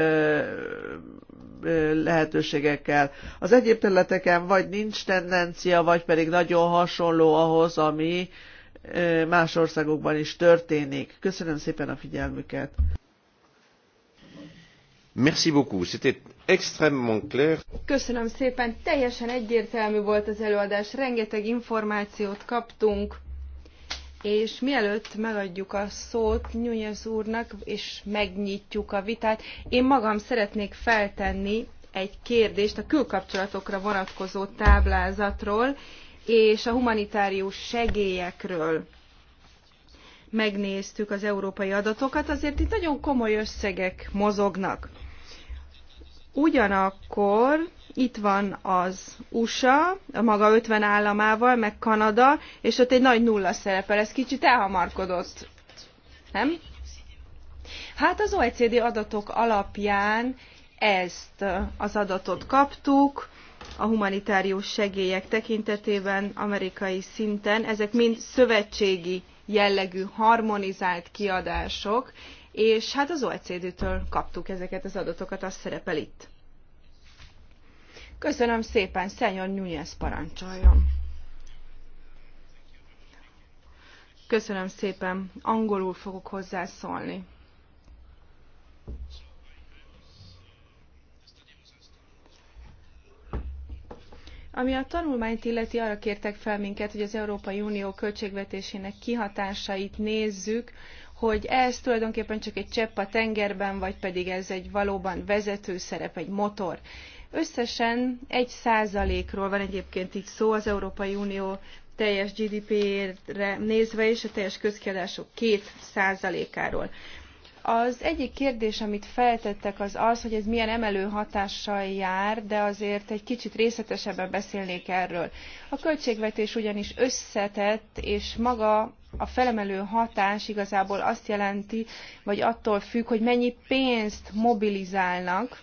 lehetőségekkel. Az egyéb területeken vagy nincs tendencia, vagy pedig nagyon hasonló ahhoz, ami más országokban is történik. Köszönöm szépen a figyelmüket. Merci beaucoup. C'était extrêmement clair. Köszönöm szépen, teljesen egyértelmű volt az előadás, rengeteg információt kaptunk és mielőtt megadjuk a szót Nyújjász úrnak, és megnyitjuk a vitát, én magam szeretnék feltenni egy kérdést a külkapcsolatokra vonatkozó táblázatról és a humanitárius segélyekről. Megnéztük az európai adatokat, azért itt nagyon komoly összegek mozognak. Ugyanakkor itt van az USA, a maga 50 államával, meg Kanada, és ott egy nagy nulla szerepel. Ez kicsit elhamarkodott, nem? Hát az OECD adatok alapján ezt az adatot kaptuk, a humanitárius segélyek tekintetében amerikai szinten. Ezek mind szövetségi jellegű harmonizált kiadások, és hát az OECD-től kaptuk ezeket az adatokat, az szerepel itt. Köszönöm szépen, Szenyor Núñez parancsoljon. Köszönöm szépen, angolul fogok hozzászólni. Ami a tanulmányt illeti, arra kértek fel minket, hogy az Európai Unió költségvetésének kihatásait nézzük hogy ez tulajdonképpen csak egy csepp a tengerben, vagy pedig ez egy valóban vezető szerep, egy motor. Összesen egy százalékról van egyébként itt szó az Európai Unió teljes GDP-re nézve, és a teljes közkiadások két százalékáról. Az egyik kérdés, amit feltettek, az az, hogy ez milyen emelő hatással jár, de azért egy kicsit részletesebben beszélnék erről. A költségvetés ugyanis összetett, és maga a felemelő hatás igazából azt jelenti, vagy attól függ, hogy mennyi pénzt mobilizálnak,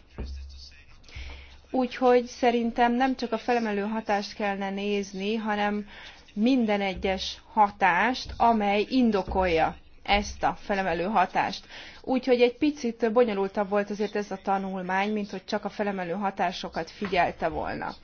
Úgyhogy szerintem nem csak a felemelő hatást kellene nézni, hanem minden egyes hatást, amely indokolja ezt a felemelő hatást. Úgyhogy egy picit bonyolultabb volt azért ez a tanulmány, mint hogy csak a felemelő hatásokat figyelte volna.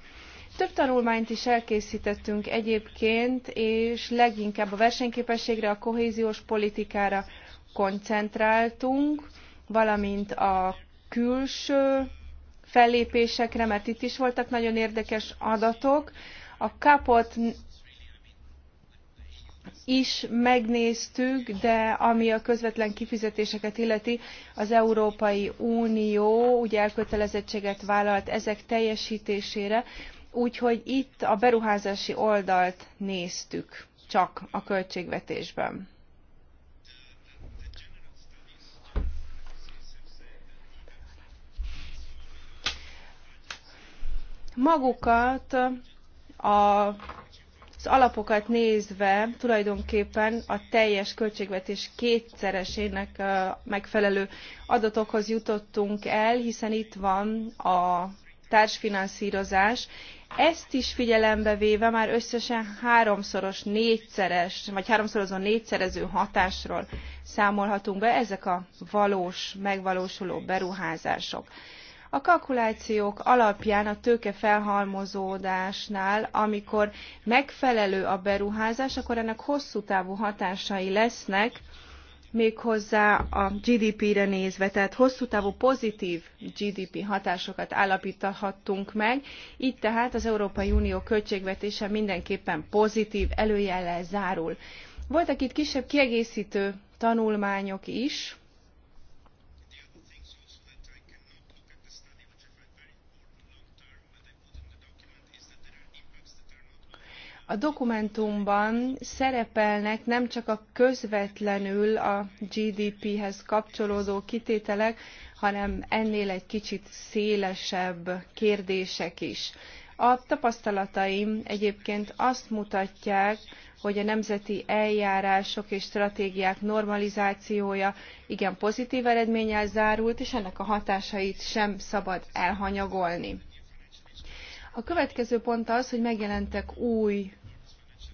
Több tanulmányt is elkészítettünk egyébként, és leginkább a versenyképességre, a kohéziós politikára koncentráltunk, valamint a külső fellépésekre, mert itt is voltak nagyon érdekes adatok. A kapot is megnéztük, de ami a közvetlen kifizetéseket illeti, az Európai Unió ugye elkötelezettséget vállalt ezek teljesítésére, Úgyhogy itt a beruházási oldalt néztük csak a költségvetésben. Magukat a az alapokat nézve tulajdonképpen a teljes költségvetés kétszeresének megfelelő adatokhoz jutottunk el, hiszen itt van a társfinanszírozás ezt is figyelembe véve már összesen háromszoros, négyszeres, vagy háromszorozó négyszerező hatásról számolhatunk be ezek a valós, megvalósuló beruházások. A kalkulációk alapján a tőke felhalmozódásnál, amikor megfelelő a beruházás, akkor ennek hosszú távú hatásai lesznek méghozzá a GDP-re nézve, tehát hosszú távú pozitív GDP hatásokat állapíthattunk meg, gy tehát az Európai Unió költségvetése mindenképpen pozitív előjellel zárul. Voltak itt kisebb kiegészítő tanulmányok is, A dokumentumban szerepelnek nem csak a közvetlenül a GDP-hez kapcsolódó kitételek, hanem ennél egy kicsit szélesebb kérdések is. A tapasztalataim egyébként azt mutatják, hogy a nemzeti eljárások és stratégiák normalizációja igen pozitív eredménnyel zárult, és ennek a hatásait sem szabad elhanyagolni. A következő pont az, hogy megjelentek új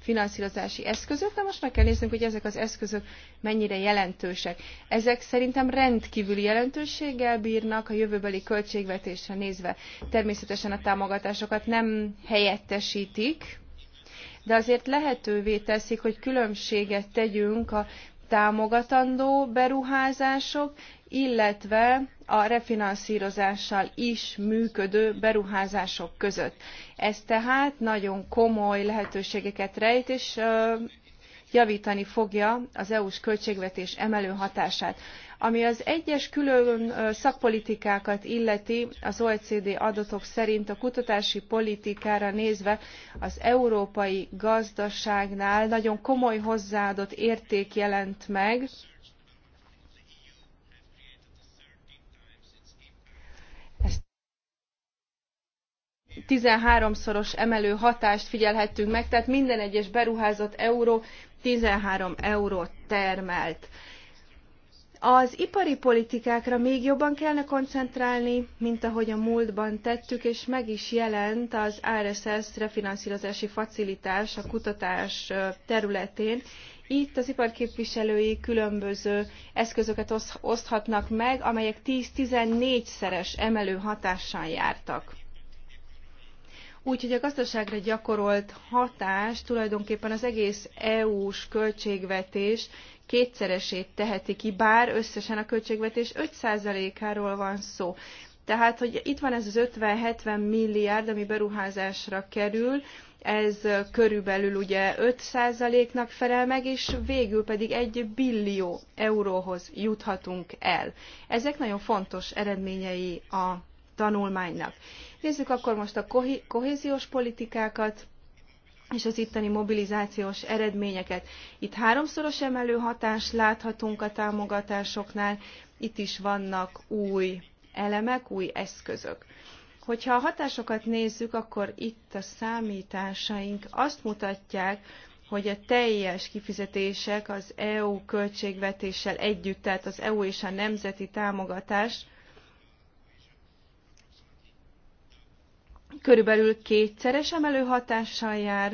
finanszírozási eszközök, de most meg kell néznünk, hogy ezek az eszközök mennyire jelentősek. Ezek szerintem rendkívüli jelentőséggel bírnak a jövőbeli költségvetésre nézve. Természetesen a támogatásokat nem helyettesítik, de azért lehetővé teszik, hogy különbséget tegyünk a támogatandó beruházások, illetve a refinanszírozással is működő beruházások között. Ez tehát nagyon komoly lehetőségeket rejt, és javítani fogja az EU-s költségvetés emelő hatását. Ami az egyes külön szakpolitikákat illeti, az OECD adatok szerint a kutatási politikára nézve az európai gazdaságnál nagyon komoly hozzáadott érték jelent meg, tizenháromszoros emelő hatást figyelhettünk meg tehát minden egyes beruházott euró tizenhárom eurót termelt. Az ipari politikákra még jobban kellene koncentrálni, mint ahogy a múltban tettük, és meg is jelent az RSS refinanszírozási facilitás a kutatás területén. Itt az iparképviselői különböző eszközöket oszthatnak meg, amelyek 10-14 szeres emelő hatással jártak. Úgyhogy a gazdaságra gyakorolt hatás tulajdonképpen az egész EU-s költségvetés kétszeresét teheti ki, bár összesen a költségvetés 5%-áról van szó. Tehát, hogy itt van ez az 50-70 milliárd, ami beruházásra kerül, ez körülbelül ugye 5%-nak felel meg, és végül pedig egy billió euróhoz juthatunk el. Ezek nagyon fontos eredményei a tanulmánynak. Nézzük akkor most a kohéziós politikákat és az itteni mobilizációs eredményeket. Itt háromszoros emelő hatást láthatunk a támogatásoknál, itt is vannak új elemek, új eszközök. Hogyha a hatásokat nézzük, akkor itt a számításaink azt mutatják, hogy a teljes kifizetések az EU költségvetéssel együtt, tehát az EU és a nemzeti támogatás körülbelül kétszeres emelő hatással jár.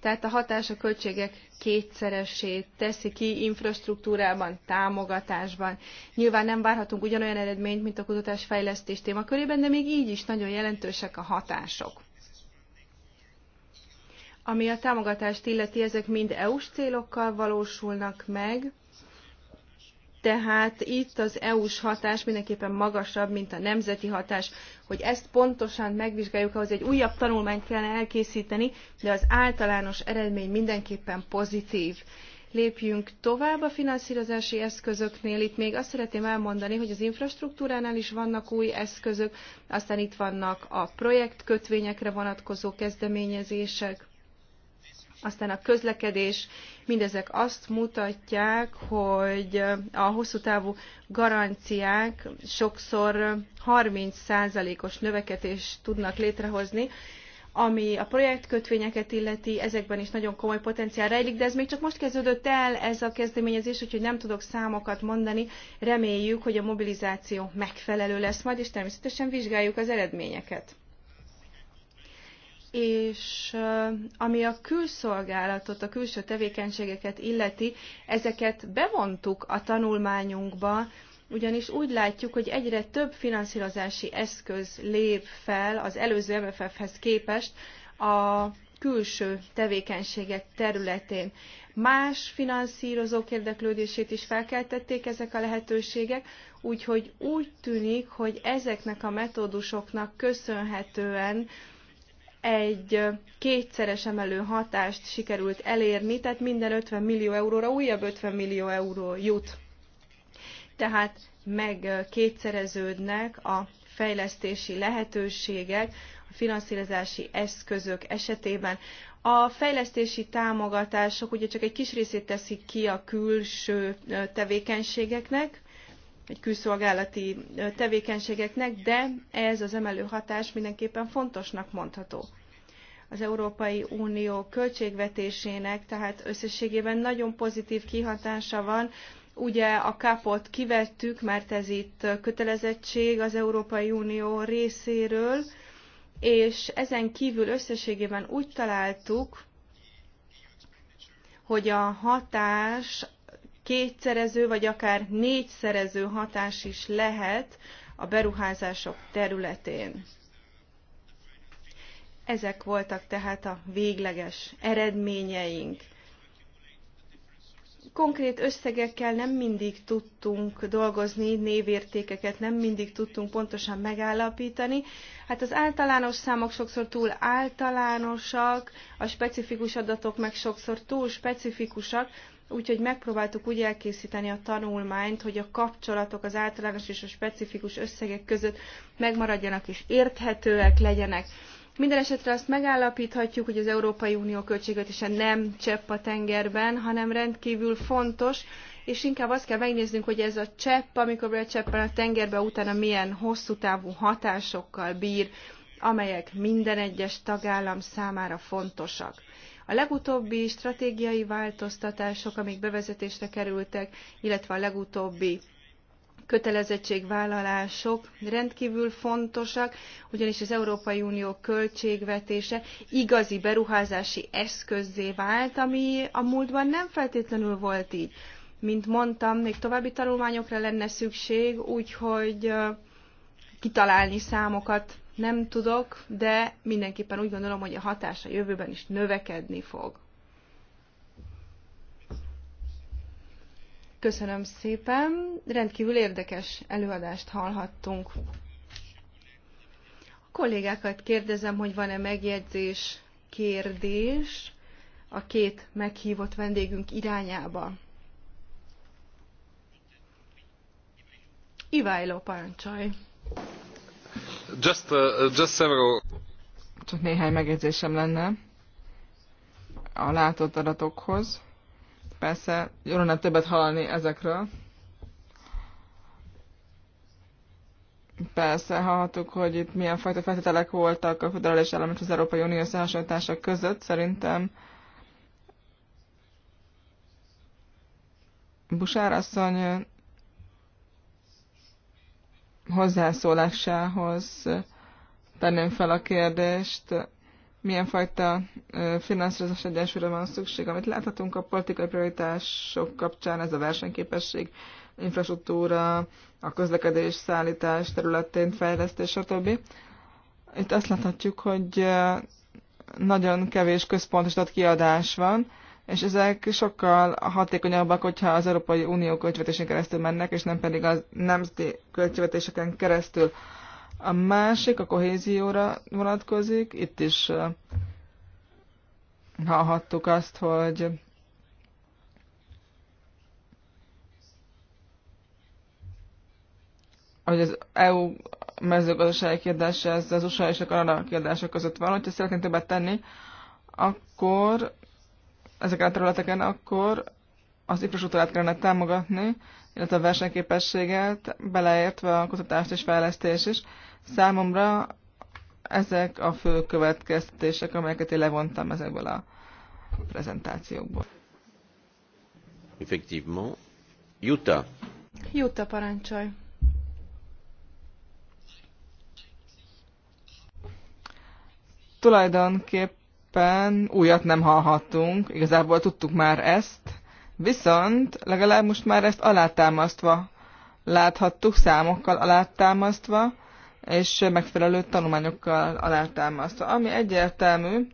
Tehát a hatás a költségek kétszeresét teszi ki infrastruktúrában, támogatásban. Nyilván nem várhatunk ugyanolyan eredményt, mint a kutatásfejlesztés témakörében, de még így is nagyon jelentősek a hatások. Ami a támogatást illeti, ezek mind EU-s célokkal valósulnak meg, tehát itt az EU-s hatás mindenképpen magasabb, mint a nemzeti hatás. Hogy ezt pontosan megvizsgáljuk, ahhoz egy újabb tanulmányt kellene elkészíteni, de az általános eredmény mindenképpen pozitív. Lépjünk tovább a finanszírozási eszközöknél. Itt még azt szeretném elmondani, hogy az infrastruktúránál is vannak új eszközök, aztán itt vannak a projektkötvényekre vonatkozó kezdeményezések, aztán a közlekedés, mindezek azt mutatják, hogy a hosszú távú garanciák sokszor 30%-os növekedést tudnak létrehozni, ami a projektkötvényeket illeti, ezekben is nagyon komoly potenciál rejlik, de ez még csak most kezdődött el ez a kezdeményezés, úgyhogy nem tudok számokat mondani. Reméljük, hogy a mobilizáció megfelelő lesz majd, és természetesen vizsgáljuk az eredményeket és ami a külszolgálatot, a külső tevékenységeket illeti, ezeket bevontuk a tanulmányunkba, ugyanis úgy látjuk, hogy egyre több finanszírozási eszköz lép fel az előző MFF-hez képest a külső tevékenységek területén. Más finanszírozók érdeklődését is felkeltették ezek a lehetőségek, úgyhogy úgy tűnik, hogy ezeknek a metódusoknak köszönhetően egy kétszeres emelő hatást sikerült elérni, tehát minden 50 millió euróra újabb 50 millió euró jut. Tehát meg kétszereződnek a fejlesztési lehetőségek, a finanszírozási eszközök esetében. A fejlesztési támogatások ugye csak egy kis részét teszik ki a külső tevékenységeknek, vagy külszolgálati tevékenységeknek, de ez az emelő hatás mindenképpen fontosnak mondható. Az Európai Unió költségvetésének tehát összességében nagyon pozitív kihatása van, ugye a kapot kivettük, mert ez itt kötelezettség az Európai Unió részéről, és ezen kívül összességében úgy találtuk, hogy a hatás kétszerező, vagy akár négyszerező hatás is lehet a beruházások területén. Ezek voltak tehát a végleges eredményeink. Konkrét összegekkel nem mindig tudtunk dolgozni, névértékeket nem mindig tudtunk pontosan megállapítani. Hát az általános számok sokszor túl általánosak, a specifikus adatok meg sokszor túl specifikusak, úgyhogy megpróbáltuk úgy elkészíteni a tanulmányt, hogy a kapcsolatok az általános és a specifikus összegek között megmaradjanak és érthetőek legyenek. Minden esetre azt megállapíthatjuk, hogy az Európai Unió költségvetése nem csepp a tengerben, hanem rendkívül fontos, és inkább azt kell megnéznünk, hogy ez a csepp, amikor cseppen a tengerbe, utána milyen hosszú távú hatásokkal bír, amelyek minden egyes tagállam számára fontosak. A legutóbbi stratégiai változtatások, amik bevezetésre kerültek, illetve a legutóbbi kötelezettségvállalások rendkívül fontosak, ugyanis az Európai Unió költségvetése igazi beruházási eszközzé vált, ami a múltban nem feltétlenül volt így. Mint mondtam, még további tanulmányokra lenne szükség, úgyhogy kitalálni számokat nem tudok, de mindenképpen úgy gondolom, hogy a hatása jövőben is növekedni fog. Köszönöm szépen, rendkívül érdekes előadást hallhattunk. A kollégákat kérdezem, hogy van-e megjegyzés, kérdés a két meghívott vendégünk irányába. Iváló parancsolj! Just, uh, just several... Csak néhány megjegyzésem lenne a látott adatokhoz. Persze, jól lenne többet hallani ezekről. Persze, hallhattuk, hogy itt milyen fajta feltételek voltak a föderális állam és az Európai Unió összehasonlítása között. Szerintem Busár asszony hozzászólásához tenném fel a kérdést, milyen fajta finanszírozás egyensúlyra van szükség, amit láthatunk a politikai prioritások kapcsán, ez a versenyképesség, infrastruktúra, a közlekedés, szállítás területén fejlesztés, stb. Itt azt láthatjuk, hogy nagyon kevés központosított kiadás van, és ezek sokkal hatékonyabbak, hogyha az Európai Unió költségvetésén keresztül mennek, és nem pedig az nemzeti költségvetéseken keresztül. A másik a kohézióra vonatkozik, itt is hallhattuk azt, hogy hogy az EU mezőgazdasági kérdése, az USA és a Kanada kérdése között van, hogyha szeretnénk többet tenni, akkor ezeken a területeken, akkor az infrastruktúrát kellene támogatni, illetve a versenyképességet, beleértve a kutatást és fejlesztés is. Számomra ezek a fő következtetések, amelyeket én levontam ezekből a prezentációkból. Effectivement. Jutta. Jutta parancsolj. Tulajdonképpen tulajdonképpen újat nem hallhattunk, igazából tudtuk már ezt, viszont legalább most már ezt alátámasztva láthattuk, számokkal alátámasztva, és megfelelő tanulmányokkal alátámasztva, ami egyértelmű,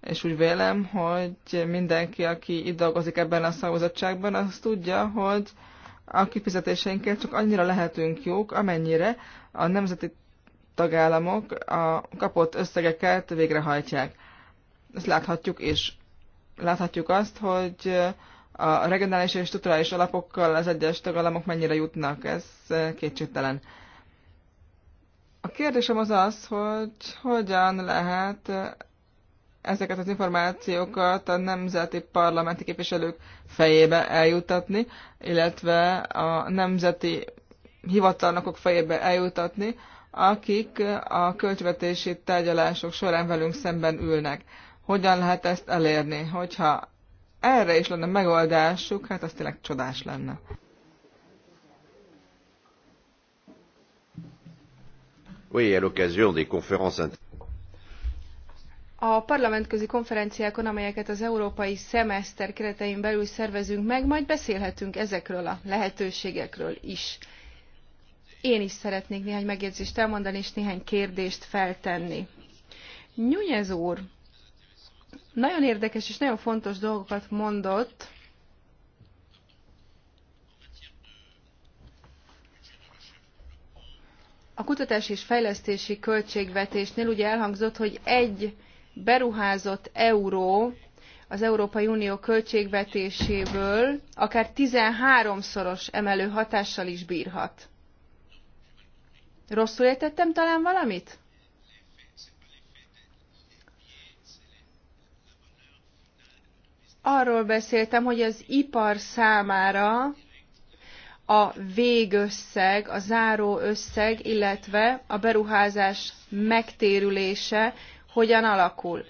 és úgy vélem, hogy mindenki, aki itt dolgozik ebben a szavazatságban, az tudja, hogy a kifizetéseinkkel csak annyira lehetünk jók, amennyire a nemzeti tagállamok a kapott összegeket végrehajtják ezt láthatjuk és Láthatjuk azt, hogy a regionális és strukturális alapokkal az egyes tagállamok mennyire jutnak, ez kétségtelen. A kérdésem az az, hogy hogyan lehet ezeket az információkat a nemzeti parlamenti képviselők fejébe eljutatni, illetve a nemzeti hivatalnokok fejébe eljutatni, akik a költségvetési tárgyalások során velünk szemben ülnek hogyan lehet ezt elérni. Hogyha erre is lenne megoldásuk, hát az tényleg csodás lenne. Oui, à l'occasion des conférences a parlamentközi konferenciákon, amelyeket az európai szemeszter keretein belül szervezünk meg, majd beszélhetünk ezekről a lehetőségekről is. Én is szeretnék néhány megjegyzést elmondani, és néhány kérdést feltenni. Nyújez úr, nagyon érdekes és nagyon fontos dolgokat mondott. A kutatás és fejlesztési költségvetésnél ugye elhangzott, hogy egy beruházott euró az Európai Unió költségvetéséből akár 13-szoros emelő hatással is bírhat. Rosszul értettem talán valamit? arról beszéltem, hogy az ipar számára a végösszeg, a záró összeg, illetve a beruházás megtérülése hogyan alakul.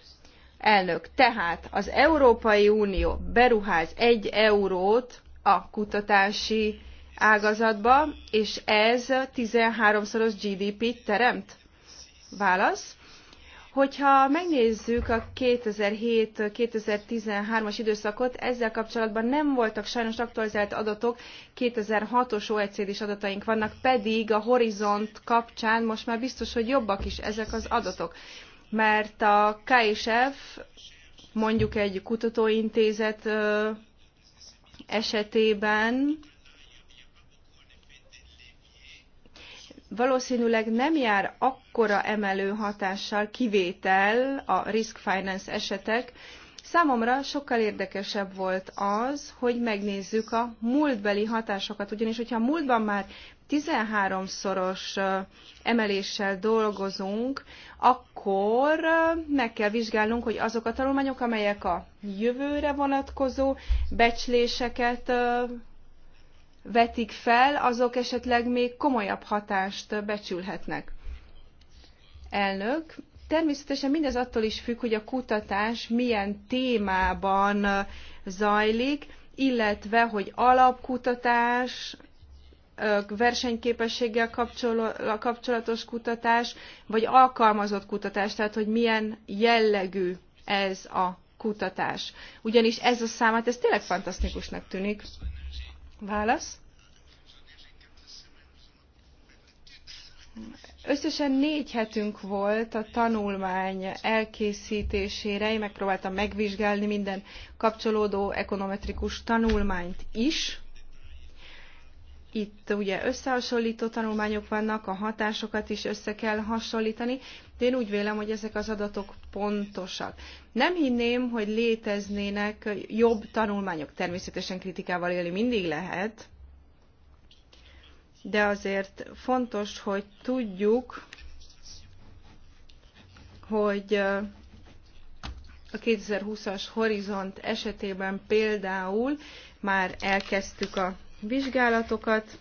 Elnök, tehát az Európai Unió beruház egy eurót a kutatási ágazatba, és ez 13-szoros GDP-t teremt? Válasz? Hogyha megnézzük a 2007-2013-as időszakot, ezzel kapcsolatban nem voltak sajnos aktualizált adatok, 2006-os OECD-s adataink vannak, pedig a horizont kapcsán most már biztos, hogy jobbak is ezek az adatok. Mert a KSF mondjuk egy kutatóintézet esetében valószínűleg nem jár akkora emelő hatással kivétel a risk finance esetek. Számomra sokkal érdekesebb volt az, hogy megnézzük a múltbeli hatásokat, ugyanis hogyha a múltban már 13-szoros emeléssel dolgozunk, akkor meg kell vizsgálnunk, hogy azok a tanulmányok, amelyek a jövőre vonatkozó becsléseket vetik fel, azok esetleg még komolyabb hatást becsülhetnek. Elnök, természetesen mindez attól is függ, hogy a kutatás milyen témában zajlik, illetve hogy alapkutatás, versenyképességgel kapcsolatos kutatás, vagy alkalmazott kutatás, tehát hogy milyen jellegű ez a kutatás. Ugyanis ez a szám, hát ez tényleg fantasztikusnak tűnik. Válasz? Összesen négy hetünk volt a tanulmány elkészítésére. Én megpróbáltam megvizsgálni minden kapcsolódó ekonometrikus tanulmányt is. Itt ugye összehasonlító tanulmányok vannak, a hatásokat is össze kell hasonlítani, de én úgy vélem, hogy ezek az adatok pontosak. Nem hinném, hogy léteznének jobb tanulmányok. Természetesen kritikával élni mindig lehet, de azért fontos, hogy tudjuk, hogy a 2020-as horizont esetében például már elkezdtük a vizsgálatokat,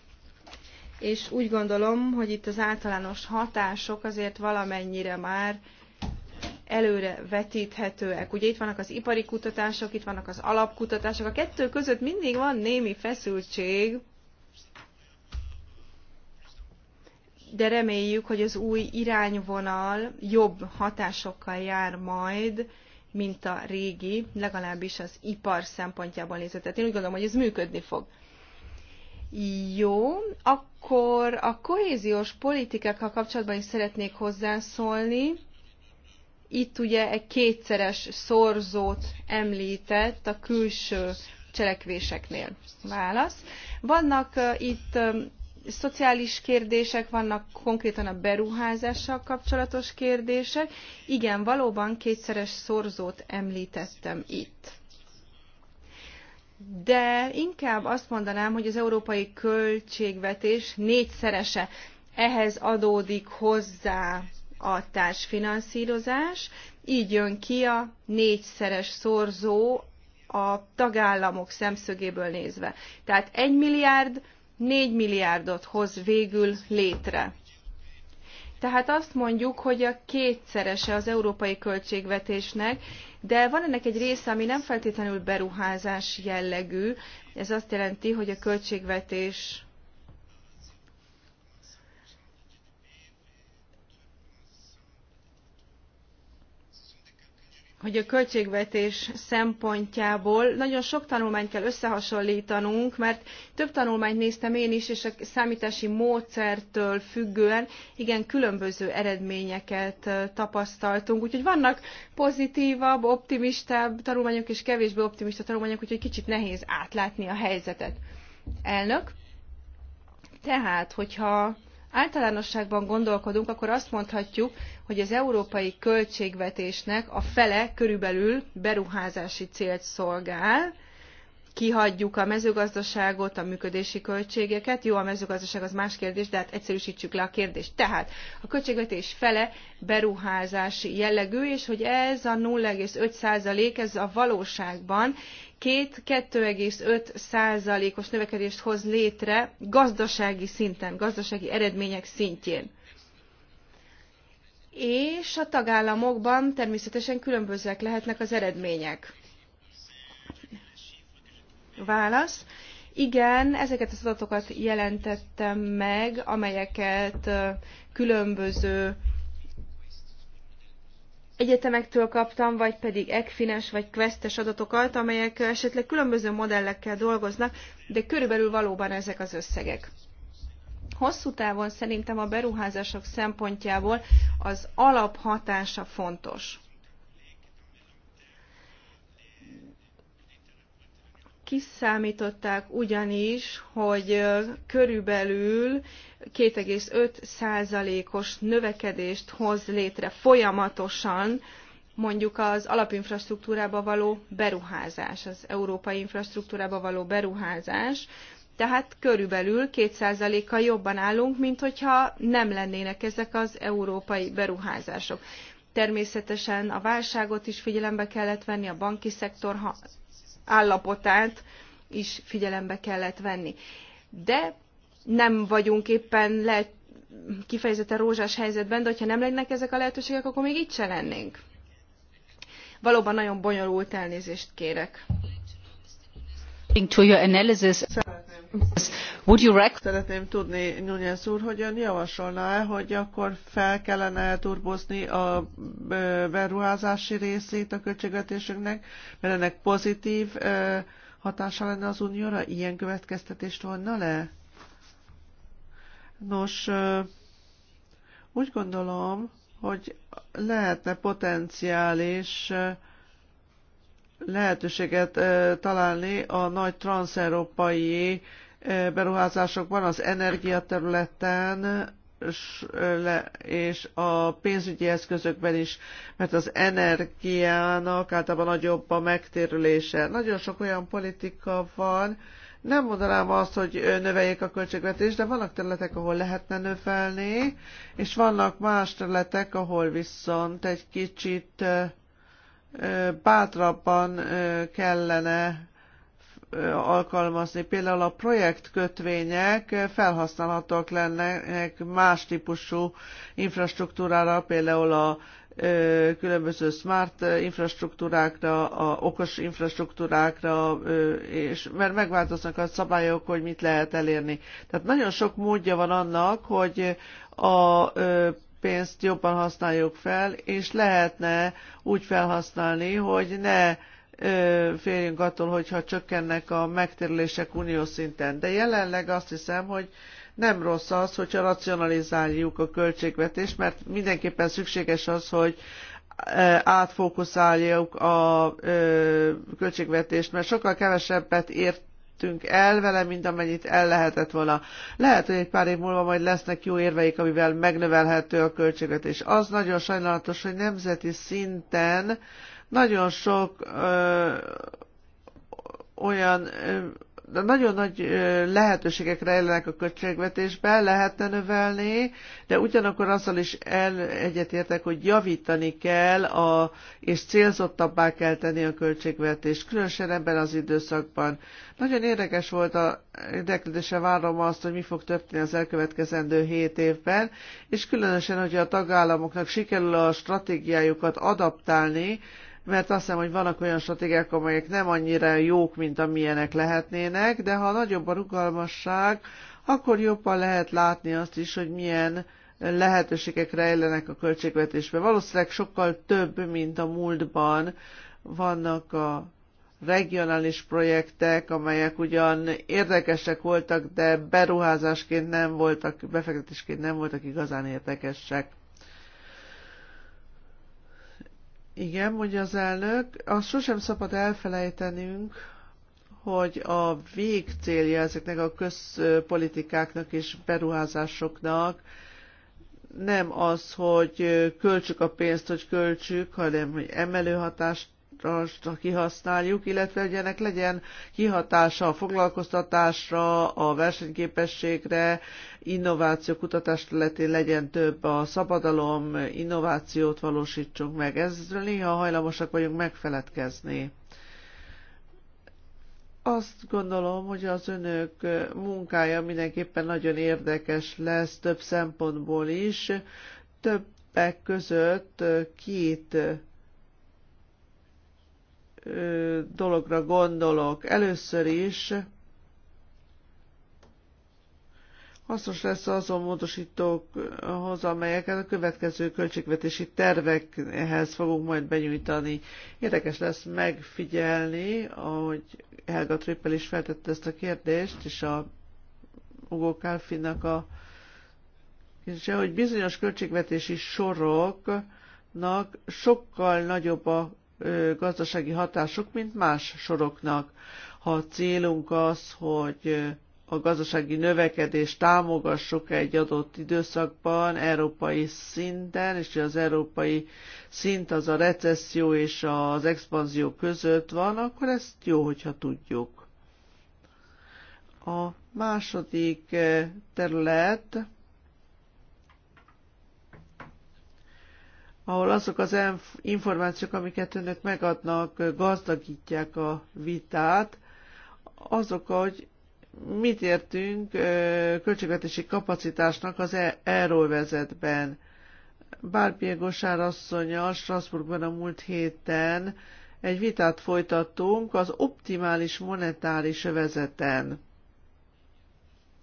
és úgy gondolom, hogy itt az általános hatások azért valamennyire már előre vetíthetőek. Ugye itt vannak az ipari kutatások, itt vannak az alapkutatások. A kettő között mindig van némi feszültség, de reméljük, hogy az új irányvonal jobb hatásokkal jár majd, mint a régi, legalábbis az ipar szempontjából nézve. Tehát én úgy gondolom, hogy ez működni fog. Jó, akkor a kohéziós politikákkal kapcsolatban is szeretnék hozzászólni. Itt ugye egy kétszeres szorzót említett a külső cselekvéseknél. Válasz. Vannak itt szociális kérdések, vannak konkrétan a beruházással kapcsolatos kérdések. Igen, valóban kétszeres szorzót említettem itt de inkább azt mondanám, hogy az európai költségvetés négyszerese. Ehhez adódik hozzá a társfinanszírozás, így jön ki a négyszeres szorzó a tagállamok szemszögéből nézve. Tehát egy milliárd négy milliárdot hoz végül létre. Tehát azt mondjuk, hogy a kétszerese az európai költségvetésnek, de van ennek egy része, ami nem feltétlenül beruházás jellegű. Ez azt jelenti, hogy a költségvetés hogy a költségvetés szempontjából nagyon sok tanulmányt kell összehasonlítanunk, mert több tanulmányt néztem én is, és a számítási módszertől függően igen különböző eredményeket tapasztaltunk. Úgyhogy vannak pozitívabb, optimistább tanulmányok és kevésbé optimista tanulmányok, úgyhogy kicsit nehéz átlátni a helyzetet. Elnök, tehát, hogyha általánosságban gondolkodunk, akkor azt mondhatjuk, hogy az európai költségvetésnek a fele körülbelül beruházási célt szolgál, kihagyjuk a mezőgazdaságot, a működési költségeket. Jó, a mezőgazdaság az más kérdés, de hát egyszerűsítsük le a kérdést. Tehát a költségvetés fele beruházási jellegű, és hogy ez a 0,5 százalék, ez a valóságban két 2,5 százalékos növekedést hoz létre gazdasági szinten, gazdasági eredmények szintjén. És a tagállamokban természetesen különbözőek lehetnek az eredmények. Válasz. Igen, ezeket az adatokat jelentettem meg, amelyeket különböző egyetemektől kaptam, vagy pedig ECFINES vagy Questes adatokat, amelyek esetleg különböző modellekkel dolgoznak, de körülbelül valóban ezek az összegek. Hosszú távon szerintem a beruházások szempontjából az alaphatása fontos. Kiszámították ugyanis, hogy körülbelül 2,5%-os növekedést hoz létre folyamatosan mondjuk az alapinfrastruktúrába való beruházás, az európai infrastruktúrába való beruházás, tehát körülbelül 2%-kal jobban állunk, mint hogyha nem lennének ezek az európai beruházások. Természetesen a válságot is figyelembe kellett venni, a banki szektor állapotát is figyelembe kellett venni. De nem vagyunk éppen lehet kifejezetten rózsás helyzetben, de hogyha nem lennek ezek a lehetőségek, akkor még itt se lennénk. Valóban nagyon bonyolult elnézést kérek. Szeretném tudni, nunes úr, hogy ön javasolná-e, hogy akkor fel kellene turbózni a beruházási részét a költségvetésünknek, mert ennek pozitív hatása lenne az unióra? Ilyen következtetést vonna le? Nos, úgy gondolom, hogy lehetne potenciális lehetőséget találni a nagy transzeurópai beruházásokban, az energiaterületen és a pénzügyi eszközökben is, mert az energiának általában nagyobb a megtérülése. Nagyon sok olyan politika van, nem mondanám azt, hogy növeljék a költségvetést, de vannak területek, ahol lehetne növelni, és vannak más területek, ahol viszont egy kicsit bátrabban kellene alkalmazni. Például a projektkötvények felhasználhatók lennek más típusú infrastruktúrára, például a különböző smart infrastruktúrákra, a okos infrastruktúrákra, és mert megváltoznak a szabályok, hogy mit lehet elérni. Tehát nagyon sok módja van annak, hogy a pénzt jobban használjuk fel, és lehetne úgy felhasználni, hogy ne férjünk attól, hogyha csökkennek a megtérülések uniós szinten. De jelenleg azt hiszem, hogy nem rossz az, hogyha racionalizáljuk a költségvetést, mert mindenképpen szükséges az, hogy átfókuszáljuk a költségvetést, mert sokkal kevesebbet ért értünk el vele, mint amennyit el lehetett volna. Lehet, hogy egy pár év múlva majd lesznek jó érveik, amivel megnövelhető a költséget és Az nagyon sajnálatos, hogy nemzeti szinten nagyon sok ö, olyan ö, nagyon nagy lehetőségek rejlenek a költségvetésben, lehetne növelni, de ugyanakkor azzal is el, egyetértek, hogy javítani kell, a, és célzottabbá kell tenni a költségvetést, különösen ebben az időszakban. Nagyon érdekes volt a érdeklődése várom azt, hogy mi fog történni az elkövetkezendő 7 évben, és különösen, hogy a tagállamoknak sikerül a stratégiájukat adaptálni, mert azt hiszem, hogy vannak olyan stratégiák, amelyek nem annyira jók, mint amilyenek lehetnének, de ha nagyobb a rugalmasság, akkor jobban lehet látni azt is, hogy milyen lehetőségek rejlenek a költségvetésben. Valószínűleg sokkal több, mint a múltban vannak a regionális projektek, amelyek ugyan érdekesek voltak, de beruházásként nem voltak, befektetésként nem voltak igazán érdekesek. Igen, mondja az elnök, azt sosem szabad elfelejtenünk, hogy a végcélja ezeknek a közpolitikáknak és beruházásoknak nem az, hogy költsük a pénzt, hogy költsük, hanem hogy emelő hatást azt, kihasználjuk, illetve hogy ennek legyen kihatása a foglalkoztatásra, a versenyképességre, innováció kutatás területén legyen több a szabadalom, innovációt valósítsunk meg. Ezről néha hajlamosak vagyunk megfeledkezni azt gondolom, hogy az önök munkája mindenképpen nagyon érdekes lesz több szempontból is. Többek között két dologra gondolok. Először is hasznos lesz azon módosítókhoz, amelyeket a következő költségvetési tervekhez fogunk majd benyújtani. Érdekes lesz megfigyelni, ahogy Helga Trippel is feltette ezt a kérdést, és a Ugó Kálfinnak a és hogy bizonyos költségvetési soroknak sokkal nagyobb a gazdasági hatásuk, mint más soroknak. Ha a célunk az, hogy a gazdasági növekedést támogassuk egy adott időszakban európai szinten, és az európai szint az a recesszió és az expanzió között van, akkor ezt jó, hogyha tudjuk. A második terület ahol azok az információk, amiket önök megadnak, gazdagítják a vitát, azok, hogy mit értünk költségvetési kapacitásnak az euróvezetben. Bárpier Gosár a Strasbourgban a múlt héten egy vitát folytattunk az optimális monetáris övezeten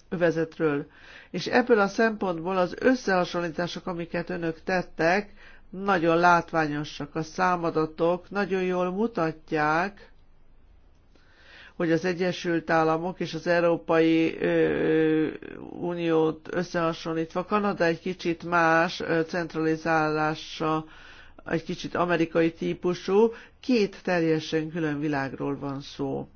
övezetről. És ebből a szempontból az összehasonlítások, amiket önök tettek, nagyon látványosak a számadatok, nagyon jól mutatják, hogy az Egyesült Államok és az Európai Uniót összehasonlítva Kanada egy kicsit más centralizálása, egy kicsit amerikai típusú, két teljesen külön világról van szó.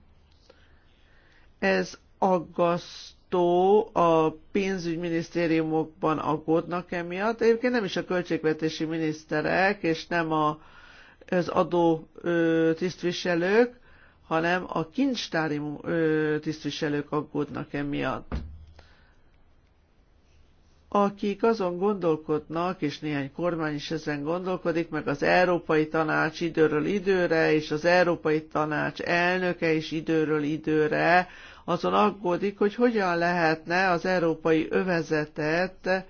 Ez aggaszt NATO, a pénzügyminisztériumokban aggódnak emiatt. Egyébként nem is a költségvetési miniszterek, és nem a, az adó ö, tisztviselők, hanem a kincstári ö, tisztviselők aggódnak emiatt akik azon gondolkodnak, és néhány kormány is ezen gondolkodik, meg az Európai Tanács időről időre, és az Európai Tanács elnöke is időről időre azon aggódik, hogy hogyan lehetne az európai övezetet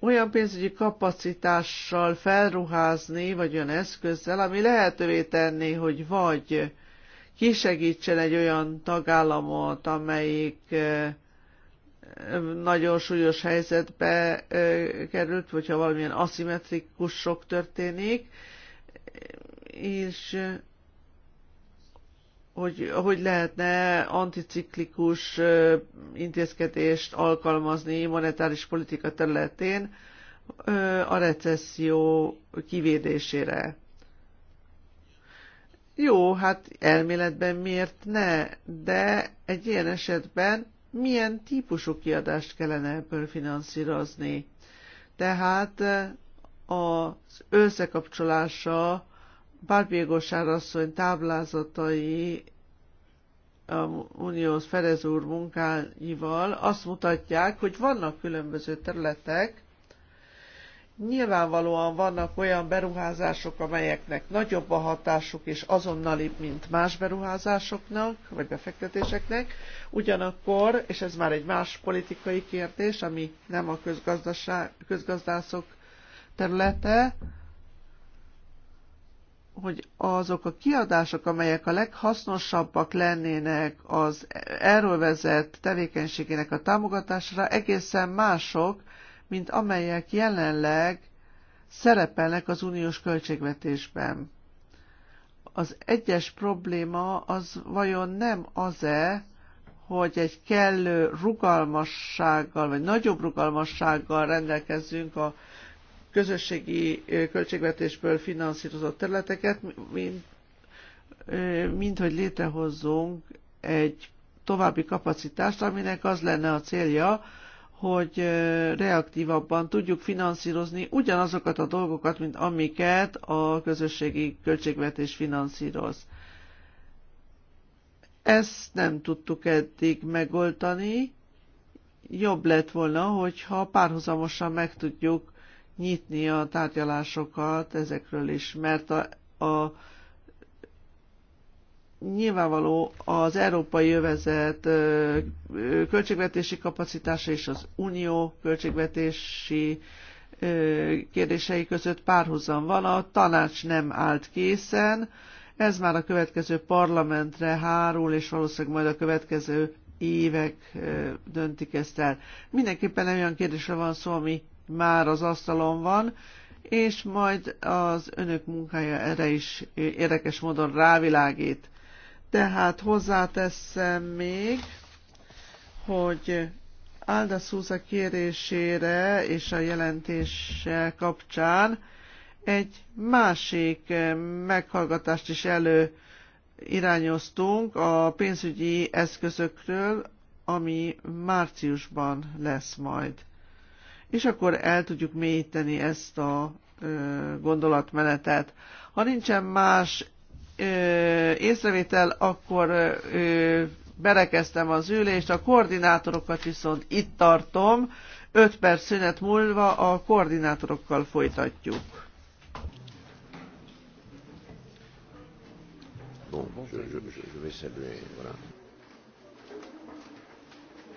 olyan pénzügyi kapacitással felruházni, vagy olyan eszközzel, ami lehetővé tenné, hogy vagy kisegítsen egy olyan tagállamot, amelyik nagyon súlyos helyzetbe került, hogyha valamilyen aszimetrikus sok történik, és hogy, hogy lehetne anticiklikus intézkedést alkalmazni monetáris politika területén a recesszió kivédésére. Jó, hát elméletben miért ne, de egy ilyen esetben milyen típusú kiadást kellene ebből finanszírozni. Tehát az összekapcsolása Bálbégosár asszony táblázatai a Uniós Ferez úr munkáival azt mutatják, hogy vannak különböző területek, Nyilvánvalóan vannak olyan beruházások, amelyeknek nagyobb a hatásuk és azonnalibb, mint más beruházásoknak, vagy befektetéseknek. Ugyanakkor, és ez már egy más politikai kérdés, ami nem a közgazdaság, közgazdászok területe, hogy azok a kiadások, amelyek a leghasznosabbak lennének az erről vezett tevékenységének a támogatására, egészen mások, mint amelyek jelenleg szerepelnek az uniós költségvetésben. Az egyes probléma az vajon nem az-e, hogy egy kellő rugalmassággal, vagy nagyobb rugalmassággal rendelkezzünk a közösségi költségvetésből finanszírozott területeket, mint, mint hogy létrehozzunk egy további kapacitást, aminek az lenne a célja, hogy reaktívabban tudjuk finanszírozni ugyanazokat a dolgokat, mint amiket a közösségi költségvetés finanszíroz. Ezt nem tudtuk eddig megoldani. Jobb lett volna, hogyha párhuzamosan meg tudjuk nyitni a tárgyalásokat ezekről is, mert a, a nyilvánvaló az európai övezet költségvetési kapacitása és az unió költségvetési kérdései között párhuzam van. A tanács nem állt készen, ez már a következő parlamentre hárul, és valószínűleg majd a következő évek döntik ezt el. Mindenképpen olyan kérdésre van szó, ami már az asztalon van, és majd az önök munkája erre is érdekes módon rávilágít. Tehát hozzáteszem még, hogy Alda Szúza kérésére és a jelentéssel kapcsán egy másik meghallgatást is elő irányoztunk a pénzügyi eszközökről, ami márciusban lesz majd és akkor el tudjuk mélyíteni ezt a gondolatmenetet. Ha nincsen más észrevétel, akkor berekeztem az ülést, a koordinátorokat viszont itt tartom, 5 perc szünet múlva a koordinátorokkal folytatjuk. Bon, je, je, je vais saluer, voilà.